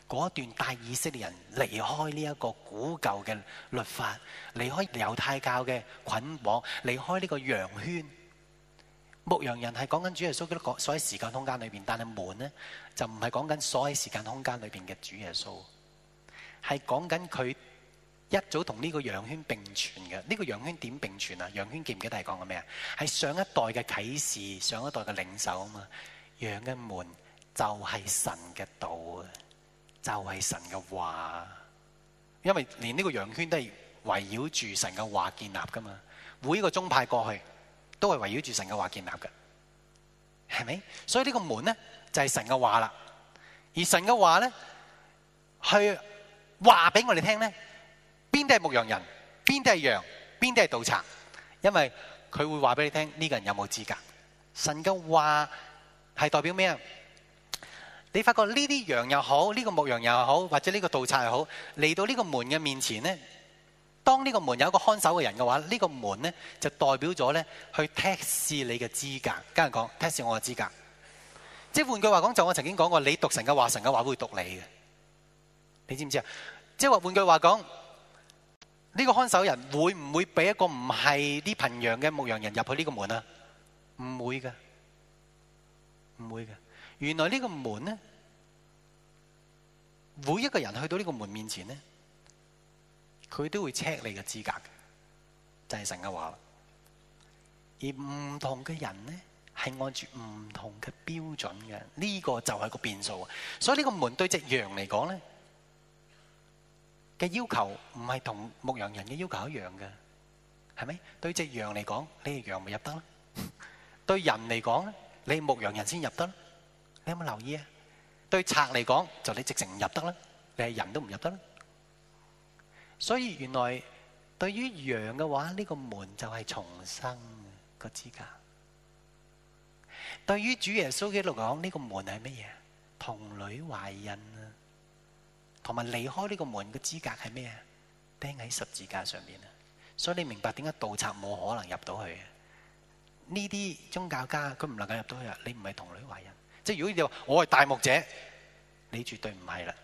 [SPEAKER 1] 嗰段帶以色列人離開呢一個古舊嘅律法，離開猶太教嘅捆綁，離開呢個羊圈。牧羊人係講緊主耶穌嗰啲所喺時間空間裏邊，但係門呢就唔係講緊所喺時間空間裏邊嘅主耶穌，係講緊佢。一早同呢個羊圈並存嘅，呢個羊圈點並存啊？羊圈記唔記得係講緊咩啊？係上一代嘅啟示，上一代嘅領袖啊嘛。羊嘅門就係神嘅道，就係神嘅話。因為連呢個羊圈都係圍繞住神嘅話建立噶嘛，每一個宗派過去都係圍繞住神嘅話建立嘅，係咪？所以呢個門咧就係神嘅話啦。而神嘅話咧去話俾我哋聽咧。邊啲係牧羊人，邊啲係羊，邊啲係盜賊，因為佢會話俾你聽呢、呢個人有冇資格。神嘅話係代表咩啊？你發覺呢啲羊又好，呢、呢個牧羊又好，或者呢個盜賊又好，嚟到呢個門嘅面前呢，當呢個門有一個看守嘅人嘅話，呢、呢個門呢就代表咗呢去 test 你嘅資格。跟人講 test 我嘅資格，即係換句話講，就我曾經講過，你讀神嘅話，神嘅話會讀你嘅，你知唔知啊？即係話換句話講。呢個看守人會唔會俾一個唔係啲羣羊嘅牧羊人入去呢個門啊？唔會嘅，唔會嘅。原來呢個門咧，每一個人去到呢個門面前咧，佢都會 check 你嘅資格嘅，就係神嘅話啦。而唔同嘅人咧，係按住唔同嘅標準嘅，呢個就係個變數啊。所以呢個門對隻羊嚟講咧，嘅要求唔係同牧羊人嘅要求一樣嘅，係咪？對隻羊嚟講，你係羊咪入得啦；對人嚟講咧，你牧羊人先入得啦。你有冇留意啊？對賊嚟講，就你直情唔入得啦，你係人都唔入得啦。所以原來對於羊嘅話，呢個門就係重生個資格。對於主耶穌基督講，呢個門係乜嘢？童女懷孕啊！同埋離開呢個門嘅資格係咩啊？釘喺十字架上邊啊！所以你明白點解盜賊冇可能入到去嘅？呢啲宗教家佢唔能夠入到去啊！你唔係同女華人，即係如果你話我係大牧者，你絕對唔係啦，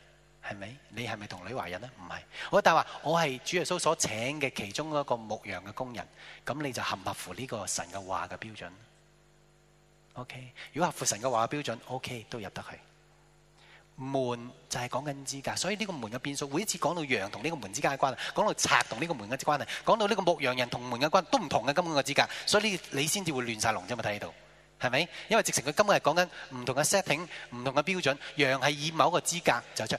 [SPEAKER 1] 係咪？你係咪同女華人咧？唔係。我但話我係主耶穌所請嘅其中一個牧羊嘅工人，咁你就合唔合符呢個神嘅話嘅標準？OK，如果合符神嘅話嘅標準，OK 都入得去。門就係講緊資格，所以呢個門嘅變數。每一次講到羊同呢個門之間嘅關係，講到賊同呢個門嘅關係，講到呢個牧羊人同門嘅關都唔同嘅根本嘅資格。所以你你先至會亂晒龍啫嘛！睇呢度係咪？因為直情佢今日係講緊唔同嘅 setting、唔同嘅標準。羊係以某一個資格就出，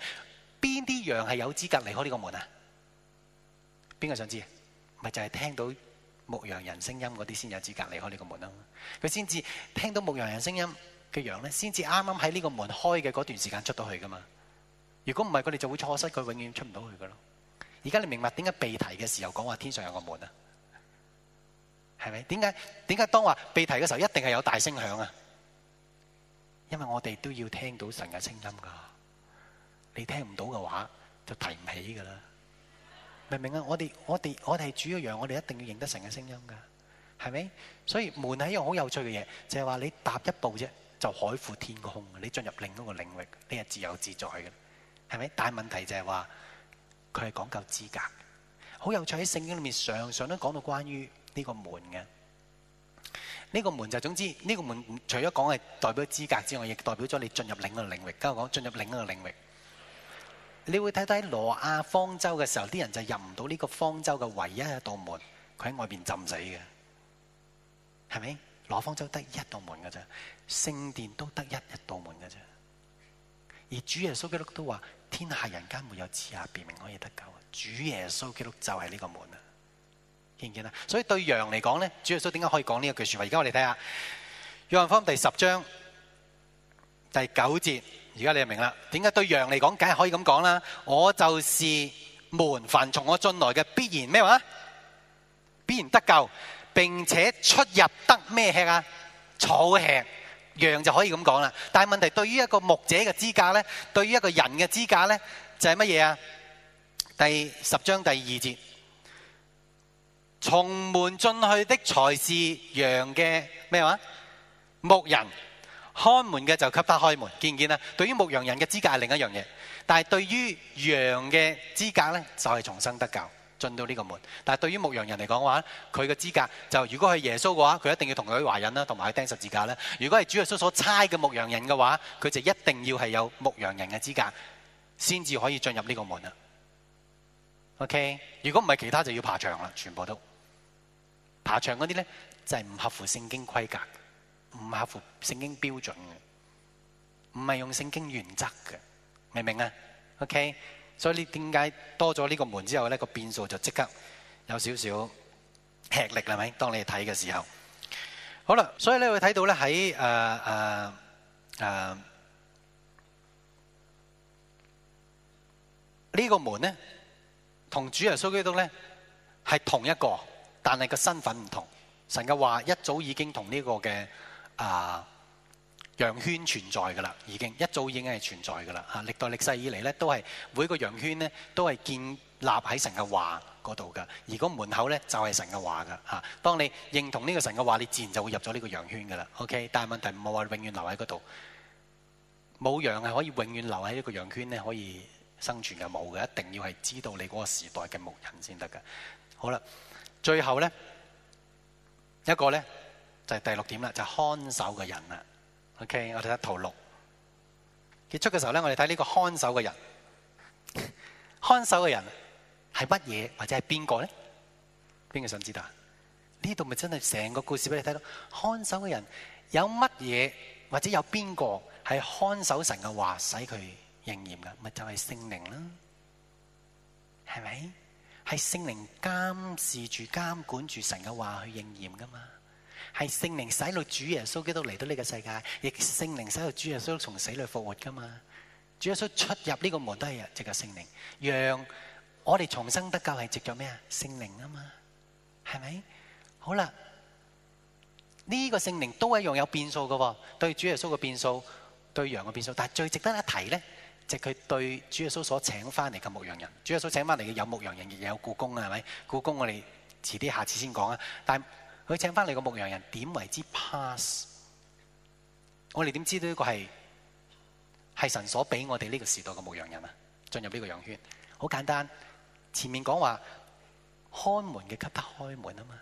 [SPEAKER 1] 邊啲羊係有資格離開呢個門啊？邊個想知？咪就係、是、聽到牧羊人聲音嗰啲先有資格離開呢個門啦、啊。佢先至聽到牧羊人聲音。嘅羊咧，先至啱啱喺呢個門開嘅嗰段時間出到去噶嘛。如果唔係，佢哋就會錯失佢永遠出唔到去噶咯。而家你明白點解被提嘅時候講話天上有個門啊？係咪？點解點解當話被提嘅時候一定係有大聲響啊？因為我哋都要聽到神嘅聲音噶。你聽唔到嘅話，就提唔起噶啦。明唔明啊？我哋我哋我哋係主嘅羊，我哋一定要認得神嘅聲音噶，係咪？所以門係一樣好有趣嘅嘢，就係話你踏一步啫。就海闊天空，你進入另一個領域，你係自由自在嘅，係咪？但係問題就係話佢係講究資格。好有趣喺聖經裏面上上都講到關於呢個門嘅。呢個門就總之呢個門除咗講係代表資格之外，亦代表咗你進入另一個領域。跟我講進入另一個領域，你會睇睇，喺羅亞方舟嘅時候，啲人就入唔到呢個方舟嘅唯一一道門，佢喺外邊浸死嘅，係咪？羅方舟得一道門嘅啫。聖殿都得一日道門嘅啫，而主耶穌基督都話：天下人間沒有賜下別名可以得救，主耶穌基督就係呢個門啊！見唔見啊？所以對羊嚟講咧，主耶穌點解可以講呢一句說話？而家我哋睇下約翰福音第十章第九節，而家你就明啦？點解對羊嚟講，梗係可以咁講啦？我就是門，凡從我進來嘅必然咩話？必然得救，並且出入得咩吃啊？草吃。羊就可以咁講啦，但係問題，對於一個牧者嘅資格咧，對於一個人嘅資格咧，就係乜嘢啊？第十章第二節，從門進去的才是羊嘅咩話？牧人看門嘅就給他開門，見唔見啊？對於牧羊人嘅資格係另一樣嘢，但係對於羊嘅資格咧，就係重生得救，進到呢個門，但係對於牧羊人嚟講嘅話，佢嘅資格就如果係耶穌嘅話，佢一定要同佢去華人啦，同埋去釘十字架咧。如果係主耶穌所差嘅牧羊人嘅話，佢就一定要係有牧羊人嘅資格，先至可以進入呢個門啊。OK，如果唔係其他就要爬牆啦，全部都爬牆嗰啲呢，就係、是、唔合乎聖經規格，唔合乎聖經標準嘅，唔係用聖經原則嘅，明唔明啊？OK。所以呢，點解多咗呢個門之後咧，個變數就即刻有少少吃力啦？係咪，當你哋睇嘅時候，好啦，所以咧，我睇到咧喺誒誒誒呢個門咧，同主耶穌基督咧係同一個，但係個身份唔同。神嘅話一早已經同呢個嘅啊。羊圈存在噶啦，已經一早已經係存在噶啦。吓，歷代歷世以嚟咧，都係每個羊圈咧，都係建立喺神嘅話嗰度噶。如果門口咧就係神嘅話噶吓，當你認同呢個神嘅話，你自然就會入咗呢個羊圈噶啦。OK，但係問題唔係話永遠留喺嗰度，冇羊係可以永遠留喺呢個羊圈咧，可以生存嘅冇嘅，一定要係知道你嗰個時代嘅牧人先得噶。好啦，最後咧一個咧就係、是、第六點啦，就係看守嘅人啦。OK，我哋睇圖六結束嘅時候咧，我哋睇呢個看守嘅人， 看守嘅人係乜嘢或者係邊個咧？邊個想知道？呢度咪真係成個故事俾你睇到，看守嘅人有乜嘢或者有邊個係看守神嘅話，使佢應驗嘅咪就係聖靈啦，係咪？係聖靈監視住、監管住神嘅話去應驗噶嘛？係聖靈使到主耶穌基督嚟到呢個世界，亦聖靈使到主耶穌從死裏復活噶嘛？主耶穌出入呢個門都係，即係聖靈。讓我哋重生得救係藉着咩啊？聖靈啊嘛，係咪？好啦，呢個聖靈都一樣有變數噶，對主耶穌嘅變數，對羊嘅變數。但係最值得一提咧，就係佢對主耶穌所請翻嚟嘅牧羊人，主耶穌請翻嚟嘅有牧羊人，亦有僱工啊？係咪？僱工我哋遲啲下次先講啊。但佢請翻嚟個牧羊人點為之 pass？我哋點知道呢個係係神所俾我哋呢個時代嘅牧羊人啊？進入呢個羊圈好簡單。前面講話看門嘅畀佢開門啊嘛？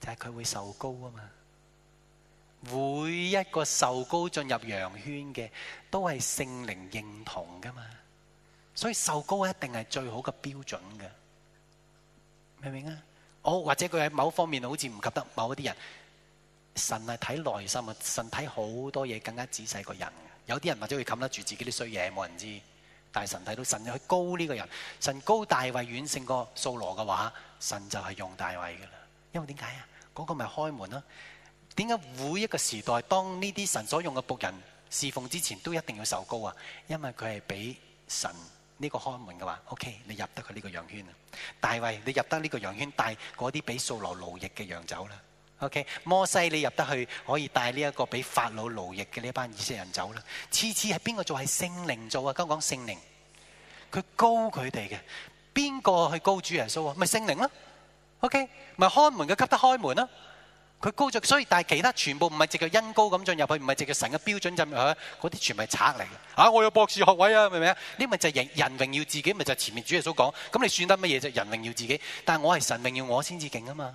[SPEAKER 1] 就係佢會受膏啊嘛？每一個受膏進入羊圈嘅都係聖靈認同噶嘛？所以受膏一定係最好嘅標準嘅，明唔明啊？哦，或者佢喺某方面好似唔及得某一啲人，神係睇內心啊，神睇好多嘢更加仔細過人。有啲人或者會冚得住自己啲衰嘢，冇人知，但係神睇到，神去膏呢個人，神膏大衛遠勝過掃羅嘅話，神就係用大衛噶啦。因為點解啊？嗰個咪開門咯？點解每一個時代當呢啲神所用嘅僕人侍奉之前都一定要受膏啊？因為佢係俾神。呢個看門嘅話，OK，你入得去呢個羊圈啊！大衞，你入得呢個羊圈帶嗰啲俾掃羅奴役嘅羊走啦。OK，摩西你入得去可以帶呢一個俾法老奴役嘅呢班以色列人走啦。次次係邊個做？係聖靈做啊！剛講聖靈，佢高佢哋嘅，邊個去高主耶穌啊？咪聖靈啦。OK，咪開門嘅，給得開門啦。佢高著，所以但係其他全部唔係直頭因高咁進入去，唔係直頭神嘅標準進入去，嗰啲全部係賊嚟嘅。啊，我有博士學位啊，明唔明啊？呢咪就係人榮耀自己，咪就係前面主耶穌講。咁你算得乜嘢就人榮耀自己？但係我係神榮耀我先至勁啊嘛。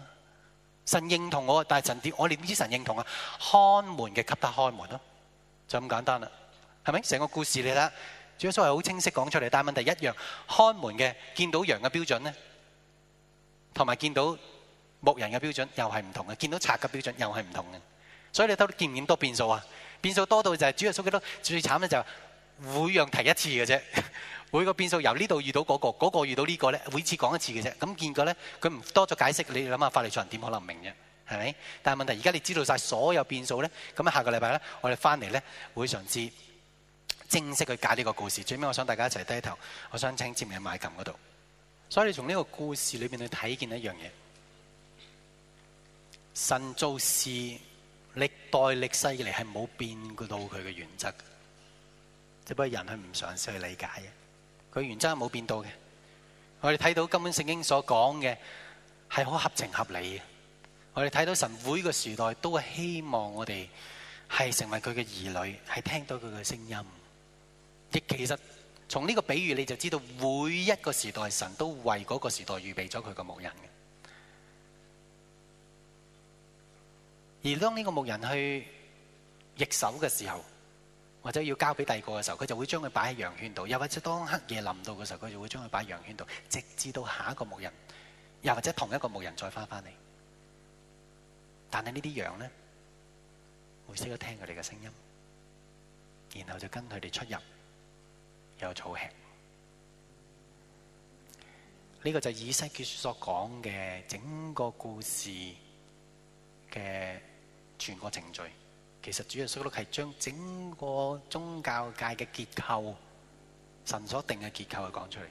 [SPEAKER 1] 神認同我，但係神點？我哋點知神認同啊？看門嘅給他開門咯，就咁簡單啦。係咪？成個故事你睇。主耶穌係好清晰講出嚟，但係問題一樣。看門嘅見到羊嘅標準呢？同埋見到。牧人嘅標準又係唔同嘅，見到拆嘅標準又係唔同嘅，所以你睇見唔見多變數啊？變數多到就係主要數幾多？最慘咧就係每樣提一次嘅啫，每個變數由呢度遇到嗰、那個，嗰、那個遇到呢、這個咧，每次講一次嘅啫。咁見過咧，佢唔多咗解釋。你諗下法利賽人點可能明嘅，係咪？但係問題而家你知道晒所有變數咧，咁啊下個禮拜咧，我哋翻嚟咧會嘗試正式去解呢個故事。最尾我想大家一齊低頭，我想請接住埋琴嗰度。所以你從呢個故事裏邊去睇見一樣嘢。神做事歷代歷世嚟，係冇變過到佢嘅原則，只不過人係唔嘗試去理解嘅。佢原則係冇變到嘅。我哋睇到根本聖經所講嘅係好合情合理嘅。我哋睇到神每個時代都係希望我哋係成為佢嘅兒女，係聽到佢嘅聲音。亦其實從呢個比喻，你就知道每一個時代神都為嗰個時代預備咗佢嘅僕人嘅。而當呢個牧人去易手嘅時候，或者要交俾第二個嘅時候，佢就會將佢擺喺羊圈度；又或者當黑夜臨到嘅時候，佢就會將佢擺喺羊圈度，直至到下一個牧人，又或者同一個牧人再返返嚟。但係呢啲羊咧，會識得聽佢哋嘅聲音，然後就跟佢哋出入，有草吃。呢個就係以西結書所講嘅整個故事嘅。全個程序，其實主耶穌都係將整個宗教界嘅結構，神所定嘅結構嚟講出嚟。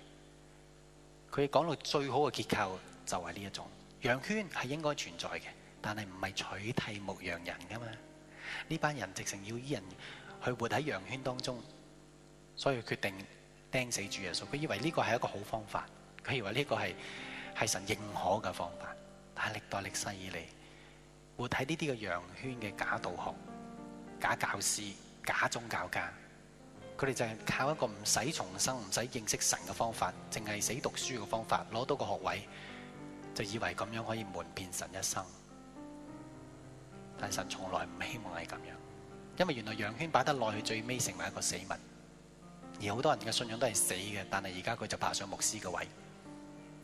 [SPEAKER 1] 佢講到最好嘅結構就係呢一種羊圈係應該存在嘅，但係唔係取替牧羊人噶嘛？呢班人直情要依人去活喺羊圈當中，所以決定釘死主耶穌。佢以為呢個係一個好方法，佢以為呢個係係神認可嘅方法，但係歷代歷世以嚟。會睇呢啲嘅羊圈嘅假道學、假教師、假宗教家，佢哋就係靠一個唔使重生、唔使認識神嘅方法，淨係死讀書嘅方法，攞到個學位，就以為咁樣可以瞞騙神一生。但是神從來唔希望係咁樣，因為原來羊圈擺得耐，佢最尾成為一個死物，而好多人嘅信仰都係死嘅，但係而家佢就爬上牧師嘅位，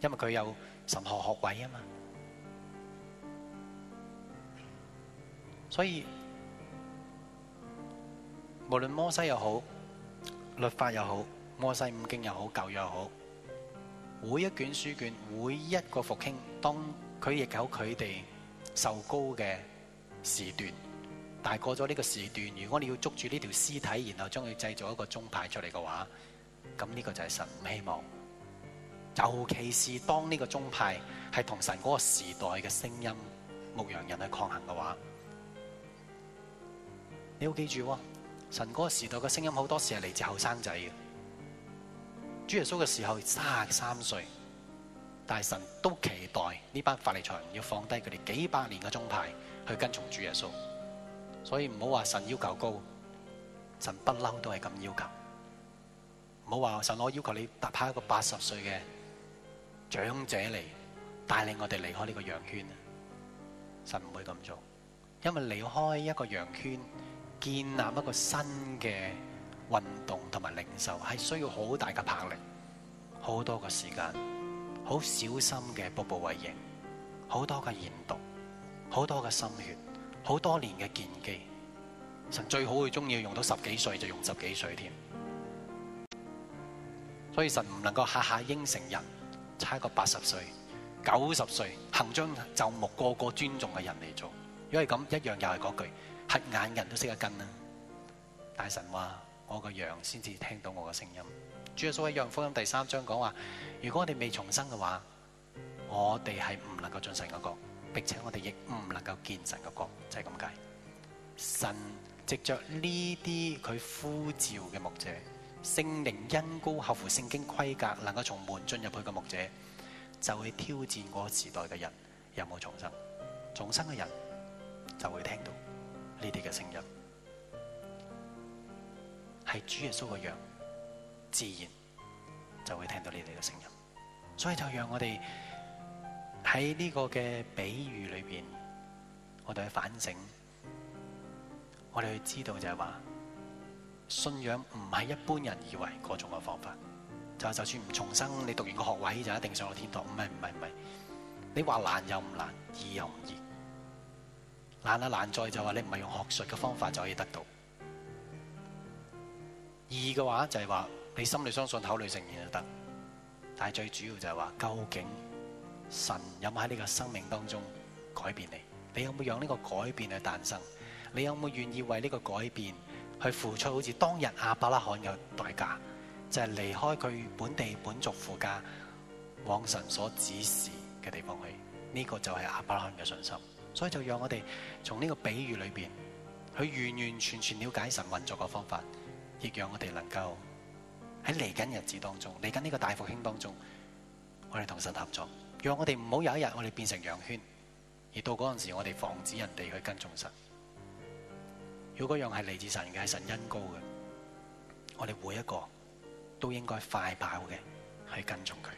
[SPEAKER 1] 因為佢有神學學位啊嘛。所以，無論摩西又好，律法又好，摩西五經又好，舊約又好，每一卷書卷，每一個復興，當佢亦有佢哋受高嘅時段。但過咗呢個時段，如果你要捉住呢條屍體，然後將佢製造一個宗派出嚟嘅話，咁呢個就係神唔希望。尤其是當呢個宗派係同神嗰個時代嘅聲音牧羊人去抗衡嘅話。你要記住，神嗰個時代嘅聲音好多時係嚟自後生仔嘅。主耶穌嘅時候三十三歲大，但係神都期待呢班法利賽人要放低佢哋幾百年嘅宗派去跟從主耶穌。所以唔好話神要求高，神不嬲都係咁要求。唔好話神，我要求你派一個八十歲嘅長者嚟帶領我哋離開呢個羊圈，神唔會咁做，因為離開一個羊圈。建立一個新嘅運動同埋領袖，係需要好大嘅魄力，好多嘅時間，好小心嘅步步為營，好多嘅研讀，好多嘅心血，好多年嘅建基。神最好會中意用到十幾歲就用十幾歲添，所以神唔能夠下下應承人差個八十歲、九十歲，行將就木個個尊重嘅人嚟做。如果係咁，一樣又係嗰句。黑眼人都識得跟啊。大神話我個羊先至聽到我個聲音。主耶穌喺《約翰福音》第三章講話：如果我哋未重生嘅話，我哋係唔能夠進神嘅國，並且我哋亦唔能夠見神嘅國，就係咁解：「神藉着呢啲佢呼召嘅牧者，聖靈恩膏合乎聖經規格，能夠從門進入去嘅牧者，就會挑戰嗰個時代嘅人有冇重生。重生嘅人就會聽到。呢啲嘅聲音係主耶穌嘅樣，自然就會聽到呢啲嘅聲音。所以就讓我哋喺呢個嘅比喻裏邊，我哋去反省，我哋去知道就係話，信仰唔係一般人以為嗰種嘅方法。就就算唔重生，你讀完個學位就一定上到天堂？唔係，唔係，唔係，你話難又唔難，易又唔易。難啊難！再就話你唔係用學術嘅方法就可以得到。二嘅話就係話你心裏相信、口裏承認就得。但係最主要就係話，究竟神有冇喺呢個生命當中改變你？你有冇讓呢個改變去誕生？你有冇願意為呢個改變去付出好似當日亞伯拉罕嘅代價？就係、是、離開佢本地本族父家，往神所指示嘅地方去。呢、這個就係亞伯拉罕嘅信心。所以就讓我哋從呢個比喻裏邊，去完完全全了解神運作嘅方法，亦讓我哋能夠喺嚟緊日子當中，嚟緊呢個大復興當中，我哋同神合作。讓我哋唔好有一日我哋變成羊圈，而到嗰陣時我哋防止人哋去跟從神。如果樣係嚟自神嘅，係神恩高嘅，我哋每一個都應該快跑嘅，去跟從佢。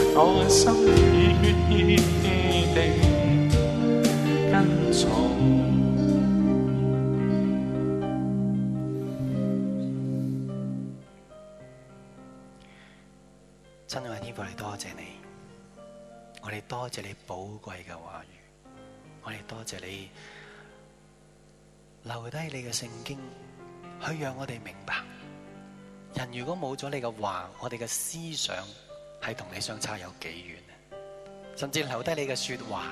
[SPEAKER 2] 我心裏的跟
[SPEAKER 1] 從。親愛的天父，你多謝你，我哋多謝你寶貴嘅話語，我哋多謝你留低你嘅聖經，去讓我哋明白，人如果冇咗你嘅話，我哋嘅思想。係同你相差有幾遠啊？甚至留低你嘅說話，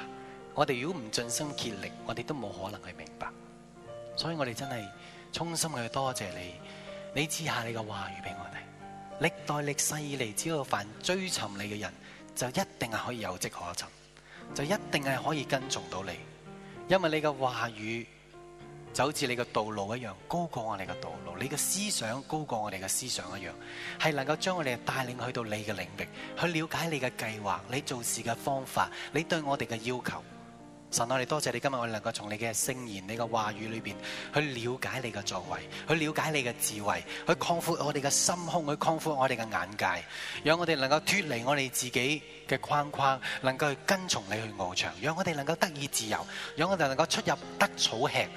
[SPEAKER 1] 我哋如果唔盡心竭力，我哋都冇可能去明白。所以我哋真係衷心去多謝你。你指下你嘅話語俾我哋。歷代歷世以嚟，只要凡追尋你嘅人，就一定係可以有跡可尋，就一定係可以跟從到你，因為你嘅話語。就好似你嘅道路一樣，高過我哋嘅道路；你嘅思想高過我哋嘅思想一樣，係能夠將我哋帶領去到你嘅領域，去了解你嘅計劃、你做事嘅方法、你對我哋嘅要求。神，我哋多謝你今日我哋能夠從你嘅聖言、你嘅話語裏邊去了解你嘅作為，去了解你嘅智慧，去擴闊我哋嘅心胸，去擴闊我哋嘅眼界，讓我哋能夠脫離我哋自己嘅框框，能夠去跟從你去翱翔，讓我哋能夠得以自由，讓我哋能夠出入得草吃。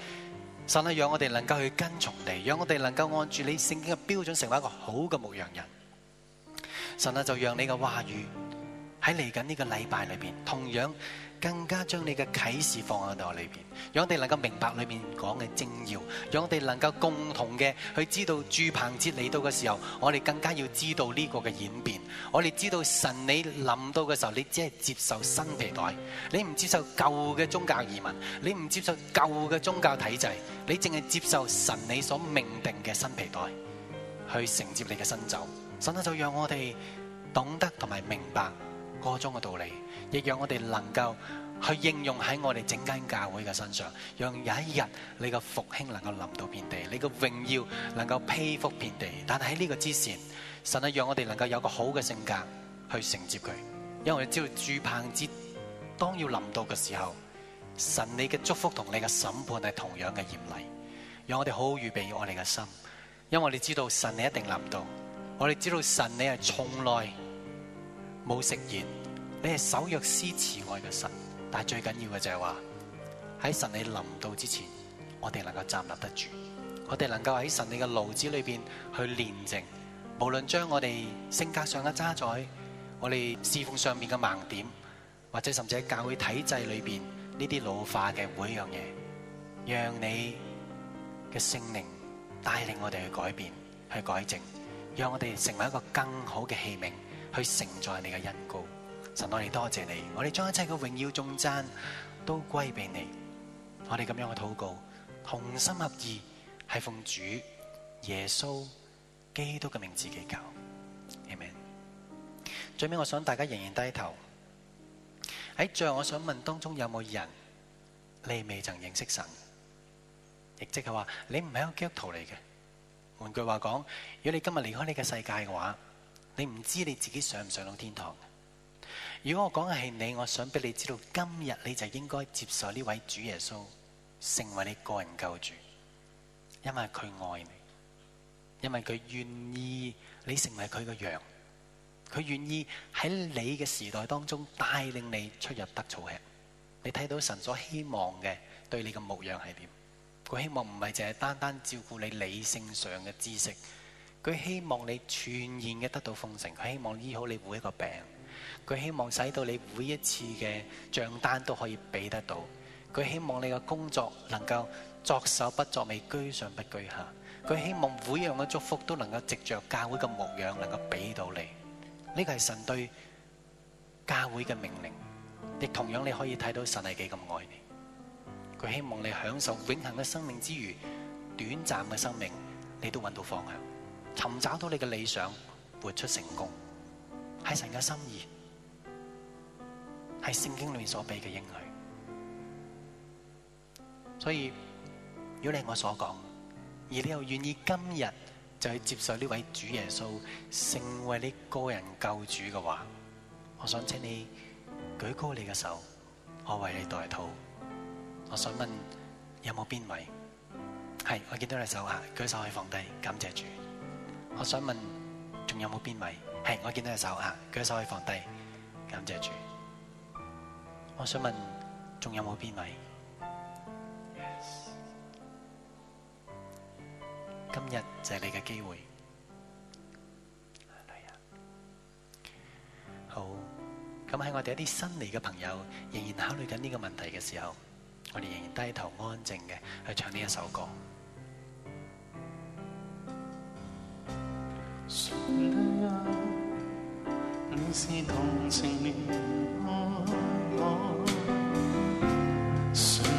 [SPEAKER 1] 神啊，讓我哋能夠去跟從你，讓我哋能夠按住你聖經嘅標準，成為一個好嘅牧羊人。神啊，就讓你嘅話語喺嚟緊呢個禮拜裏面同樣。更加將你嘅啟示放喺度裏邊，讓我哋能夠明白裏邊講嘅精要，讓我哋能夠共同嘅去知道住棚節嚟到嘅時候，我哋更加要知道呢個嘅演變。我哋知道神你諗到嘅時候，你只係接受新皮袋，你唔接受舊嘅宗教移民，你唔接受舊嘅宗教體制，你淨係接受神你所命定嘅新皮袋去承接你嘅新酒。神啊，就讓我哋懂得同埋明白箇中嘅道理。亦讓我哋能夠去應用喺我哋整間教會嘅身上，讓有一日你嘅復興能夠臨到遍地，你嘅榮耀能夠披覆遍地。但係喺呢個之前，神啊，讓我哋能夠有個好嘅性格去承接佢，因為我知道住棚節當要臨到嘅時候，神你嘅祝福同你嘅審判係同樣嘅嚴厲。讓我哋好好預備我哋嘅心，因為我哋知道神你一定臨到。我哋知道神你係從來冇食言。你係守約施慈愛嘅神，但係最緊要嘅就係話，喺神你臨到之前，我哋能夠站立得住，我哋能夠喺神你嘅爐子裏邊去煉淨，無論將我哋性格上嘅渣滓，我哋侍奉上面嘅盲點，或者甚至喺教會體制裏邊呢啲老化嘅每一樣嘢，讓你嘅聖靈帶領我哋去改變，去改正，讓我哋成為一個更好嘅器皿，去承載你嘅恩膏。神我哋多謝你，我哋將一切嘅榮耀頌讚都歸俾你。我哋咁樣嘅禱告，同心合意，係奉主耶穌基督嘅名字祈求，阿門。最尾，我想大家仍然低頭喺在最後我想問當中有有，有冇人你未曾認識神？亦即係話你唔係一個基督徒嚟嘅。換句話講，如果你今日離開呢個世界嘅話，你唔知你自己上唔上到天堂。如果我講嘅係你，我想俾你知道，今日你就應該接受呢位主耶穌，成為你個人救主，因為佢愛你，因為佢願意你成為佢嘅羊，佢願意喺你嘅時代當中帶領你出入得草吃。你睇到神所希望嘅對你嘅模樣係點？佢希望唔係淨係單單照顧你理性上嘅知識，佢希望你全然嘅得到豐盛，佢希望醫好你每一個病。佢希望使到你每一次嘅賬單都可以俾得到，佢希望你嘅工作能夠作首不作尾，居上不居下。佢希望每一樣嘅祝福都能夠藉着教會嘅模樣，能夠俾到你。呢個係神對教會嘅命令，亦同樣你可以睇到神係幾咁愛你。佢希望你享受永恆嘅生命之餘，短暫嘅生命，你都揾到方向，尋找到你嘅理想，活出成功，係神嘅心意。係聖經裏面所俾嘅應許，所以如果你我所講，而你又願意今日就去接受呢位主耶穌成為你個人救主嘅話，我想請你舉高你嘅手，我為你代禱。我想問有冇邊位係？我見到你手下舉手可以放低，感謝主。我想問仲有冇邊位係？我見到你手下舉手可以放低，感謝主。我想問，仲有冇邊位？今日就係你嘅機會。好，咁喺我哋一啲新嚟嘅朋友仍然考慮緊呢個問題嘅時候，我哋仍然低頭安靜嘅去唱呢一首歌。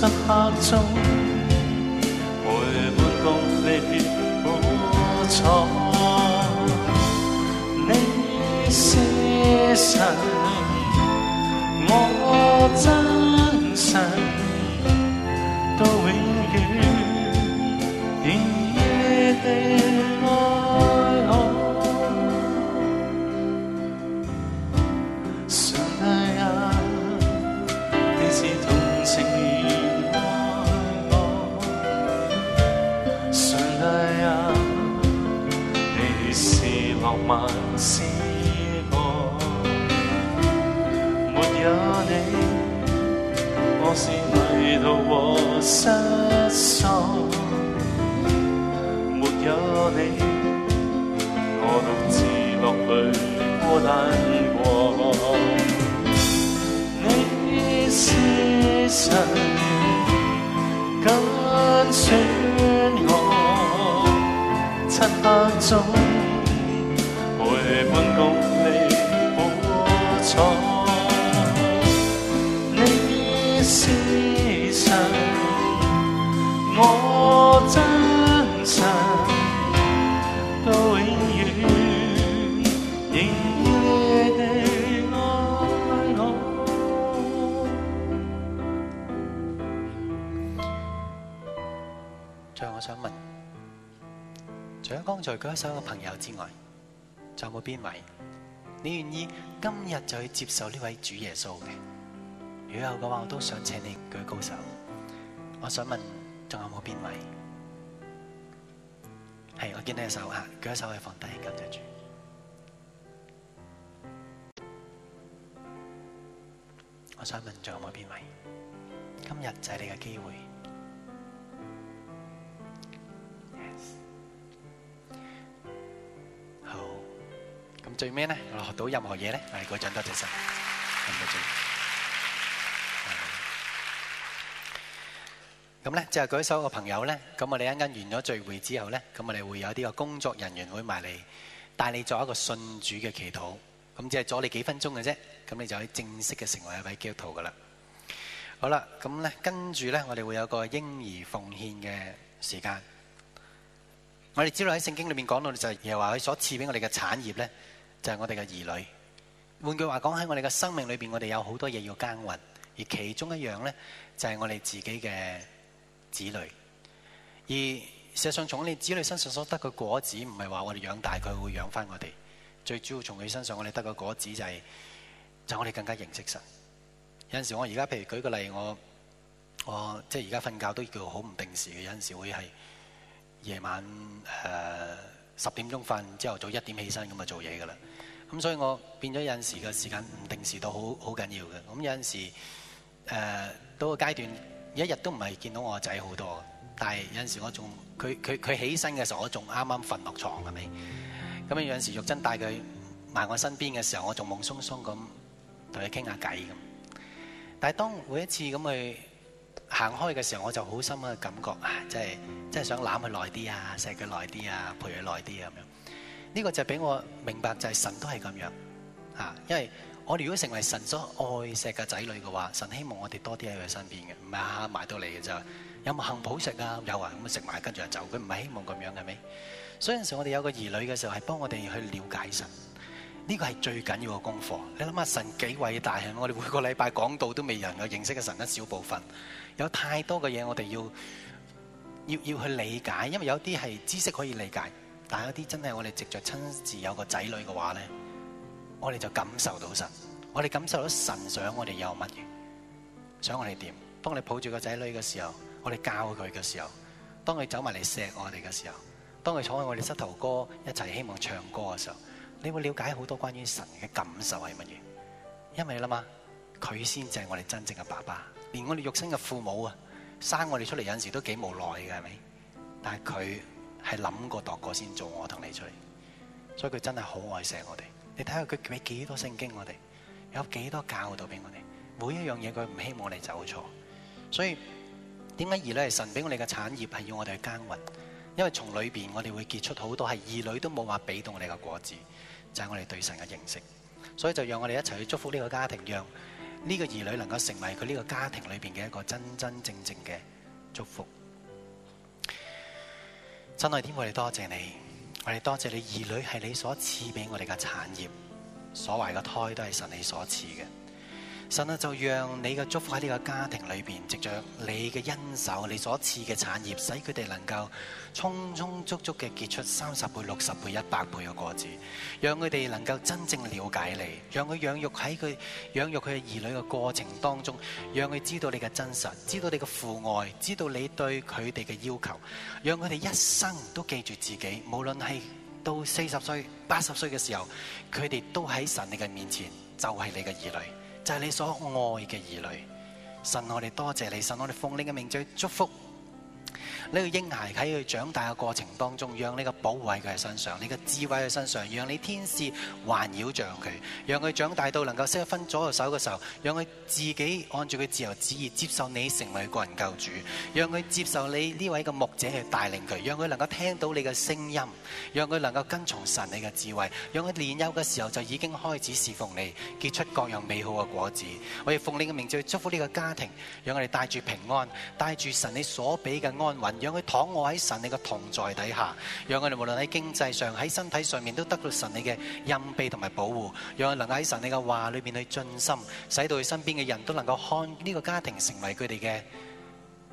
[SPEAKER 2] 漆黑中。
[SPEAKER 1] 舉起手嘅朋友之外，仲有冇邊位？你願意今日就去接受呢位主耶穌嘅？如果有嘅話，我都想請你舉高手。我想問，仲有冇邊位？係，我見你嘅手啊，舉一手可以放低，感謝主。我想問，仲有冇邊位？今日就係你嘅機會。好，咁最尾咧，我學到任何嘢咧，係嗰陣多謝晒。咁咧，即係舉手個朋友咧，咁我哋一陣間完咗聚會之後咧，咁我哋會有啲個工作人員會埋嚟帶你做一個信主嘅祈禱，咁只係阻你幾分鐘嘅啫，咁你就可以正式嘅成為一位基督徒噶啦。好啦，咁咧跟住咧，我哋會有個嬰兒奉獻嘅時間。我哋子女喺聖經裏面講到就他的，就係話佢所賜俾我哋嘅產業咧，就係我哋嘅兒女。換句話講，喺我哋嘅生命裏邊，我哋有好多嘢要耕耘，而其中一樣咧，就係、是、我哋自己嘅子女。而事實上，從你子女身上所得嘅果子，唔係話我哋養大佢會養翻我哋。最主要從佢身上，我哋得嘅果子就係、是，就是、我哋更加認識神。有陣時我而家，譬如舉個例，我我即係而家瞓覺都叫好唔定時嘅，有陣時會係。夜晚誒、呃、十點鐘瞓，朝頭早一點起身咁就做嘢噶啦。咁所以我變咗有陣時嘅時間唔定時到好好緊要嘅。咁有陣時誒、呃、到個階段，一日都唔係見到我仔好多。但係有陣時我仲佢佢佢起身嘅時候，我仲啱啱瞓落床係咪？咁有陣時玉珍帶佢埋我身邊嘅時候，我仲懵鬆鬆咁同佢傾下偈咁。但係當每一次咁去行開嘅時候，我就好深刻嘅感覺啊，即係即係想攬佢耐啲啊，錫佢耐啲啊，陪佢耐啲啊，咁樣呢個就俾我明白，就係神都係咁樣啊！因為我哋如果成為神所愛錫嘅仔女嘅話，神希望我哋多啲喺佢身邊嘅，唔係下埋到嚟嘅就，有冇幸福食啊？有啊，咁啊食埋跟住就走，佢唔係希望咁樣係咪？所以有陣時我哋有個兒女嘅時候，係幫我哋去了解神，呢個係最緊要嘅功課。你諗下神幾偉大！我哋每個禮拜講道都未人嘅認識嘅神一小部分。有太多嘅嘢，我哋要要要去理解，因為有啲係知識可以理解，但係有啲真係我哋藉著親自有個仔女嘅話咧，我哋就感受到神，我哋感受到神想我哋有乜嘢，想我哋點，當你抱住個仔女嘅時候，我哋教佢嘅時候，當佢走埋嚟錫我哋嘅時候，當佢坐喺我哋膝頭哥一齊希望唱歌嘅時候，你會了解好多關於神嘅感受係乜嘢，因為啦嘛，佢先至係我哋真正嘅爸爸。連我哋肉身嘅父母啊，生我哋出嚟有陣時都幾無奈嘅，係咪？但係佢係諗過度過先做我同你出嚟，所以佢真係好愛錫我哋。你睇下佢俾幾多聖經我哋，有幾多教導俾我哋，每一樣嘢佢唔希望我哋走錯。所以點解兒女係神俾我哋嘅產業係要我哋去耕耘？因為從裏邊我哋會結出好多係兒女都冇話俾到我哋嘅果子，就係我哋對神嘅認識。所以就讓我哋一齊去祝福呢個家庭，讓。呢、這個兒女能夠成為佢呢個家庭裏邊嘅一個真真正正嘅祝福。親愛的天父，我哋多謝你，我哋多謝你兒女係你所賜俾我哋嘅產業，所懷嘅胎都係神你所賜嘅。神啊，就讓你嘅祝福喺呢個家庭裏邊，藉着你嘅恩手、你所賜嘅產業，使佢哋能夠充充足足嘅結出三十倍、六十倍、一百倍嘅果子，讓佢哋能夠真正了解你，讓佢養育喺佢養育佢嘅兒女嘅過程當中，讓佢知道你嘅真實，知道你嘅父愛，知道你對佢哋嘅要求，讓佢哋一生都記住自己，無論係到四十歲、八十歲嘅時候，佢哋都喺神你嘅面前，就係你嘅兒女。就是你所愛嘅兒女，神，我哋多謝你，神，我哋奉你嘅名去祝福。呢、個嬰孩喺佢長大嘅過程當中，讓呢個保衛佢嘅身上，呢個智慧佢身上，讓你天使環繞着佢，讓佢長大到能夠識得分左右手嘅時候，讓佢自己按住佢自由旨意接受你成為佢個人救主，讓佢接受你呢位個牧者去帶領佢，讓佢能夠聽到你嘅聲音，讓佢能夠跟從神你嘅智慧，讓佢年幼嘅時候就已經開始侍奉你，結出各樣美好嘅果子。我哋奉你嘅名字去祝福呢個家庭，讓佢哋帶住平安，帶住神你所俾嘅。安魂，讓佢躺臥喺神你嘅同在底下，讓佢哋無論喺經濟上、喺身體上面都得到神你嘅蔭庇同埋保護。讓佢哋能夠喺神你嘅話裏面去盡心，使到佢身邊嘅人都能夠看呢個家庭成為佢哋嘅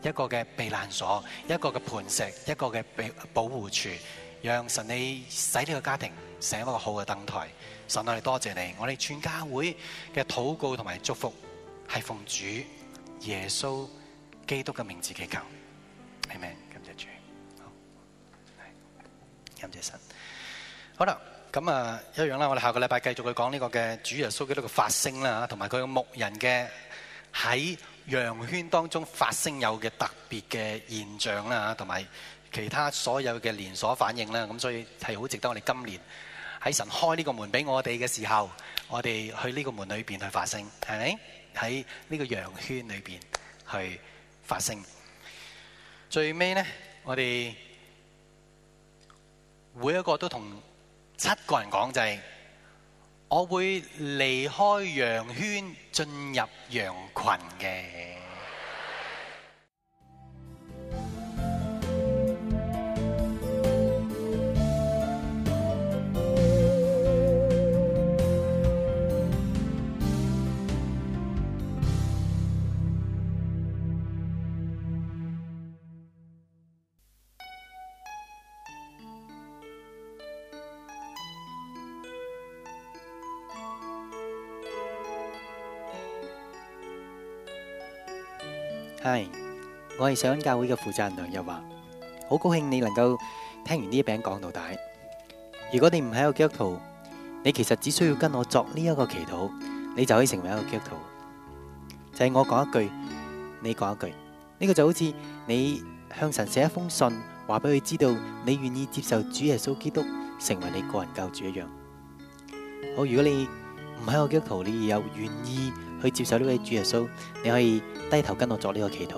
[SPEAKER 1] 一個嘅避難所，一個嘅磐石，一個嘅庇護處。讓神你使呢個家庭成一個好嘅燈台。神我哋多謝你，我哋全家會嘅禱告同埋祝福係奉主耶穌基督嘅名字祈求。阿明，感謝主，好，感謝神，好啦，咁啊，一樣啦，我哋下個禮拜繼續去講呢個嘅主耶穌基督嘅發聲啦，同埋佢嘅牧人嘅喺羊圈當中發聲有嘅特別嘅現象啦，同埋其他所有嘅連鎖反應啦，咁所以係好值得我哋今年喺神開呢個門俾我哋嘅時候，我哋去呢個門裏邊去發聲，係咪？喺呢個羊圈裏邊去發聲。最尾呢，我哋每一個都同七個人講就係：我會離開羊圈，進入羊群嘅。我係上恩教會嘅負責人梁日華，好高興你能夠聽完呢一篇講道。如果你唔喺個基督徒，你其實只需要跟我作呢一個祈禱，你就可以成為一個基督徒。就係、是、我講一句，你講一句，呢、這個就好似你向神寫一封信，話俾佢知道你願意接受主耶穌基督成為你個人救主一樣。好，如果你唔喺個基督徒，你有願意去接受呢位主耶穌，你可以低頭跟我作呢個祈禱。